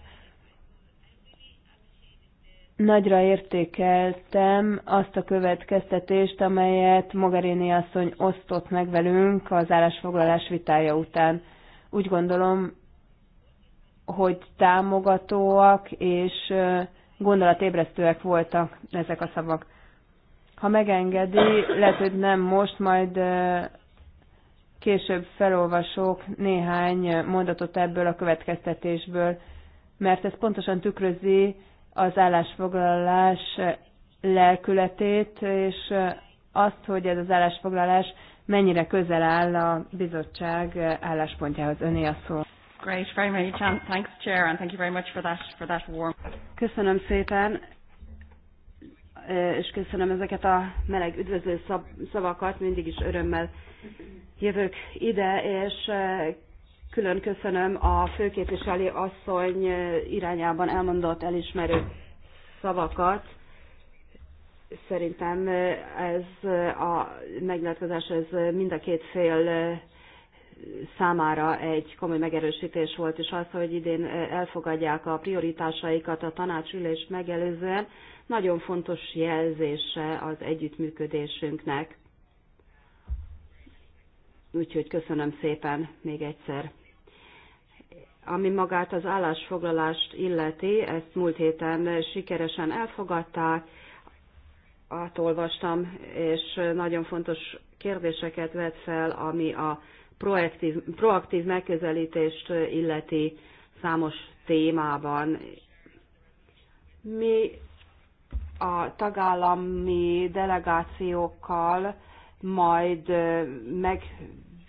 [SPEAKER 1] Nagyra értékeltem azt a következtetést, amelyet Mogherini asszony osztott meg velünk az állásfoglalás vitája után. Úgy gondolom, hogy támogatóak és gondolatébresztőek voltak ezek a szavak. Ha megengedi, lehet, hogy nem most, majd később felolvasok néhány mondatot ebből a következtetésből, mert ez pontosan tükrözi az állásfoglalás lelkületét, és azt, hogy ez az állásfoglalás mennyire közel áll a bizottság álláspontjához. Öné a szó. Great, very much, thanks, Chair, and thank you very much for that, for that warm. Köszönöm szépen, és köszönöm ezeket a meleg üdvözlő szavakat, mindig is örömmel jövök ide, és külön köszönöm a főképviselő asszony irányában elmondott elismerő szavakat. Szerintem ez a megnyilatkozás ez mind a két fél számára egy komoly megerősítés volt, és az, hogy idén elfogadják a prioritásaikat a tanácsülés megelőzően, nagyon fontos jelzése az együttműködésünknek. Úgyhogy köszönöm szépen még egyszer. Ami magát az állásfoglalást illeti, ezt múlt héten sikeresen elfogadták, átolvastam, és nagyon fontos kérdéseket vett fel, ami a proaktív, proaktív megközelítést illeti számos témában. Mi a tagállami delegációkkal majd meg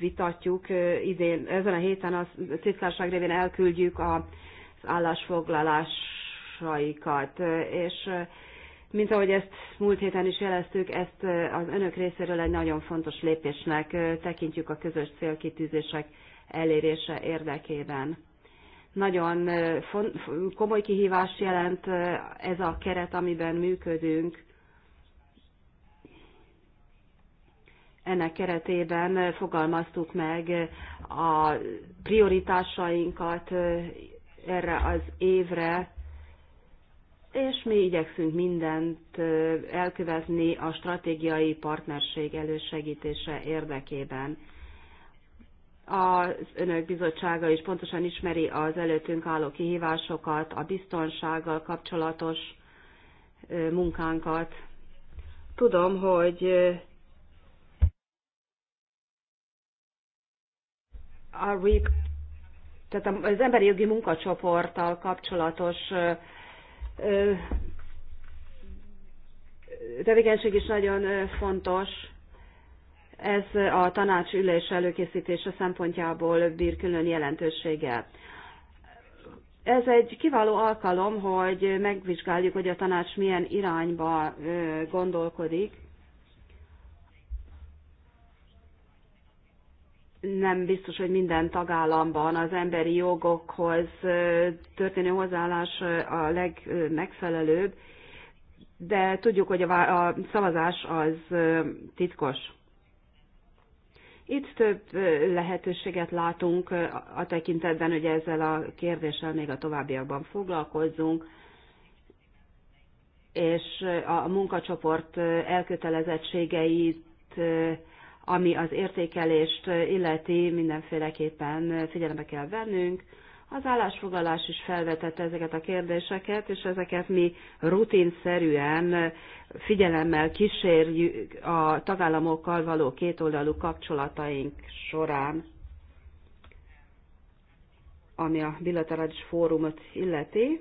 [SPEAKER 1] vitatjuk idén, ezen a héten a titkárság révén elküldjük az állásfoglalásaikat, és mint ahogy ezt múlt héten is jeleztük, ezt az önök részéről egy nagyon fontos lépésnek tekintjük a közös célkitűzések elérése érdekében. Nagyon komoly kihívás jelent ez a keret, amiben működünk, ennek keretében fogalmaztuk meg a prioritásainkat erre az évre, és mi igyekszünk mindent elkövetni a stratégiai partnerség elősegítése érdekében. Az Önök Bizottsága is pontosan ismeri az előttünk álló kihívásokat, a biztonsággal kapcsolatos munkánkat. Tudom, hogy a RIP, tehát az emberi jogi munkacsoporttal kapcsolatos tevékenység is nagyon fontos. Ez a tanács ülés előkészítése szempontjából bír külön jelentőséggel. Ez egy kiváló alkalom, hogy megvizsgáljuk, hogy a tanács milyen irányba gondolkodik. nem biztos, hogy minden tagállamban az emberi jogokhoz történő hozzáállás a legmegfelelőbb, de tudjuk, hogy a szavazás az titkos. Itt több lehetőséget látunk a tekintetben, hogy ezzel a kérdéssel még a továbbiakban foglalkozzunk, és a munkacsoport elkötelezettségeit ami az értékelést illeti, mindenféleképpen figyelembe kell vennünk. Az állásfoglalás is felvetette ezeket a kérdéseket, és ezeket mi rutinszerűen figyelemmel kísérjük a tagállamokkal való kétoldalú kapcsolataink során, ami a bilaterális fórumot illeti.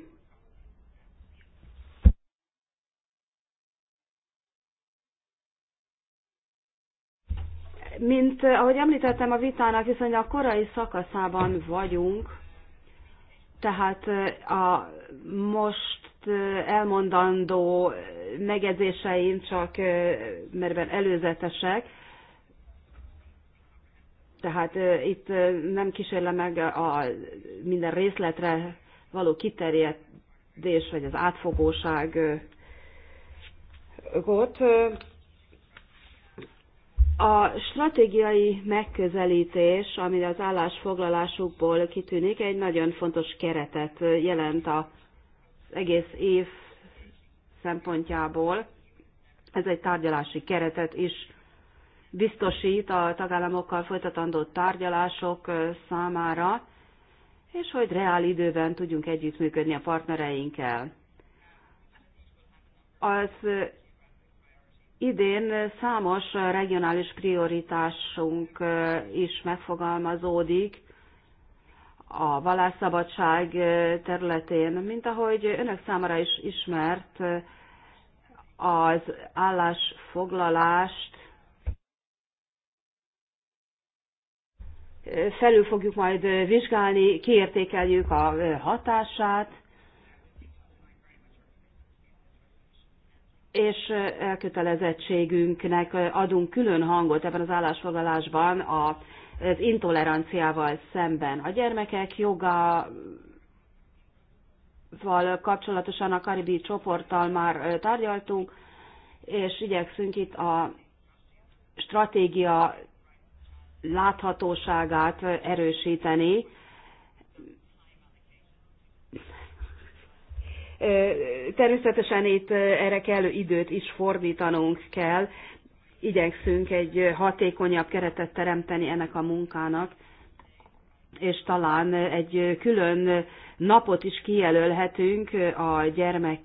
[SPEAKER 1] Mint ahogy említettem, a vitának viszonylag korai szakaszában vagyunk, tehát a most elmondandó megjegyzéseim csak merben előzetesek, tehát itt nem kísérle meg a minden részletre való kiterjedés, vagy az átfogóságot. A stratégiai megközelítés, ami az állásfoglalásukból kitűnik, egy nagyon fontos keretet jelent az egész év szempontjából. Ez egy tárgyalási keretet is biztosít a tagállamokkal folytatandó tárgyalások számára, és hogy reál időben tudjunk együttműködni a partnereinkkel. Az Idén számos regionális prioritásunk is megfogalmazódik a vallásszabadság területén, mint ahogy önök számára is ismert az állásfoglalást felül fogjuk majd vizsgálni, kiértékeljük a hatását, és elkötelezettségünknek adunk külön hangot ebben az állásfoglalásban az intoleranciával szemben. A gyermekek joga val kapcsolatosan a karibi csoporttal már tárgyaltunk, és igyekszünk itt a stratégia láthatóságát erősíteni, Természetesen itt erre kellő időt is fordítanunk kell. Igyekszünk egy hatékonyabb keretet teremteni ennek a munkának, és talán egy külön napot is kijelölhetünk a gyermek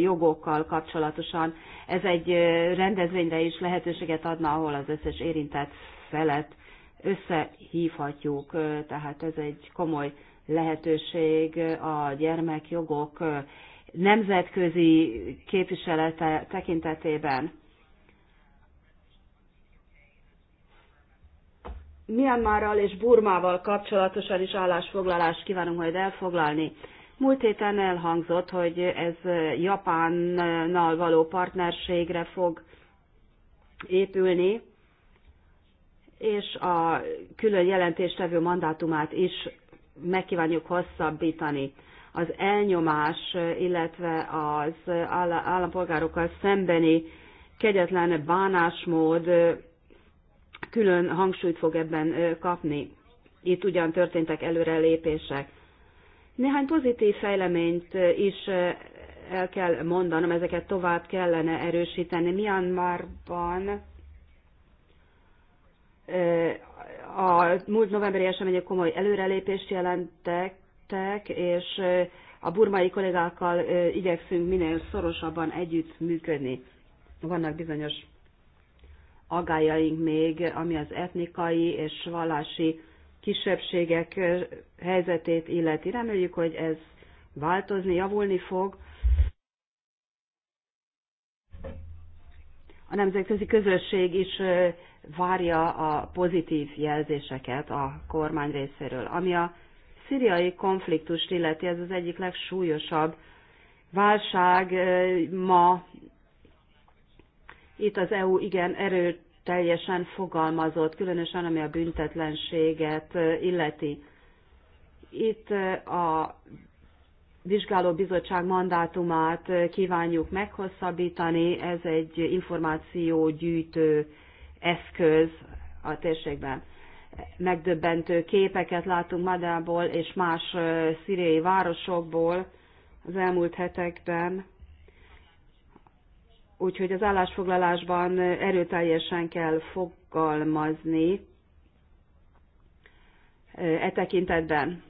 [SPEAKER 1] jogokkal kapcsolatosan. Ez egy rendezvényre is lehetőséget adna, ahol az összes érintett felet összehívhatjuk, tehát ez egy komoly lehetőség a gyermekjogok nemzetközi képviselete tekintetében. Myanmarral és Burmával kapcsolatosan is állásfoglalást kívánunk majd elfoglalni. Múlt héten elhangzott, hogy ez Japánnal való partnerségre fog épülni, és a külön jelentéstevő mandátumát is megkívánjuk hosszabbítani. Az elnyomás, illetve az állampolgárokkal szembeni kegyetlen bánásmód külön hangsúlyt fog ebben kapni. Itt ugyan történtek előrelépések. Néhány pozitív fejleményt is el kell mondanom, ezeket tovább kellene erősíteni. Myanmarban a múlt novemberi események komoly előrelépést jelentettek, és a burmai kollégákkal igyekszünk minél szorosabban együtt működni. Vannak bizonyos agályaink még, ami az etnikai és vallási kisebbségek helyzetét illeti. Reméljük, hogy ez változni, javulni fog. A nemzetközi közösség is várja a pozitív jelzéseket a kormány részéről. Ami a szíriai konfliktust illeti, ez az egyik legsúlyosabb válság ma. Itt az EU igen erőteljesen fogalmazott, különösen ami a büntetlenséget illeti. Itt a bizottság mandátumát kívánjuk meghosszabbítani, ez egy információgyűjtő eszköz a térségben. Megdöbbentő képeket látunk Madából és más szíriai városokból az elmúlt hetekben. Úgyhogy az állásfoglalásban erőteljesen kell fogalmazni e tekintetben.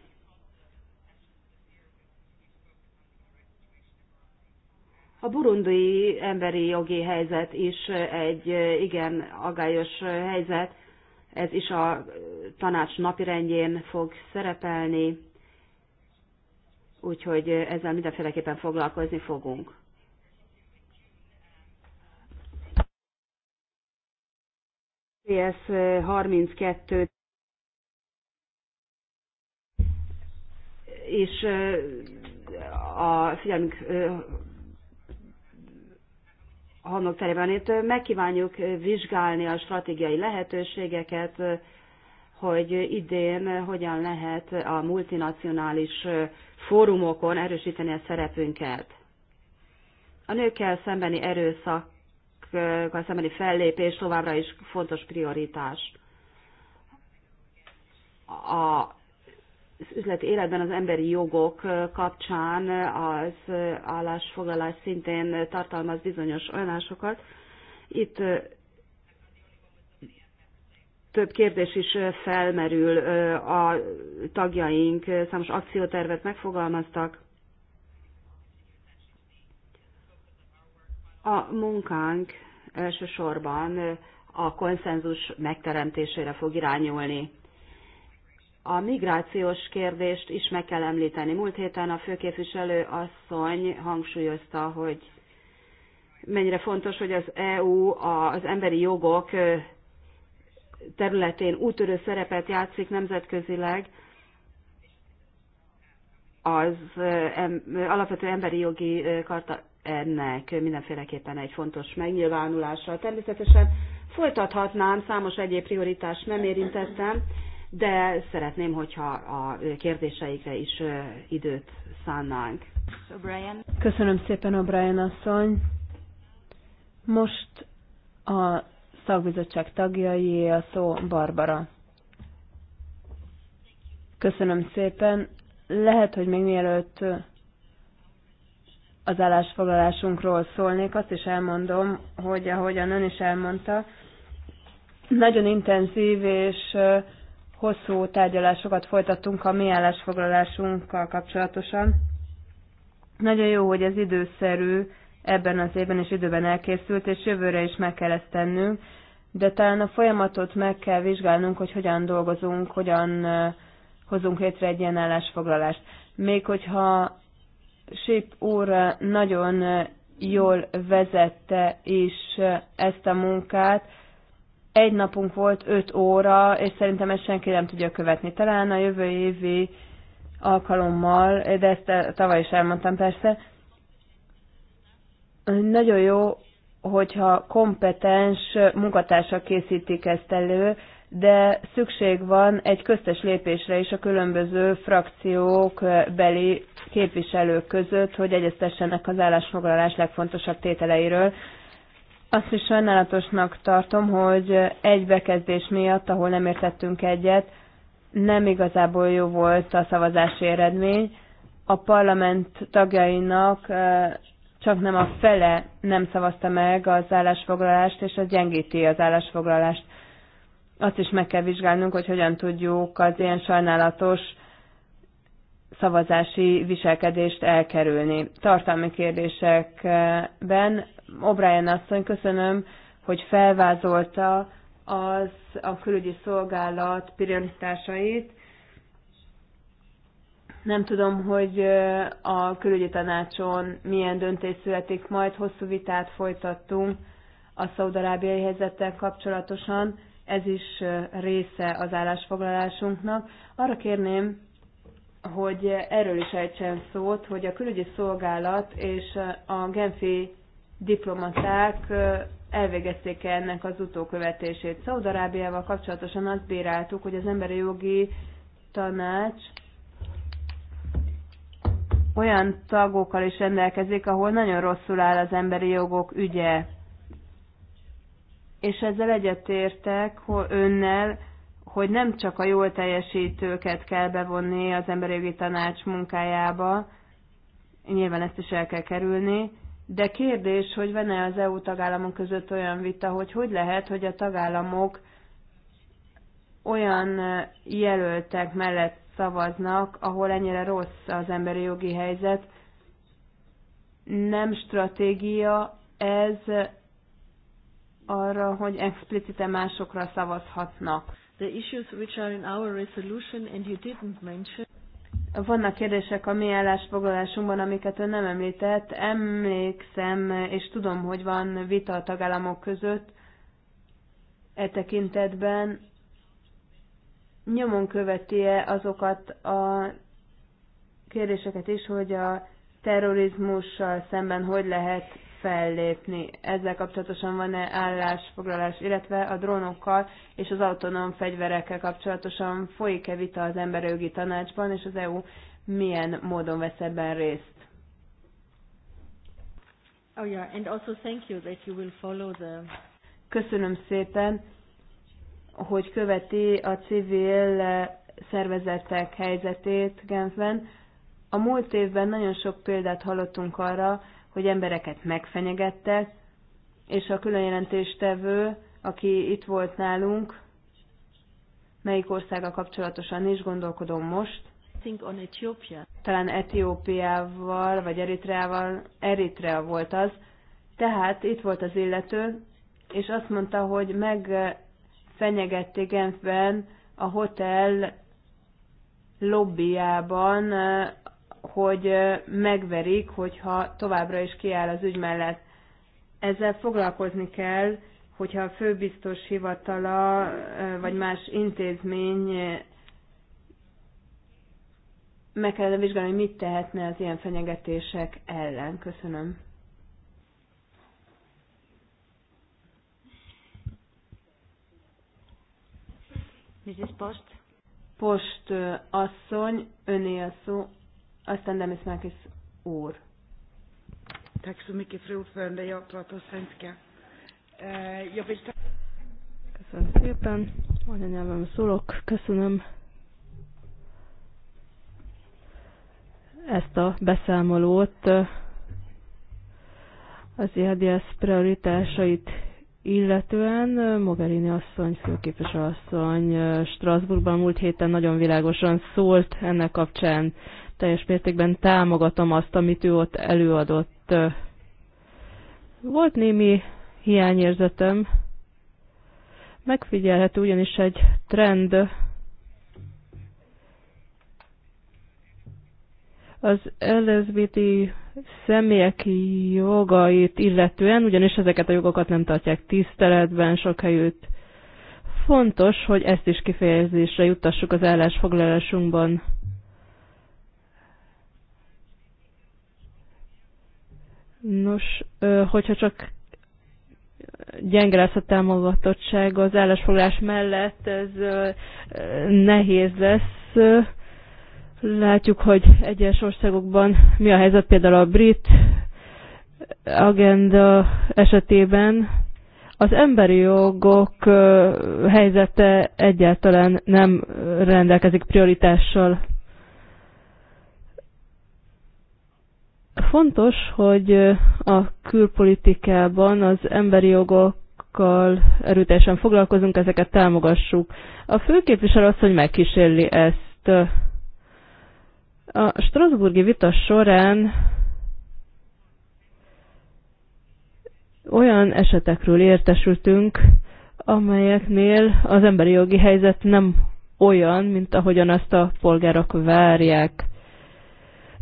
[SPEAKER 1] A burundi emberi jogi helyzet is egy igen agályos helyzet, ez is a tanács napirendjén fog szerepelni, úgyhogy ezzel mindenféleképpen foglalkozni fogunk. CS 32 és a figyelmünk hangok terében. Itt megkívánjuk vizsgálni a stratégiai lehetőségeket, hogy idén hogyan lehet a multinacionális fórumokon erősíteni a szerepünket. A nőkkel szembeni a szembeni fellépés továbbra is fontos prioritás. A az üzleti életben az emberi jogok kapcsán az állásfoglalás szintén tartalmaz bizonyos olyanásokat. Itt több kérdés is felmerül, a tagjaink számos akciótervet megfogalmaztak. A munkánk elsősorban a konszenzus megteremtésére fog irányulni a migrációs kérdést is meg kell említeni. Múlt héten a főképviselő asszony hangsúlyozta, hogy mennyire fontos, hogy az EU az emberi jogok területén útörő szerepet játszik nemzetközileg az alapvető emberi jogi karta ennek mindenféleképpen egy fontos megnyilvánulása. Természetesen folytathatnám, számos egyéb prioritást nem érintettem, de szeretném, hogyha a kérdéseikre is időt szánnánk. Köszönöm szépen, O'Brien asszony. Most a szakbizottság tagjai a szó Barbara. Köszönöm szépen. Lehet, hogy még mielőtt az állásfoglalásunkról szólnék, azt is elmondom, hogy ahogyan ön is elmondta, nagyon intenzív és hosszú tárgyalásokat folytattunk a mi állásfoglalásunkkal kapcsolatosan. Nagyon jó, hogy ez időszerű, ebben az évben és időben elkészült, és jövőre is meg kell ezt tennünk, de talán a folyamatot meg kell vizsgálnunk, hogy hogyan dolgozunk, hogyan hozunk létre egy ilyen állásfoglalást. Még hogyha Sip úr nagyon jól vezette is ezt a munkát, egy napunk volt öt óra, és szerintem ezt senki nem tudja követni. Talán a jövő évi alkalommal, de ezt tavaly is elmondtam persze, nagyon jó, hogyha kompetens munkatársak készítik ezt elő, de szükség van egy köztes lépésre is a különböző frakciók beli képviselők között, hogy egyeztessenek az állásfoglalás legfontosabb tételeiről. Azt is sajnálatosnak tartom, hogy egy bekezdés miatt, ahol nem értettünk egyet, nem igazából jó volt a szavazási eredmény. A parlament tagjainak eh, csak nem a fele nem szavazta meg az állásfoglalást, és az gyengíti az állásfoglalást. Azt is meg kell vizsgálnunk, hogy hogyan tudjuk az ilyen sajnálatos szavazási viselkedést elkerülni. Tartalmi kérdésekben O'Brien asszony, köszönöm, hogy felvázolta az a külügyi szolgálat prioritásait. Nem tudom, hogy a külügyi tanácson milyen döntés születik, majd hosszú vitát folytattunk a szaudarábiai helyzettel kapcsolatosan, ez is része az állásfoglalásunknak. Arra kérném, hogy erről is ejtsen szót, hogy a külügyi szolgálat és a Genfi diplomaták elvégezték -e ennek az utókövetését. Szaudarábiával kapcsolatosan azt bíráltuk, hogy az emberi jogi tanács olyan tagokkal is rendelkezik, ahol nagyon rosszul áll az emberi jogok ügye. És ezzel egyetértek hogy önnel, hogy nem csak a jól teljesítőket kell bevonni az emberi jogi tanács munkájába, nyilván ezt is el kell kerülni, de kérdés, hogy van-e az EU tagállamok között olyan vita, hogy hogy lehet, hogy a tagállamok olyan jelöltek mellett szavaznak, ahol ennyire rossz az emberi jogi helyzet. Nem stratégia ez arra, hogy explicite másokra szavazhatnak. The issues which are in our resolution and you didn't mention. Vannak kérdések a mi állásfoglalásunkban, amiket ön nem említett. Emlékszem, és tudom, hogy van vita a tagállamok között e tekintetben. Nyomon követi-e azokat a kérdéseket is, hogy a terrorizmussal szemben hogy lehet fellépni. Ezzel kapcsolatosan van-e állásfoglalás, illetve a drónokkal és az autonóm fegyverekkel kapcsolatosan folyik-e vita az emberjogi tanácsban, és az EU milyen módon vesz ebben részt? Oh yeah, and also thank you that you will follow the... Köszönöm szépen, hogy követi a civil eh, szervezetek helyzetét Genfben. A múlt évben nagyon sok példát hallottunk arra, hogy embereket megfenyegettek, és a különjelentéstevő, aki itt volt nálunk, melyik országa kapcsolatosan is gondolkodom most, talán Etiópiával vagy Eritreával, Eritrea volt az, tehát itt volt az illető, és azt mondta, hogy megfenyegették Genfben a hotel lobbyjában hogy megverik, hogyha továbbra is kiáll az ügy mellett. Ezzel foglalkozni kell, hogyha a főbiztos hivatala vagy más intézmény meg kellene vizsgálni, hogy mit tehetne az ilyen fenyegetések ellen. Köszönöm. Mrs. Post. Post asszony, öné a szó aztán Demismákis úr. Tack så mycket fru ordförande, jag pratar svenska. Eh, jag vill Köszönöm szépen, anyanyelven szólok, köszönöm ezt a beszámolót az IHDS prioritásait illetően Mogherini asszony, főképviselő asszony Strasbourgban múlt héten nagyon világosan szólt ennek kapcsán teljes mértékben támogatom azt, amit ő ott előadott. Volt némi hiányérzetem, megfigyelhető ugyanis egy trend az LSBT személyek jogait illetően, ugyanis ezeket a jogokat nem tartják tiszteletben sok helyütt. Fontos, hogy ezt is kifejezésre juttassuk az állásfoglalásunkban. Nos, hogyha csak gyenge lesz a támogatottság az állásfoglalás mellett, ez nehéz lesz. Látjuk, hogy egyes országokban mi a helyzet, például a brit agenda esetében. Az emberi jogok helyzete egyáltalán nem rendelkezik prioritással. Fontos, hogy a külpolitikában az emberi jogokkal erőteljesen foglalkozunk, ezeket támogassuk. A főképviselő az, hogy megkísérli ezt. A Strasburgi vita során olyan esetekről értesültünk, amelyeknél az emberi jogi helyzet nem olyan, mint ahogyan azt a polgárok várják.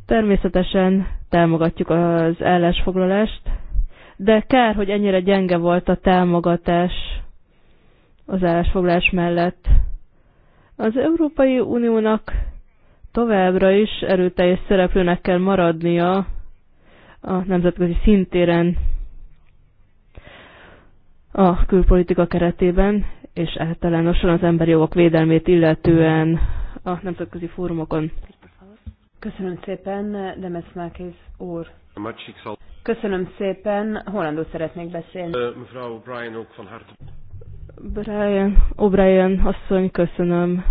[SPEAKER 1] Természetesen támogatjuk az állásfoglalást, de kár, hogy ennyire gyenge volt a támogatás az állásfoglalás mellett. Az Európai Uniónak továbbra is erőteljes szereplőnek kell maradnia a nemzetközi szintéren a külpolitika keretében, és általánosan az emberi jogok védelmét illetően a nemzetközi fórumokon. Köszönöm szépen, Demes Márkész úr. Köszönöm szépen, hollandul szeretnék beszélni. Brian, van Brian, O'Brien asszony, köszönöm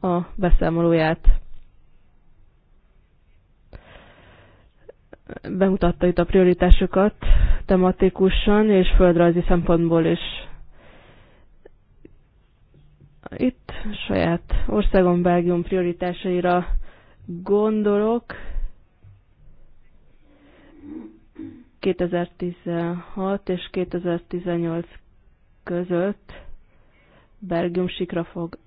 [SPEAKER 1] a beszámolóját. Bemutatta itt a prioritásokat tematikusan és földrajzi szempontból is. Itt saját országom Belgium prioritásaira gondolok. 2016 és 2018 között Belgium sikra fog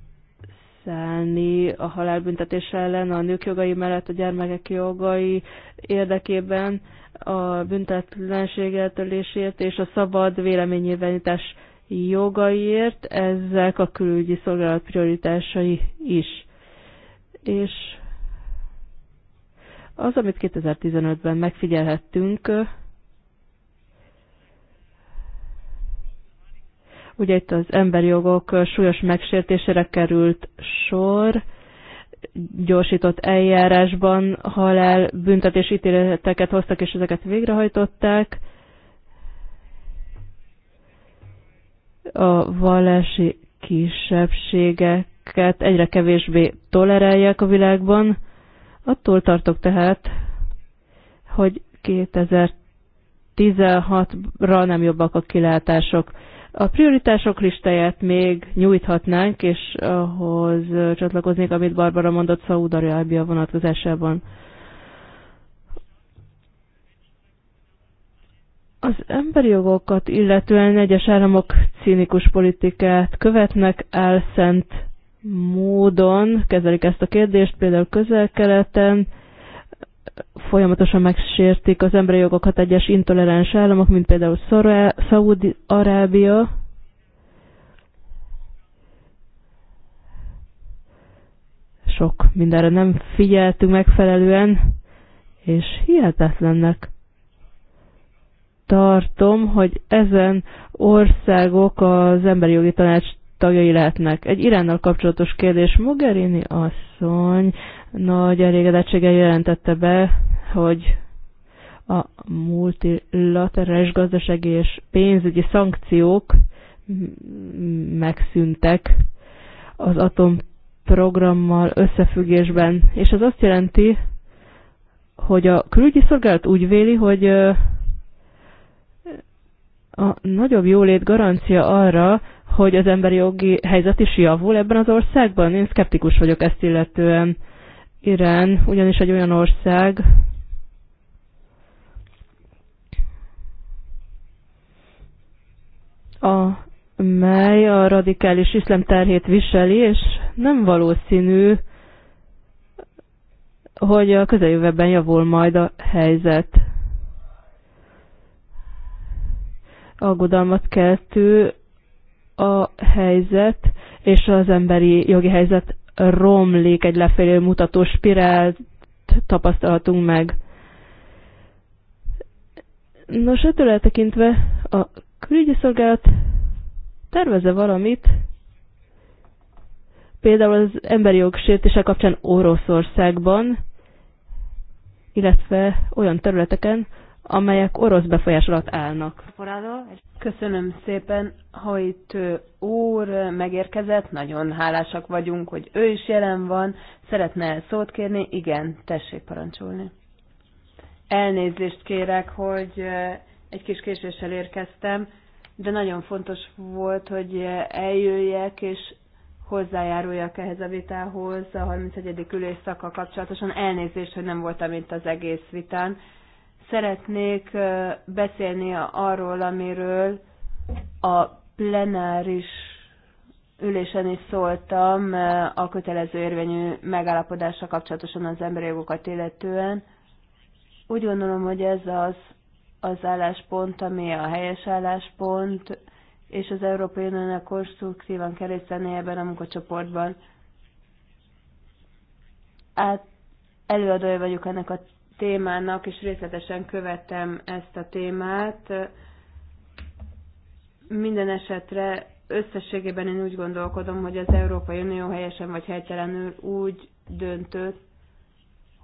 [SPEAKER 1] szállni a halálbüntetés ellen, a nők jogai mellett, a gyermekek jogai érdekében, a büntetlenség eltörlésért és a szabad véleménynyilvánítás jogaiért, ezek a külügyi szolgálat prioritásai is. És az, amit 2015-ben megfigyelhettünk, ugye itt az emberi jogok súlyos megsértésére került sor, gyorsított eljárásban halál büntetés ítéleteket hoztak, és ezeket végrehajtották. A vallási kisebbségeket egyre kevésbé tolerálják a világban. Attól tartok tehát, hogy 2016-ra nem jobbak a kilátások. A prioritások listáját még nyújthatnánk, és ahhoz csatlakoznék, amit Barbara mondott Szaúd-Arábia vonatkozásában. Az emberi jogokat illetően egyes államok cínikus politikát követnek, elszent módon kezelik ezt a kérdést, például közel-keleten folyamatosan megsértik az emberi jogokat egyes intoleráns államok, mint például Szaúd-Arábia, sok mindenre nem figyeltünk megfelelően, és hihetetlennek tartom, hogy ezen országok az emberi jogi tanács tagjai lehetnek. Egy Iránnal kapcsolatos kérdés. Mogherini asszony nagy elégedettséggel jelentette be, hogy a multilaterális gazdasági és pénzügyi szankciók megszűntek az atomprogrammal összefüggésben. És ez azt jelenti, hogy a külügyi szolgálat úgy véli, hogy a nagyobb jólét garancia arra, hogy az emberi jogi helyzet is javul ebben az országban? Én szkeptikus vagyok ezt illetően. Irán ugyanis egy olyan ország, amely a radikális iszlám terhét viseli, és nem valószínű, hogy a közeljövőben javul majd a helyzet. Aggodalmat keltő a helyzet, és az emberi jogi helyzet romlik, egy lefelé mutató spirált tapasztalhatunk meg. Nos, ettől eltekintve a külügyi szolgálat tervezze valamit, például az emberi sértése kapcsán Oroszországban, illetve olyan területeken, amelyek orosz befolyás alatt állnak. Köszönöm szépen, hogy itt úr megérkezett, nagyon hálásak vagyunk, hogy ő is jelen van. Szeretne szót kérni? Igen, tessék parancsolni. Elnézést kérek, hogy eh, egy kis késéssel érkeztem, de nagyon fontos volt, hogy eljöjjek, és hozzájáruljak ehhez a vitához a 31. ülésszakkal kapcsolatosan. Elnézést, hogy nem voltam itt az egész vitán Szeretnék beszélni arról, amiről a plenáris ülésen is szóltam a kötelező érvényű megállapodásra kapcsolatosan az emberi jogokat illetően. Úgy gondolom, hogy ez az az álláspont, ami a helyes álláspont, és az Európai Uniónak konstruktívan kell ebben a munkacsoportban. Át előadója vagyok ennek a témának, és részletesen követem ezt a témát. Minden esetre összességében én úgy gondolkodom, hogy az Európai Unió helyesen vagy helytelenül úgy döntött,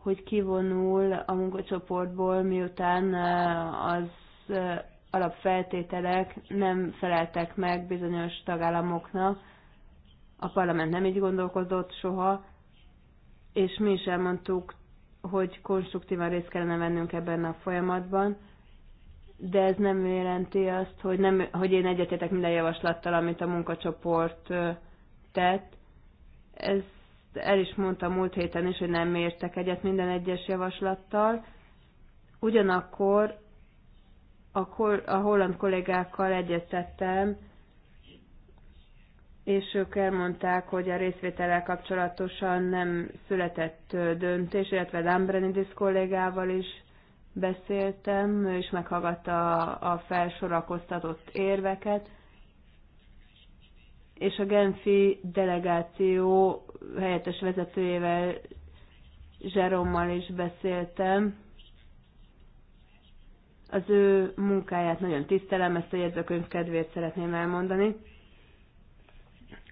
[SPEAKER 1] hogy kivonul a munkacsoportból, miután eh, az eh, alapfeltételek nem feleltek meg bizonyos tagállamoknak. A parlament nem így gondolkodott soha, és mi is elmondtuk hogy konstruktívan részt kellene vennünk ebben a folyamatban, de ez nem jelenti azt, hogy, nem, hogy én egyetértek minden javaslattal, amit a munkacsoport tett. Ez el is mondtam múlt héten is, hogy nem értek egyet minden egyes javaslattal. Ugyanakkor a, a holland kollégákkal egyeztettem, és ők elmondták, hogy a részvételel kapcsolatosan nem született döntés, illetve Lambrenidis kollégával is beszéltem, ő is meghallgatta a felsorakoztatott érveket, és a Genfi delegáció helyettes vezetőjével, Zserommal is beszéltem. Az ő munkáját nagyon tisztelem, ezt a jegyzőkönyv kedvéért szeretném elmondani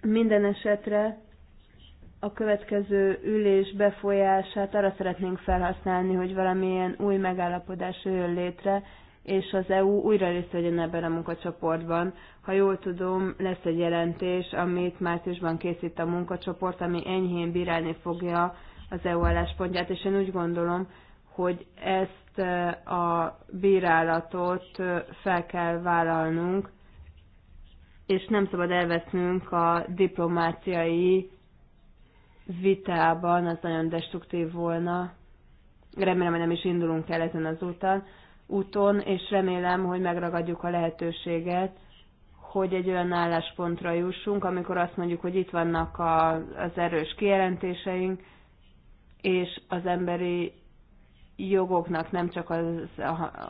[SPEAKER 1] minden esetre a következő ülés befolyását arra szeretnénk felhasználni, hogy valamilyen új megállapodás jön létre, és az EU újra részt vegyen ebben a munkacsoportban. Ha jól tudom, lesz egy jelentés, amit márciusban készít a munkacsoport, ami enyhén bírálni fogja az EU álláspontját, és én úgy gondolom, hogy ezt eh, a bírálatot eh, fel kell vállalnunk, és nem szabad elvesznünk a diplomáciai vitában, az nagyon destruktív volna. Remélem, hogy nem is indulunk el ezen az úton, úton és remélem, hogy megragadjuk a lehetőséget, hogy egy olyan álláspontra jussunk, amikor azt mondjuk, hogy itt vannak a, az erős kijelentéseink, és az emberi jogoknak nem csak az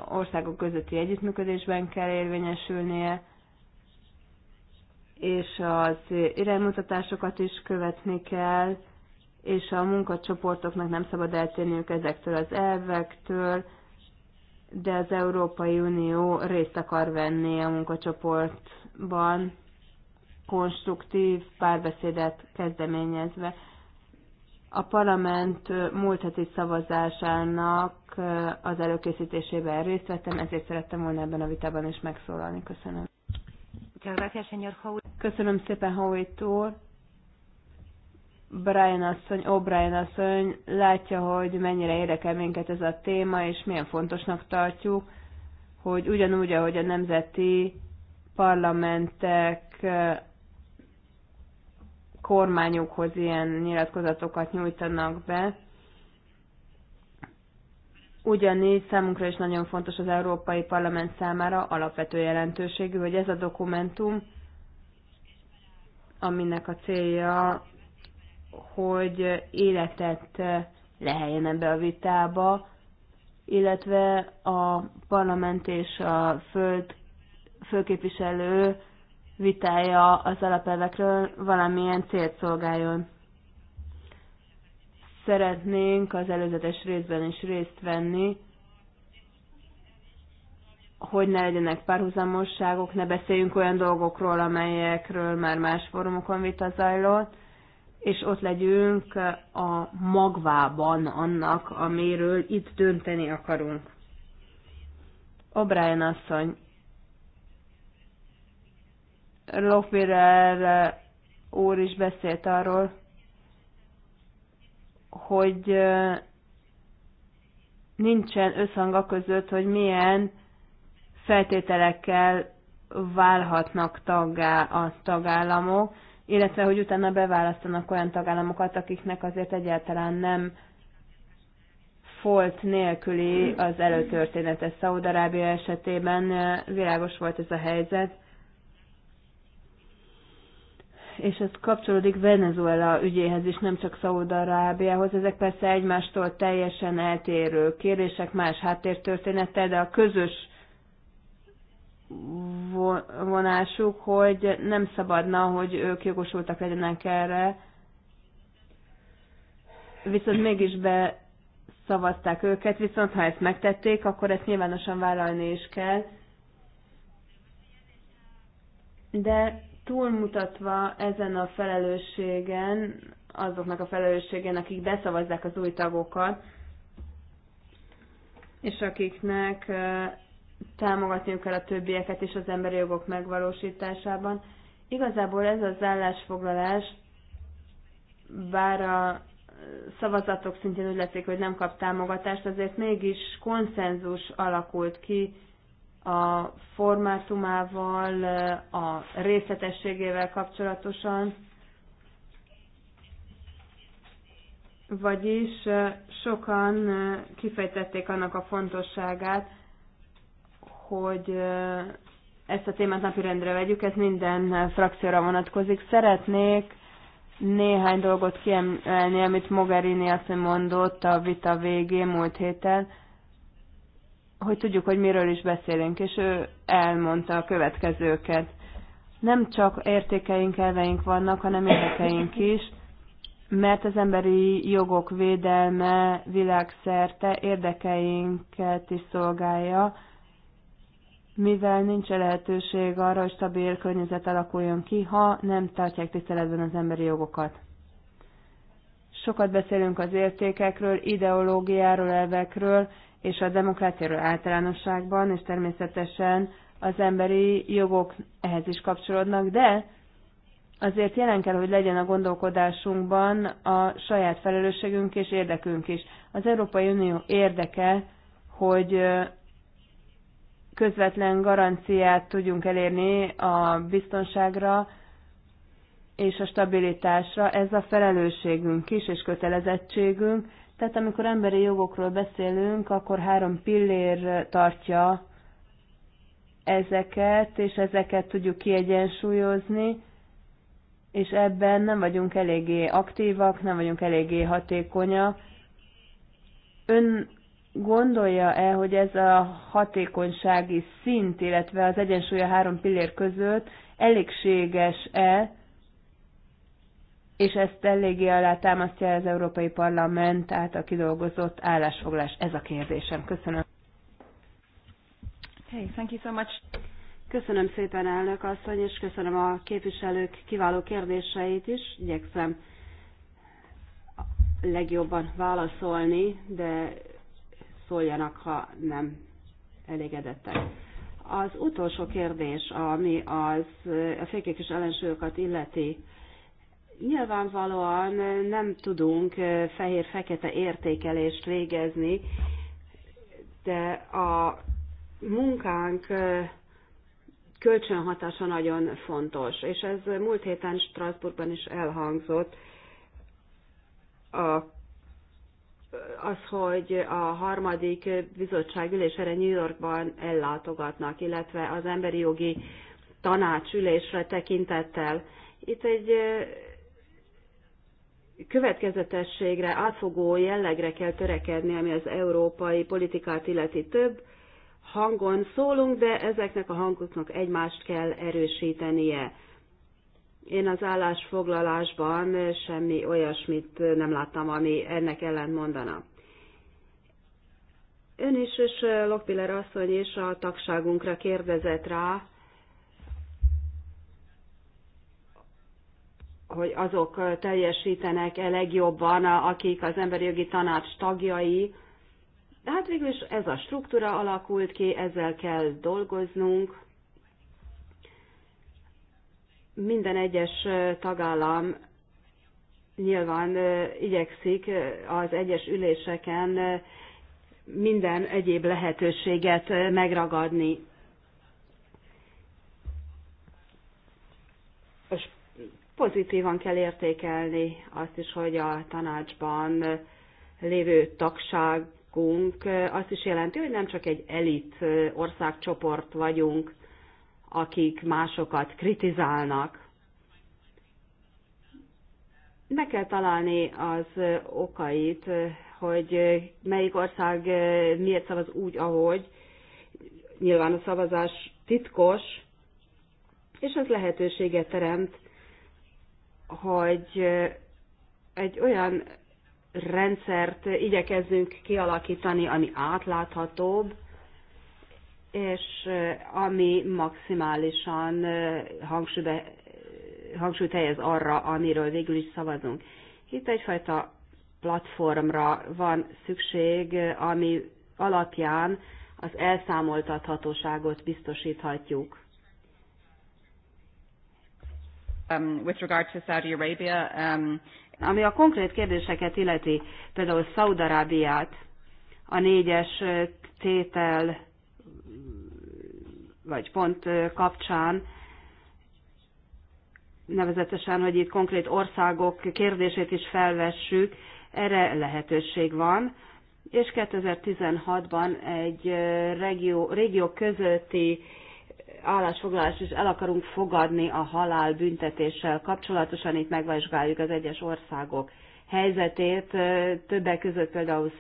[SPEAKER 1] országok közötti együttműködésben kell érvényesülnie, és az iránymutatásokat is követni kell, és a munkacsoportoknak nem szabad eltérniük ezektől az elvektől, de az Európai Unió részt akar venni a munkacsoportban, konstruktív párbeszédet kezdeményezve. A parlament múlt heti szavazásának az előkészítésében részt vettem, ezért szerettem volna ebben a vitában is megszólalni. Köszönöm. Köszönöm szépen, Howitt úr. Brian asszony, Brian asszony látja, hogy mennyire érdekel minket ez a téma, és milyen fontosnak tartjuk, hogy ugyanúgy, ahogy a nemzeti parlamentek kormányukhoz ilyen nyilatkozatokat nyújtanak be, Ugyanígy számunkra is nagyon fontos az Európai Parlament számára alapvető jelentőségű, hogy ez a dokumentum, aminek a célja, hogy életet leheljen ebbe a vitába, illetve a parlament és a föld, főképviselő vitája az alapelvekről valamilyen célt szolgáljon szeretnénk az előzetes részben is részt venni, hogy ne legyenek párhuzamosságok, ne beszéljünk olyan dolgokról, amelyekről már más fórumokon vita zajlott, és ott legyünk a magvában annak, amiről itt dönteni akarunk. O'Brien asszony, Lofirer úr is beszélt arról, hogy nincsen összhang a között, hogy milyen feltételekkel válhatnak taggá a tagállamok, illetve hogy utána beválasztanak olyan tagállamokat, akiknek azért egyáltalán nem folt nélküli az előtörténete. Szaudarábia esetében világos volt ez a helyzet, és ez kapcsolódik Venezuela ügyéhez is, nem csak Szaúd-Arábiához. Ezek persze egymástól teljesen eltérő kérések, más háttértörténettel, de a közös vonásuk, hogy nem szabadna, hogy ők jogosultak legyenek erre, viszont mégis szavazták őket, viszont ha ezt megtették, akkor ezt nyilvánosan vállalni is kell. De túlmutatva ezen a felelősségen, azoknak a felelősségen, akik beszavazzák az új tagokat, és akiknek támogatniuk kell a többieket és az emberi jogok megvalósításában. Igazából ez az állásfoglalás, bár a szavazatok szintén úgy látszik, hogy nem kap támogatást, azért mégis konszenzus alakult ki a formátumával, a részletességével kapcsolatosan, vagyis sokan kifejtették annak a fontosságát, hogy ezt a témát napirendre vegyük, ez minden frakcióra vonatkozik. Szeretnék néhány dolgot kiemelni, amit Mogherini azt mondott a vita végén múlt héten, hogy tudjuk, hogy miről is beszélünk, és ő elmondta a következőket. Nem csak értékeink, elveink vannak, hanem érdekeink is, mert az emberi jogok védelme világszerte érdekeinket is szolgálja, mivel nincs lehetőség arra, hogy stabil környezet alakuljon ki, ha nem tartják tiszteletben az emberi jogokat. Sokat beszélünk az értékekről, ideológiáról, elvekről, és a demokráciáról általánosságban, és természetesen az emberi jogok ehhez is kapcsolódnak, de azért jelen kell, hogy legyen a gondolkodásunkban a saját felelősségünk és érdekünk is. Az Európai Unió érdeke, hogy közvetlen garanciát tudjunk elérni a biztonságra és a stabilitásra. Ez a felelősségünk is és kötelezettségünk, tehát amikor emberi jogokról beszélünk, akkor három pillér tartja ezeket, és ezeket tudjuk kiegyensúlyozni, és ebben nem vagyunk eléggé aktívak, nem vagyunk eléggé hatékonyak. Ön gondolja-e, hogy ez a hatékonysági szint, illetve az egyensúly a három pillér között elégséges-e és ezt eléggé alá támasztja az Európai Parlament által kidolgozott állásfoglás. Ez a kérdésem. Köszönöm. Hey, thank you so much. Köszönöm szépen, elnök asszony, és köszönöm a képviselők kiváló kérdéseit is. Igyekszem legjobban válaszolni, de szóljanak, ha nem elégedettek. Az utolsó kérdés, ami az a fékék és ellensúlyokat illeti, Nyilvánvalóan nem tudunk eh, fehér-fekete értékelést végezni, de a munkánk eh, kölcsönhatása nagyon fontos, és ez múlt héten Strasbourgban is elhangzott, a, az, hogy a harmadik bizottság ülésére New Yorkban ellátogatnak, illetve az emberi jogi tanácsülésre tekintettel. Itt egy eh, következetességre, átfogó jellegre kell törekedni, ami az európai politikát illeti több hangon szólunk, de ezeknek a hangoknak egymást kell erősítenie. Én az állásfoglalásban semmi olyasmit nem láttam, ami ennek ellen mondana. Ön is és Lokpiller asszony is a tagságunkra kérdezett rá, hogy azok teljesítenek -e legjobban, akik az emberi jogi tanács tagjai. De hát végül is ez a struktúra alakult ki, ezzel kell dolgoznunk. Minden egyes tagállam nyilván igyekszik az egyes üléseken minden egyéb lehetőséget megragadni pozitívan kell értékelni azt is, hogy a tanácsban lévő tagságunk azt is jelenti, hogy nem csak egy elit országcsoport vagyunk, akik másokat kritizálnak. Meg kell találni az okait, hogy melyik ország miért szavaz úgy, ahogy. Nyilván a szavazás titkos, és az lehetőséget teremt hogy egy olyan rendszert igyekezzünk kialakítani, ami átláthatóbb, és ami maximálisan hangsúlybe, hangsúlyt helyez arra, amiről végül is szavazunk. Itt egyfajta platformra van szükség, ami alapján az elszámoltathatóságot biztosíthatjuk um, with regard to Saudi Arabia. Um, ami a konkrét kérdéseket illeti, például Szaudarábiát, a négyes tétel vagy pont kapcsán, nevezetesen, hogy itt konkrét országok kérdését is felvessük, erre lehetőség van. És 2016-ban egy régió, régió közötti állásfoglalást is el akarunk fogadni a halál büntetéssel kapcsolatosan, itt megvizsgáljuk az egyes országok helyzetét, többek között például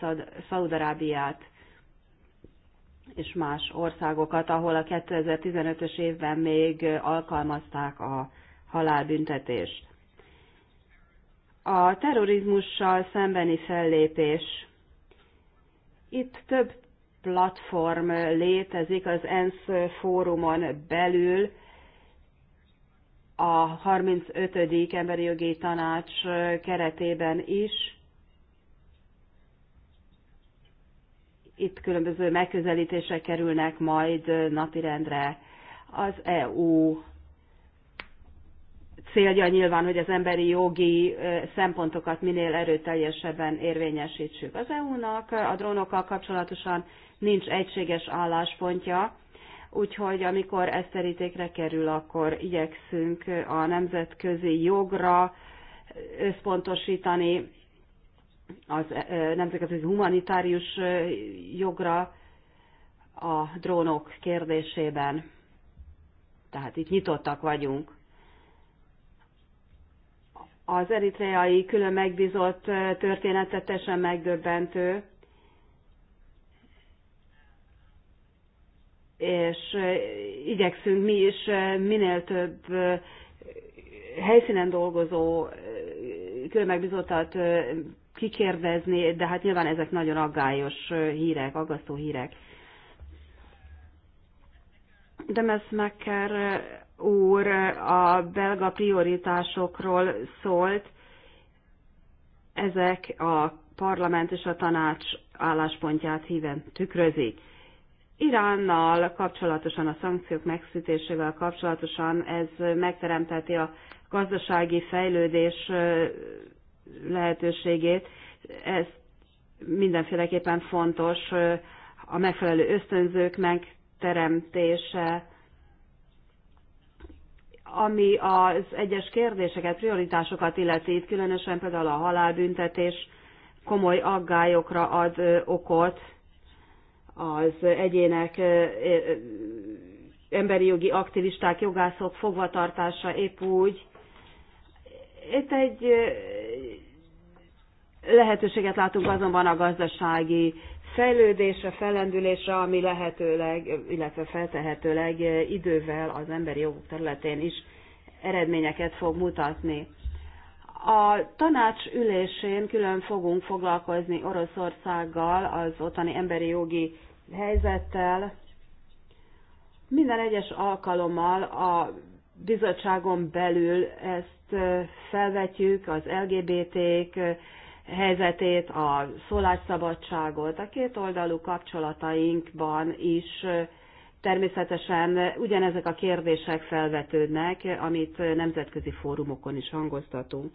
[SPEAKER 1] Szaudarábiát és más országokat, ahol a 2015-ös évben még alkalmazták a halálbüntetést. A terrorizmussal szembeni fellépés. Itt több platform létezik az ENSZ fórumon belül, a 35. emberi jogi tanács keretében is. Itt különböző megközelítések kerülnek majd napirendre. Az EU célja nyilván, hogy az emberi jogi szempontokat minél erőteljesebben érvényesítsük. Az EU-nak a drónokkal kapcsolatosan nincs egységes álláspontja, úgyhogy amikor ez terítékre kerül, akkor igyekszünk a nemzetközi jogra összpontosítani, az nemzetközi humanitárius jogra a drónok kérdésében. Tehát itt nyitottak vagyunk az eritreai külön megbízott története teljesen megdöbbentő, és igyekszünk mi is minél több helyszínen dolgozó különmegbizottat kikérdezni, de hát nyilván ezek nagyon aggályos hírek, aggasztó hírek. Demes Mekker úr a belga prioritásokról szólt, ezek a parlament és a tanács álláspontját híven tükrözik. Iránnal kapcsolatosan, a szankciók megszűtésével kapcsolatosan ez megteremteti a gazdasági fejlődés lehetőségét. Ez mindenféleképpen fontos a megfelelő ösztönzők megteremtése, ami az egyes kérdéseket, prioritásokat illeti, itt különösen például a halálbüntetés komoly aggályokra ad okot az egyének, emberi jogi aktivisták, jogászok fogvatartása épp úgy. Itt egy lehetőséget látunk azonban a gazdasági fejlődésre, fellendülésre, ami lehetőleg, illetve feltehetőleg idővel az emberi jogok területén is eredményeket fog mutatni. A tanács ülésén külön fogunk foglalkozni Oroszországgal, az ottani emberi jogi helyzettel. Minden egyes alkalommal a bizottságon belül ezt felvetjük, az LGBT-k, helyzetét, a szólásszabadságot, a két oldalú kapcsolatainkban is természetesen ugyanezek a kérdések felvetődnek, amit nemzetközi fórumokon is hangoztatunk.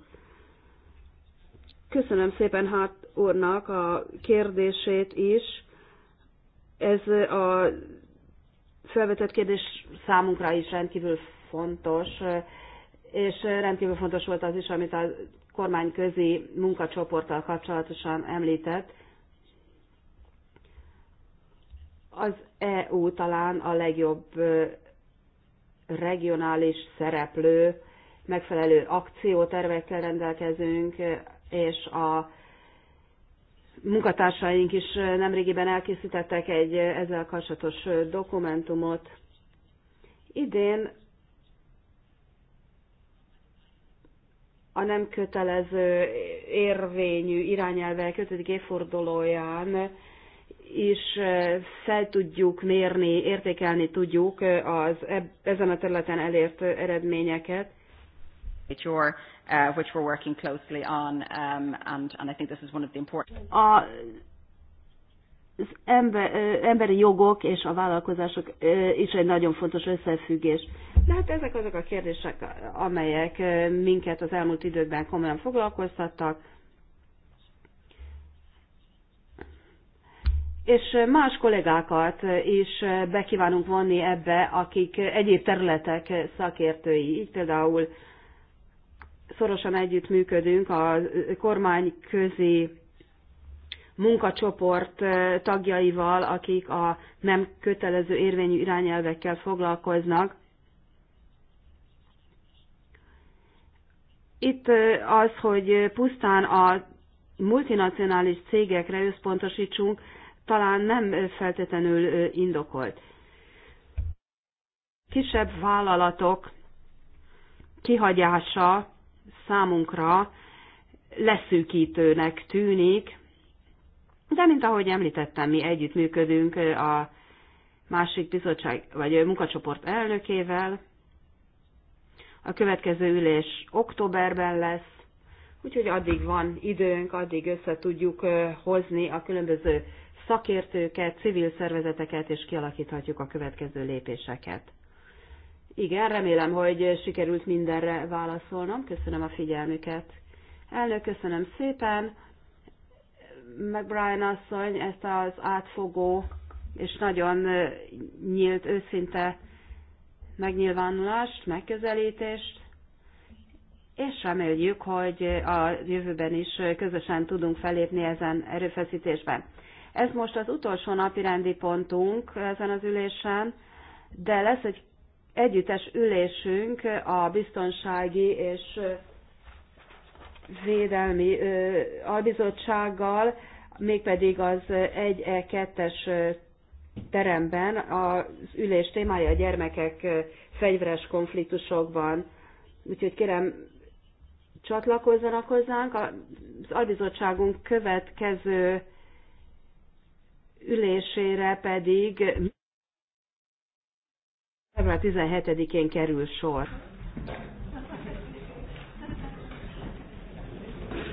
[SPEAKER 1] Köszönöm szépen hát úrnak a kérdését is. Ez a felvetett kérdés számunkra is rendkívül fontos, és rendkívül fontos volt az is, amit a kormányközi munkacsoporttal kapcsolatosan említett, az EU talán a legjobb regionális szereplő, megfelelő akciótervekkel rendelkezünk, és a munkatársaink is nemrégiben elkészítettek egy ezzel kapcsolatos dokumentumot. Idén a nem kötelező érvényű irányelvek kötődik évfordulóján is eh, fel tudjuk mérni, értékelni tudjuk eh, az ezen a területen elért eredményeket. uh, which we're working closely on, um, and, and I think this is one of the important. A az ember, emberi jogok és a vállalkozások is egy nagyon fontos összefüggés. De hát ezek azok a kérdések, amelyek minket az elmúlt időkben komolyan foglalkoztattak. És más kollégákat is bekívánunk vonni ebbe, akik egyéb területek szakértői, így például szorosan együttműködünk a kormányközi munkacsoport eh, tagjaival, akik a nem kötelező érvényű irányelvekkel foglalkoznak. Itt eh, az, hogy pusztán a multinacionális cégekre összpontosítsunk, talán nem feltétlenül eh, indokolt. Kisebb vállalatok kihagyása számunkra leszűkítőnek tűnik, de mint ahogy említettem, mi együttműködünk a másik bizottság vagy munkacsoport elnökével. A következő ülés októberben lesz, úgyhogy addig van időnk, addig össze tudjuk hozni a különböző szakértőket, civil szervezeteket, és kialakíthatjuk a következő lépéseket. Igen, remélem, hogy sikerült mindenre válaszolnom. Köszönöm a figyelmüket. Elnök, köszönöm szépen. Brian asszony ezt az átfogó és nagyon nyílt, őszinte megnyilvánulást, megközelítést, és reméljük, hogy a jövőben is közösen tudunk felépni ezen erőfeszítésben. Ez most az utolsó napi rendi pontunk ezen az ülésen, de lesz egy együttes ülésünk a biztonsági és Védelmi Albizottsággal, mégpedig az 1 2 es teremben az ülés témája a gyermekek fegyveres konfliktusokban. Úgyhogy kérem, csatlakozzanak hozzánk. Az albizottságunk következő ülésére pedig február 17-én kerül sor.